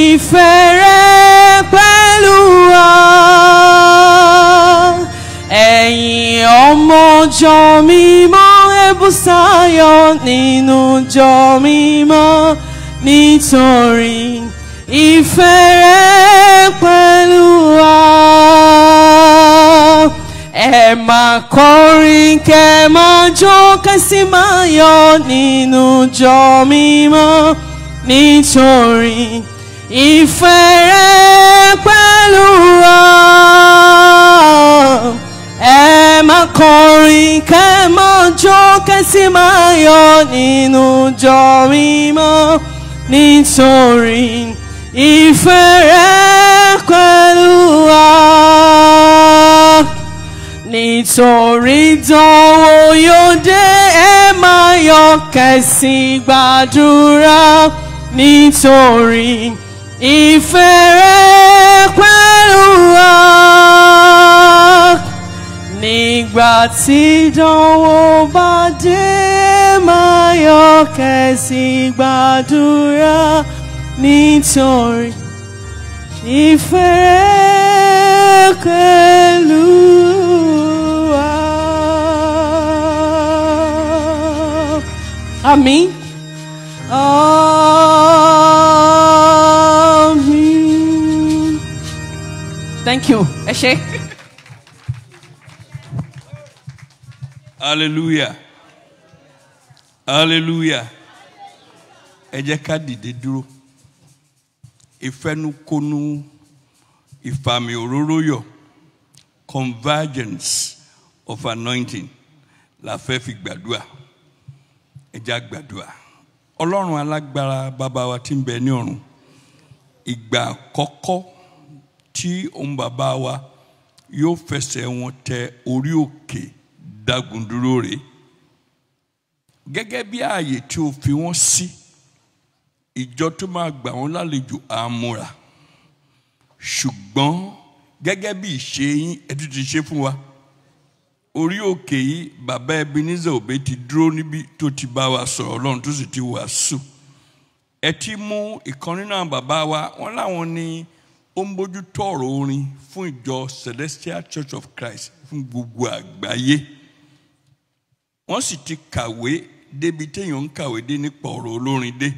ìfẹ́ rẹ pẹ̀lú wa. ẹ̀yin ọmọ jọ mímọ́ ẹ̀bùn sáyọ nínú jọ mímọ́ nítorí ìfẹ́ rẹ pẹ̀lú wa ẹ máa kọrin kẹ máa jó kẹsì máa yọ̀ nínú jọ mímọ́ nítorí ìfẹ́ rẹ̀ pẹ̀lú ọ ẹ máa kọrin kẹ máa jó máa yọ̀ nínú jọ mímọ́ nítorí ìfẹ́ rẹ̀. torí dánwò yóò dé ẹ máa yọ̀ kẹsì gbàdúrà nítorí ìfẹ́ rẹ pẹ̀lú wa nígbà tí dánwò bá dé máa yọ̀ kẹsì gbàdúrà nítorí ìfẹ́ rẹ pẹ̀lú wa. mim. Amém. Thank you. Achei. Hallelujah. Hallelujah. Ẹ jẹ́ ká dìde dúró. Ìfẹnukonu ìfàmì òróró yọ. Convergence of anointing la fẹ́ fi gbàdúrà ẹ jẹ́ àgbàdua ọlọ́run alágbára bàbá wa tí ń bẹ ní ọ̀run ìgbà àkọ́kọ́ tí òun bàbá wa yóò fẹsẹ̀ wọn tẹ orí òkè dagundúró rèé gẹ́gẹ́ bí ààyè tí o fi wọ́n sí ìjọ tó máa gbà wọ́n lálejò àmúra ṣùgbọ́n gẹ́gẹ́ bí ìṣe yín ẹ ti ti ṣe fún wa orí òkè yìí bàbá Ebenezer Obey ti dúró níbi tó ti bá wa sọ̀rọ̀ Ọlọ́run tó sì ti wàásù ẹ ti mú ìkan nínú àwọn bàbá wa wọn láwọn ni ó ń bójú tó ọ̀rọ̀ orin fún ìjọ Celestial Church of Christ fún gbogbo àgbáyé wọ́n sì ti kàwé débi téèyàn ń kàwé dé nípa ọ̀rọ̀ olórin dé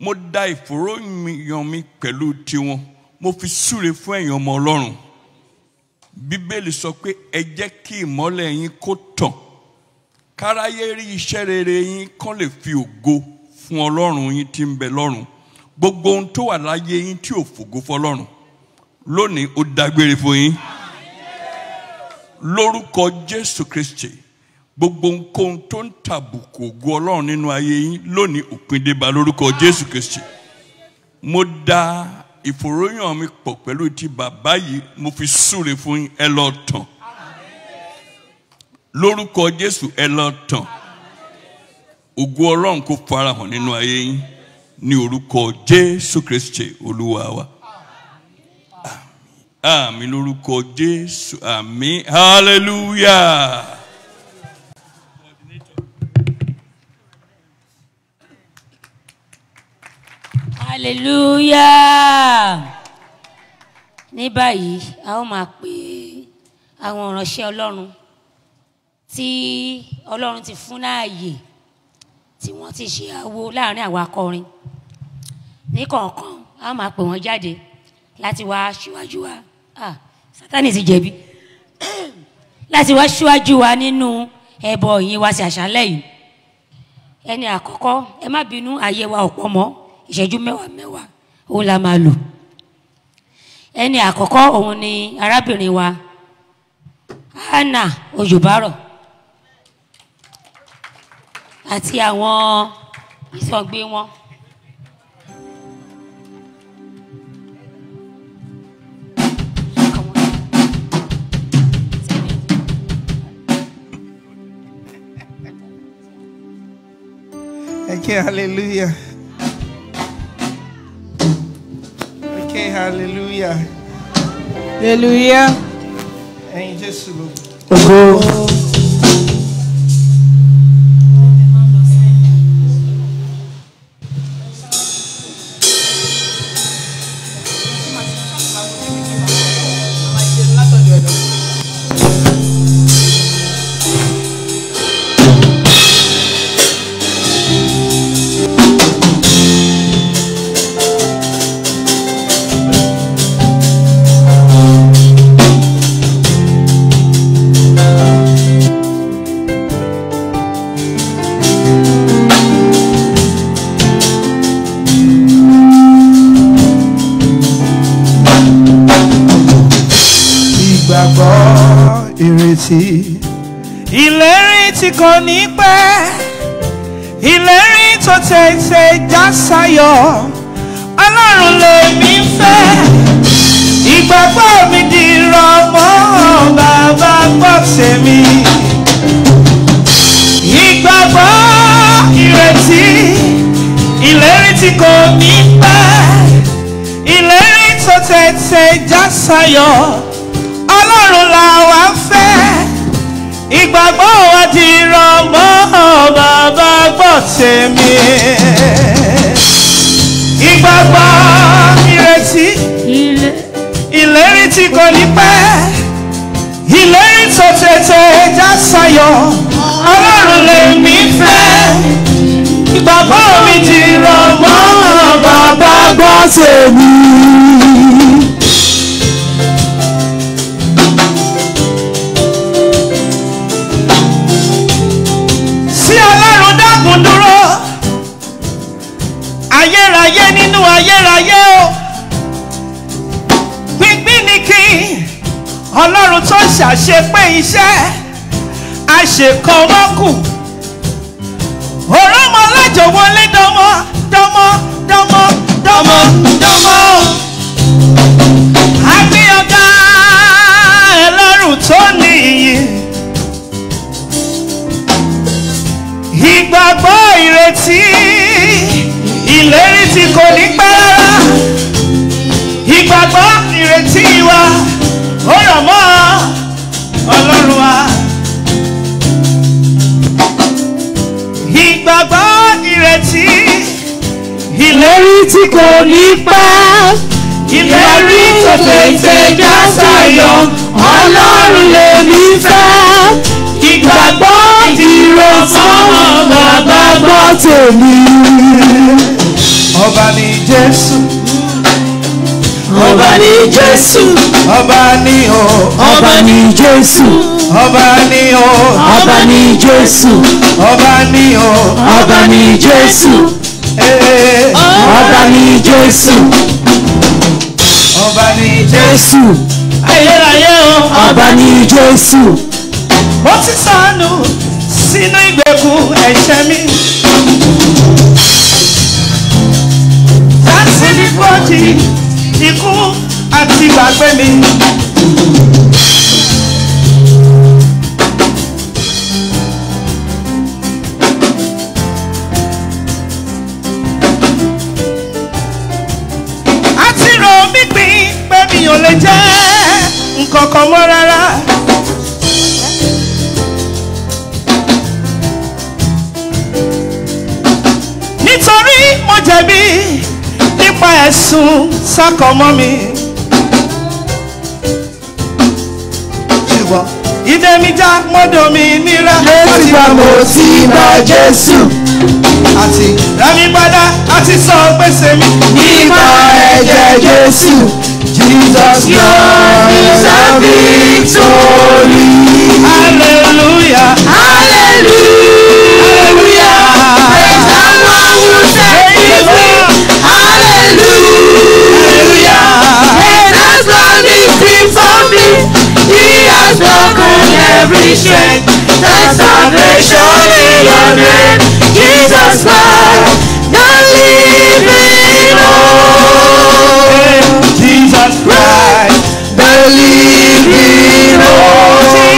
mo da ìfòròyìn mi pẹ̀lú tiwọn mo fi súre fún ẹ̀yin ọmọ Ọlọ́run bíbélì sọ pé ẹ jẹ́ kí ìmọ́lẹ̀ yín kó tàn káráyé rí iṣẹ́ rere yín kán lè fi ògo fún ọlọ́run yín tí ń bẹ lọ́run gbogbo ohun tó wà láyé yín tí ò fògo fọlọ́run lónìí ó dágbére fún yín lórúkọ jésù kristi gbogbo ohunkóhun tó ń tàbùkù ògo ọlọ́run nínú ayé yín lónìí òpin dé bá lórúkọ jésù kristi mo dáa ìfòròyàn mi pọ̀ pẹ̀lú ti bàbá yìí mo fi súre fún yín ẹ lọ tàn lórúkọ jésù ẹ lọ tàn ògo ọlọ́run kó farahàn nínú ayé yín ní orúkọ jésù kristi olúwa wa àmín lórúkọ jésù àmín hallelujah. hallelujah ní báyìí a ó máa pè àwọn ìránṣẹ́ ọlọ́run tí ọlọ́run ti fún láàyè tí wọ́n ti ṣe àwo láàrin àwa akọrin ní kọ̀ọ̀kan a ó máa pè wọ́n jáde láti wá ṣíwájú wa ah sátánì ti jẹ̀bi láti wá ṣíwájú wa nínú ẹbọ ìyìn wa sí àṣálẹ́ yìí ẹni àkọ́kọ́ ẹ má bínú àyè wa ọ̀pọ̀ ìṣẹ́jú mẹ́wàá mẹ́wàá ó la máa lò ẹni àkọ́kọ́ òun ni arábìnrin wa Anna Ojúbárọ̀ àti àwọn ìsọ̀gbé wọn. Thank hallelujah. hallelujah. Hallelujah. Em Jesus. Oh. tí kò ní pẹ́ ìlérí tó tètè já sayọ̀ ọlọ́run là wá fẹ́ ìgbàgbọ́ wa di rọmọ bàbá gbọ́ tèmi ìgbàgbọ́ ìrètí ìlérí tí kò ní pẹ́ ìlérí tó tètè já sayọ̀ ọlọ́run lèmi fẹ́ bàbá mi ti rọ̀ mọ́ bàbá gbọ́sẹ̀ mi. sí ọlọ́run dákun dúró ayérayé nínú ayérayé o gbígbín ni kí ọlọ́run tó ṣàṣepé iṣẹ́ àṣekọ̀wọ́kù òrọ́mọ alájọ wọlé dánmọ́ dánmọ́ dánmọ́ dánmọ́ dánmọ́. àgbéyọ̀gá ẹlẹ́rù tó nìyí. ìgbàgbọ́ ìrètí ìlérí tí kò ní pẹ́ rárá. ìgbàgbọ́ ìrètí wa ó rọ̀ mọ́ ọlọ́. ìlérí tí kò ní pẹ́ ìlérí tó tètè já sáyọ̀ ọlọ́run lèmi fẹ́ ìgbàgbọ́ ìró sọ́nà bàbá gbọ́ tèmi. ọba ni jésù. Ọba ni Jésù. Ọba ni o. Ọba ni Jésù. Ọba ni o. Ọba ni Jésù. Ọba ni o. Ọba ni Jésù. Eh, eh, eh. ọba ni jésù ọba ni jésù ayérayé o ọba ni jésù ó ti ṣàánú sínú ìgbèkùn ẹ̀ṣẹ̀ mi. láti ní bọ́ọ̀dì ikú àti ìgbàgbé mi. lè jẹ́ nǹkan kan mọ́ rárá. nítorí mo jẹ̀bi nípa ẹ̀sùn sákọ̀ mọ́ mi. ṣùgbọ́n ìdè mi já mọ́dọ̀ mi nira. jésù bá mo ti na jésù. àti rami padà àti sọ gbèsè mi. nípa ẹ̀jẹ̀ jésù. Jesus' name is a victory. Hallelujah. Hallelujah. Hallelujah. the one who saves Hallelujah. He has blood is free for me. He has broken every chain. Thy salvation in your name. Jesus Christ, the living Lord.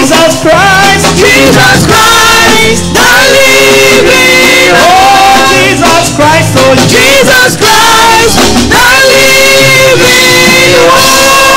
Jesus Christ, Jesus Christ, the living hope. Jesus Christ, oh Jesus Christ, the living hope.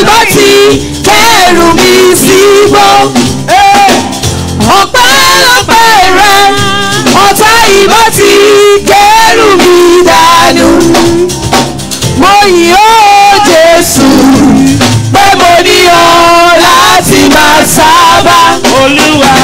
bó ti kẹ́rù mi sígbó. ọpẹ́lọpẹ́ rẹ ọ̀tá ìbò ti kẹ́rù mi dànù. mo yìn ó Jésù pé mo ní ọ láti máa sábà. Olúwa.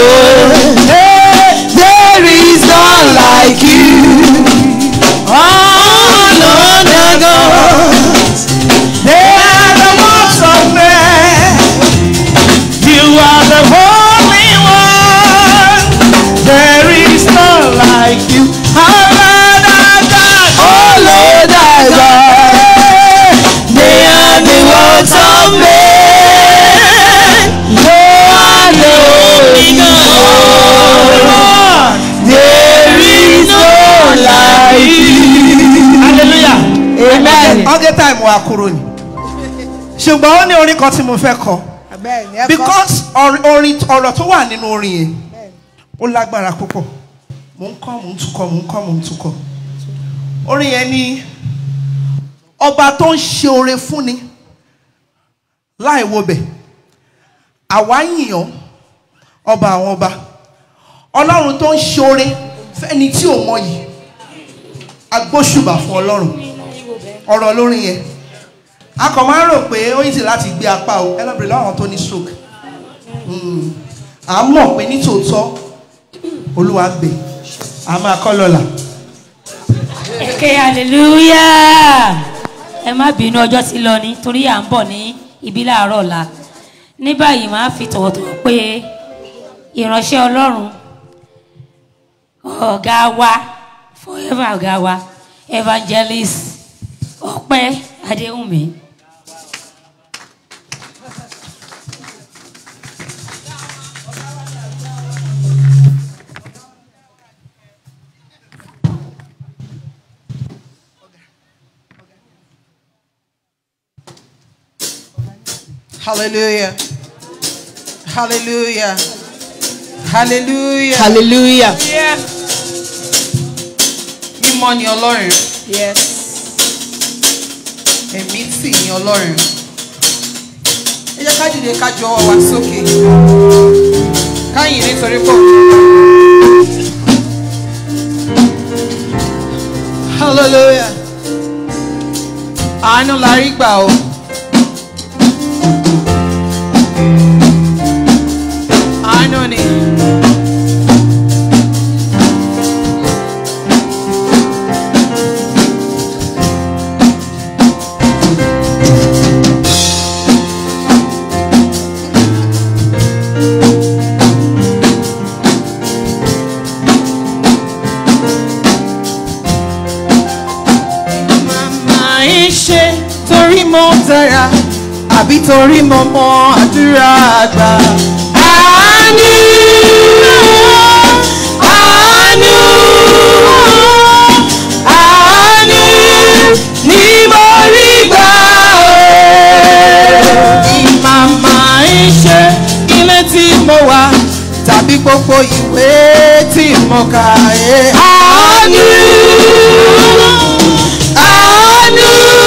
good. wá kúrò ni ṣùgbọ́n ó ní orin kan tí mo fẹ́ kọ because orin ọ̀rọ̀ tó wà nínú orin yẹn ó lágbára púpọ̀ mò ń kọ́ mò ń tukọ̀ mò ń kọ́ mò ń tukọ̀ orin yẹn ni ọba tó ń ṣe oore fúnni láì wo bẹ̀ àwa yìnyàn ọba àwọn ọba ọlọ́run tó ń ṣe oore fẹ́ni tí ò mọ yìí agbóṣùbà fún ọlọ́run ọ̀rọ̀ lórin yẹn a kàn máa ń rò pé ó yìí sì láti gbé apá o ẹ láwọn tó ní stroke hmm. à ń mọ̀ pé nítòótọ́ olúwa gbè á máa kọ́ lọ́la. èké hallelujah ẹ má bínú ọjọ́ ti lọ ní torí à ń bọ̀ ní ibi láàárọ̀ ọ̀la ní báyìí máa fi tọ̀wọ̀tọ̀wọ̀ pé ìránṣẹ́ ọlọ́run ọ̀gá wa forever ọ̀gá wa evangelist ọpẹ́ adéhùnmí. Hallelujah. Hallelujah. Hallelujah. Hallelujah. Mímọ́ ni Ọlọ́run. Yes. Ẹ̀mí sì ni Ọlọ́run. Ẹ jẹ́ ká dìde ká jọ ọwọ́ wa sókè. Káyìn nítorí pọ̀. Hallelujah. Àánú la rí gbà o. àbí torí mo mọ àdúrà àgbà. àánú àánú àánú ni mo rí gbà o. ìmàmà ń ṣe ilé tí mo wà tàbí gbogbo ìwé tí mo kà é. àánú àánú.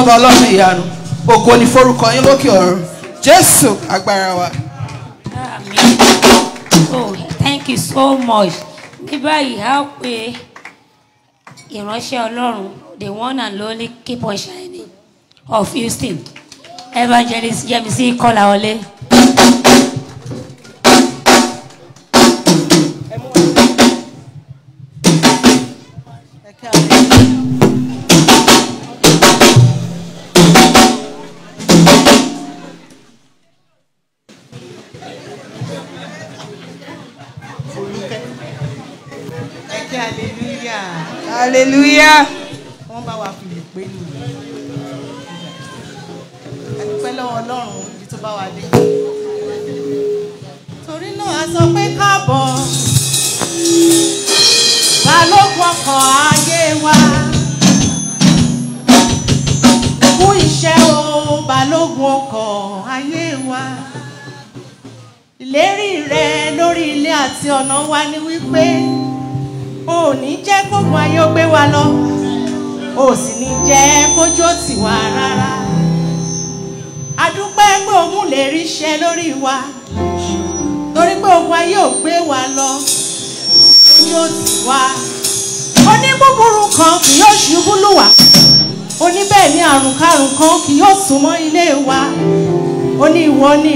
ọba ọlọ́run ìyanu ògo ni forúkọ yín lókè ọ̀run jésù agbára wa. oh thank you so much ní báyìí á pé ìránṣẹ́ ọlọ́run the one and only keep on shining of Houston evangelist Yẹmisí Kọ́láwọlé.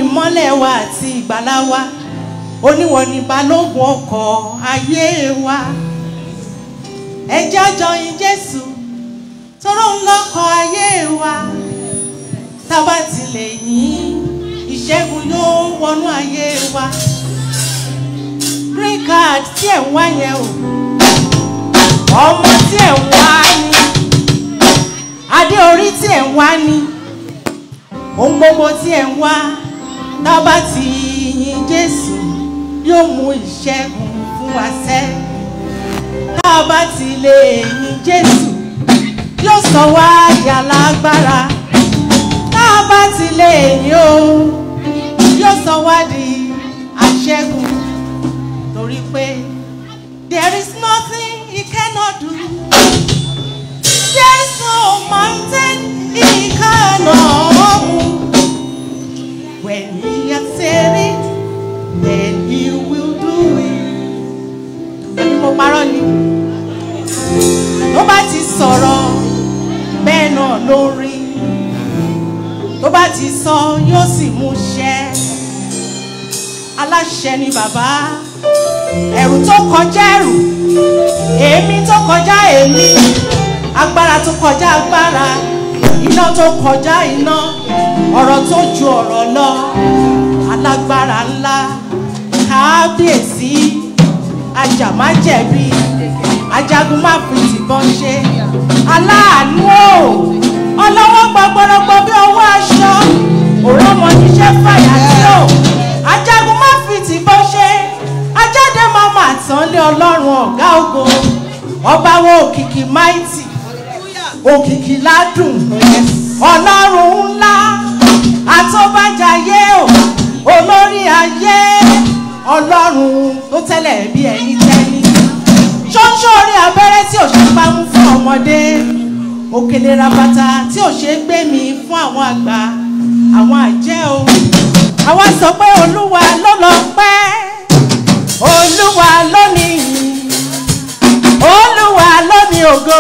ìmọ́lẹ̀ wa àti ìgbàlà wa oníwọ ni balógun ọkọ̀ ayé wa ẹ jẹ́ a jọyìn Jésù tóró ń lọ́kọ̀ ayé wa tá a bá ti lè yìn ìṣẹ́gun yóò wọnú ayé wa green card tí ẹ̀ ń wá yẹn o ọmọ tí ẹ̀ ń wá ni adé orí tí ẹ̀ ń wá ni ohun gbogbo tí ẹ̀ ń wá tábà ti yin Jésù yóò mú ìṣẹ́gun fún wa sẹ́ tábà ti lè yin Jésù yóò sọ wá di alágbára tábà ti lè yin o yóò sọ wá di. rẹ ni bàbá ẹ̀rù tó kọjá ẹ̀rù èémí tó kọjá èémí agbára tó kọjá agbára iná tó kọjá iná ọ̀rọ̀ tó ju ọ̀rọ̀ lọ alágbára ńlá kábíyèsí ajàmájẹ̀bi ajagun má fi tìbọn ṣe aláàánú o ọlọ́wọ́ gbọgbọrọgbọ bí owó aṣọ òrọ́mọ níṣẹ́ fàyà sí o. àtànlé ọlọ́run ọ̀gá ògo ọba wo òkìkí máìtì òkìkí ládùn ọlọ́run ńlá àtọ́bàjáyé o olórí ayé ọlọ́run tó tẹ́lẹ̀ bí ẹni tẹ́ni ṣóńṣó orí abẹ́rẹ́ tí òṣèlú bá mú fún ọmọdé òkèlè rabata tí òṣèlú gbé mi fún àwọn àgbà àwọn àjẹ́ o àwa sọ pé olúwa ló lọ pẹ́ olúwa ló ní yìí olúwa ló ní ògo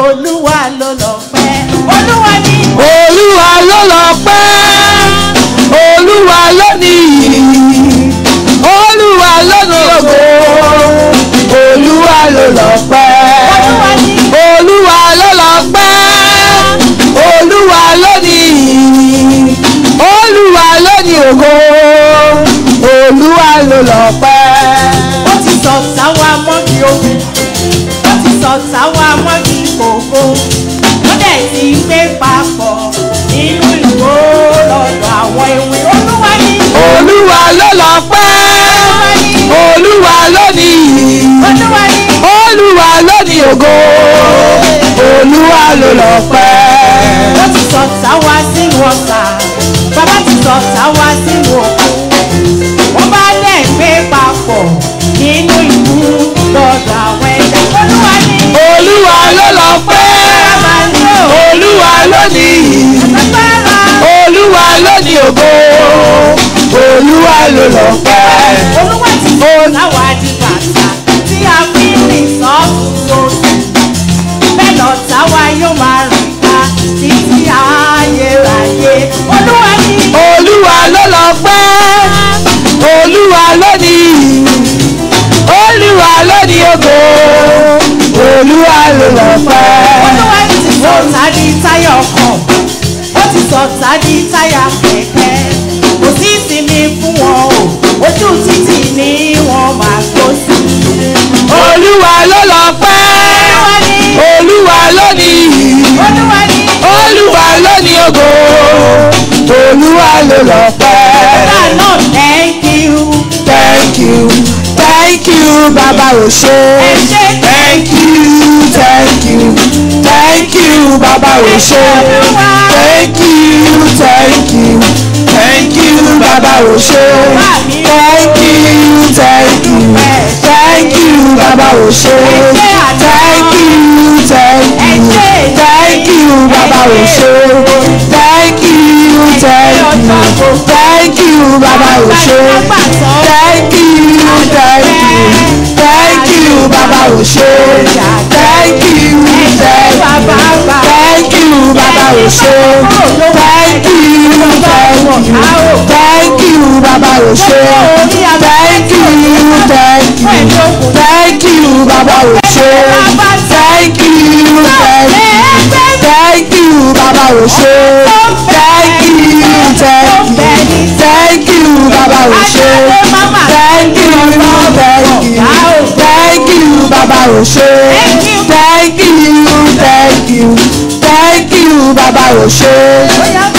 olúwa ló lọ́pẹ́ olúwa ní. olúwa ló lọ́pẹ́ olúwa ló olúwa ló ògo olúwa ló lọ́pẹ́ olúwa ló olúwa ló ní yìí olúwa ló ní ògo ló lọ pẹ́. ó ti sọ sáwọn amọ́gi omi ó ti sọ sáwọn amọ́gi kòkó ó dẹ̀ ti gbé papọ̀ nínú ìwó lọ́dọ̀ àwọn ewé olúwa ni. olúwa ló lọ pẹ́. olúwa ló ní iyì. olúwa ni. olúwa ló ní ògo. olúwa ló lọ pẹ́. ó ti sọ sáwọn sínú ọ̀sà. pọ̀. nínú ìlú lọ́dọ̀ àwọn ẹ̀dá olúwa ni. olúwa ló lọ pẹ́. olúwa ló ní iyì. olúwa ló ní ògo. olúwa ló lọ pẹ́. olúwa ti sọ láwa di bàtà tí a fi rìn sọ́ọ̀tún lórí. ní ògo olúwa ló lọ fẹ́. olúwa ti sọ ta ní táyà ọkọ̀ ó ti sọ ta ní táyà kẹ̀kẹ́ kò sí ìsinmi fún wọn o ojú títì ni wọn máa kó sí. olúwa ló lọ pẹ́ olúwa ló ní olúwa ló ní ògo olúwa ló lọ pẹ́. thank you. thank you thank you Baba ò thank you thank you thank you Baba ò thank you thank you thank you Baba ò thank you thank you thank you Baba ò thank you thank you thank you Baba ò thank you thank you thank you baba o thank you thank you thank you baba o thank you thank you thank you baba o thank you thank you thank you baba o thank you thank you thank you baba o thank you thank you thank you baba o thank you thank you ò ṣe thank you Mama. thank you thank you bàbá ò ṣe thank you thank you thank you Baba ò ṣe.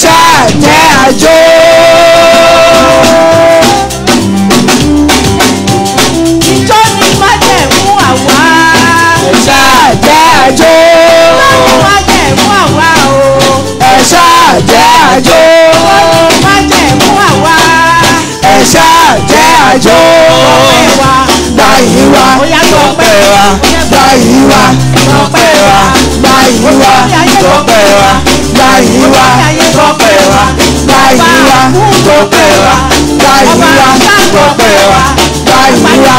ṣáà jẹ́ àjò. ìjọ ni májẹ̀mú àwa. ẹ ṣáà jẹ́ àjò. lọ́dún májẹ̀mú àwa o. ẹ ṣáà àjò. lọ́dún májẹ̀mú àjò. gba ìwà tọpẹ́ wa gba ìwà tọpẹ́ wa gba ìwà tọpẹ́ wa gba ìwà.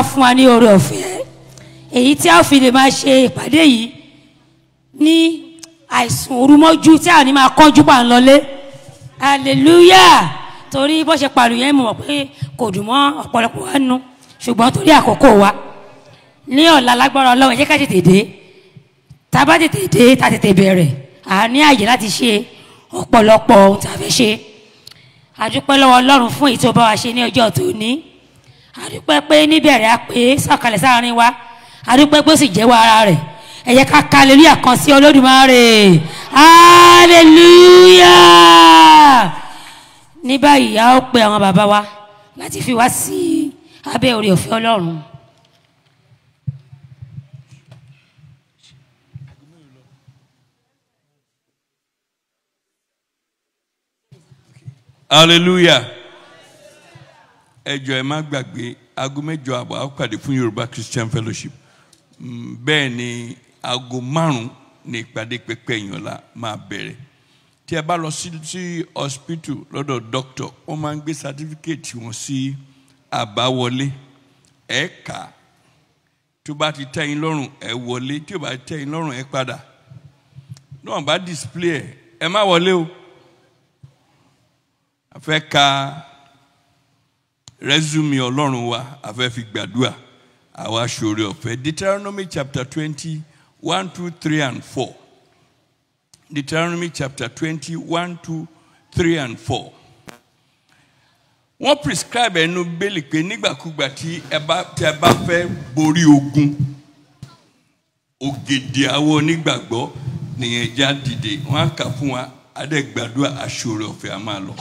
wá fún wa ní oore ọ̀fẹ́ èyí tí a fi lè máa ṣe ìpàdé yìí ní àìsùn orúmọ́jú tí a ní máa kánjú pa ń lọlé hallelujah torí bó ṣe pàlù yẹn mọ̀ pé kò dùn mọ́ ọ̀pọ̀lọpọ̀ wa nù ṣùgbọ́n torí àkókò wa ní ọ̀la lágbára ọlọ́run yẹ ká tètè dé tá a bá tètè dé tá a tètè bẹ̀rẹ̀ à ní àyè láti ṣe ọ̀pọ̀lọpọ̀ ohun tá a fẹ́ ṣe a dúpẹ́ lọ́wọ́ ọlọ́run fún èyí tó bá wa ṣe ní ọjọ́ tòní adúpẹ́ pé níbẹ̀rẹ̀ a pé sọ̀kalẹ̀ sáàrin wa adúpẹ́ pé ó sì jẹ́wọ́ ara rẹ̀ ẹ jẹ́ ká hallelujah kan sí olódùmarè hallelujah ní báyìí a ó pe àwọn bàbá wa láti fi wá sí abẹ́ orí ọ̀fẹ́ ọlọ́run. hallelujah ẹ jọ̀ọ́ ẹ má gbàgbé aago mẹ́jọ àbọ̀ àpàdé fún Yorùbá Christian Fellowship mm, bẹ́ẹ̀ ni aago márùn ní ìpàdé pẹpẹ ìyànlá máa bẹ̀rẹ̀ tí ẹ bá lọ sí hospital lọ́dọ̀ doctor wọ́n máa ń gbé certificate wọn sí àbáwọlé ẹ kà á tó bá ti tẹ́ yín lọ́rùn ẹ wọlé tí ò bá tẹ́ yín lọ́rùn ẹ padà náà bá display ẹ ẹ má wọlé o a fẹ́ Resume ọlọ́run wa a fẹ́ fi gbàdúrà àwa ṣòro ọ̀fẹ́ Deuteronomy chapter twenty one two three and four Deuteronomy chapter twenty one two three and four wọ́n prescribe ẹnu bẹ́ẹ̀lì pé nígbàkúgbà tí ẹ bá tí ẹ bá fẹ́ borí ogun ògèdè àwọn onígbàgbọ́ nìyẹn já dìde wọ́n á kà fún wa adẹ́gbàdúrà àṣòro ọ̀fẹ́ a máa lọ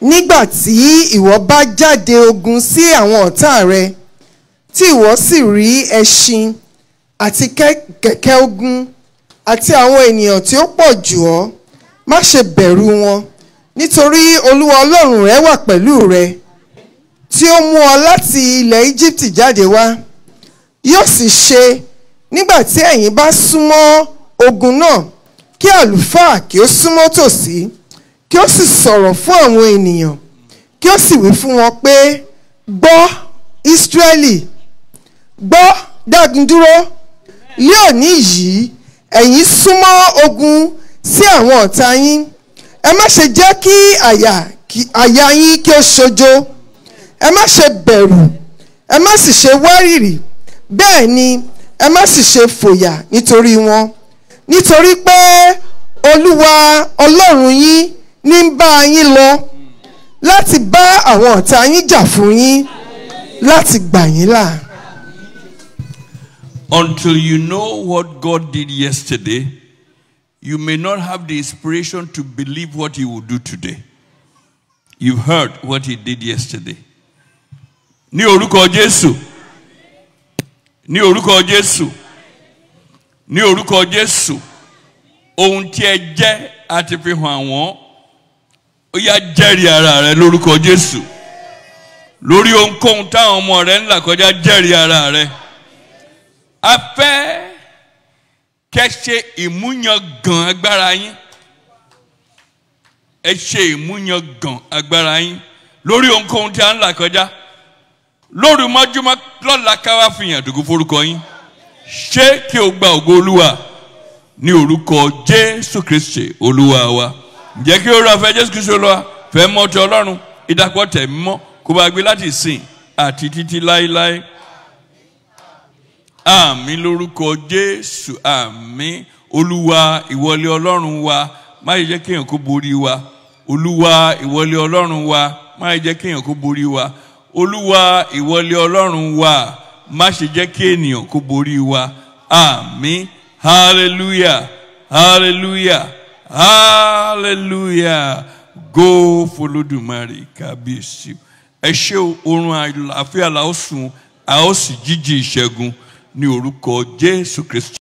nígbà tí ìwọ bá jáde ogun sí àwọn ọ̀tá rẹ tí ìwọ sì rí ẹṣin àti kẹ̀kẹ́ ogun àti àwọn ènìyàn tí ó pọ̀ jù ọ́ má ṣe bẹ̀rù wọn nítorí olúwa ọlọ́run rẹ wà pẹ̀lú rẹ tí ó mú ọ láti ilẹ̀ Egypt jáde wá yóò sì ṣe nígbà tí ẹ̀yin bá súnmọ́ ogun náà kí àlùfáà kí ó súnmọ́ tòsí. Si kí ó sì sọ̀rọ̀ fún àwọn ènìyàn kí ó sì wí fún wọn pé gbọ́ Ísírẹ́lì gbọ́ dágundúró ní òní yìí ẹ̀yin súnmọ́ ogun sí àwọn ọ̀tá yín ẹ má ṣe jẹ́ kí àyà yín kí ó ṣojo ẹ má ṣe bẹ̀rù ẹ má sì ṣe wárìrì bẹ́ẹ̀ ni ẹ má sì ṣe fòyà nítorí wọn nítorí pé Olúwa Ọlọ́run yín ní ń bá yín lọ láti bá àwọn ọ̀tá yín jà fún yín láti gbà yín là. Until you know what God did yesterday, you may not have the inspiration to believe what He will do today. You've heard what He did yesterday. Ní orúkọ Jésù. Ní orúkọ Jésù. Ní orúkọ Jésù. Ohun tí ẹ jẹ́ àti fi hàn wọ́n. ó yá jẹ́rìí ara rẹ lórúkọ Jésù lórí ohunkóhun táwọn ọmọ rẹ ń là kọjá jẹ́rìí ara rẹ a fẹ́ kẹ́ ṣe ìmúyangàn agbára yín ẹ ṣe ìmúyangàn agbára yín lórí ohunkóhun tí a ń là kọjá lórí mọ́júmọ́ lọ́la káwá fìyàn dùgbò forúkọ yín ṣé kí o gba ògo Olúwa ní orúkọ Jésù Kristi Olúwa wa jẹ́ kí orí ọ̀fẹ́ jésù kristu lọ́wọ́ fẹ́ mọ́ ti ọlọ́run ìdàpọ̀ tẹ̀ mímọ́ kó bá gbé láti sìn àti títí láéláé àmín lórúkọ jésù àmín olúwa ìwọlé ọlọ́run wa má yẹ jẹ́ kéèyàn kó borí wa olúwa ìwọlé ọlọ́run wa má yẹ jẹ́ kéèyàn kó borí wa olúwa ìwọlé ọlọ́run wa má ṣe jẹ́ kí ènìyàn kó borí wa àmín hallelujah hallelujah hallelujah go folódùmarè kábíyèsí ẹ ṣe oorun àlàáfíà la ó sùn a ó sì jíjí ìṣẹ́gun ní orúkọ jésù kristu.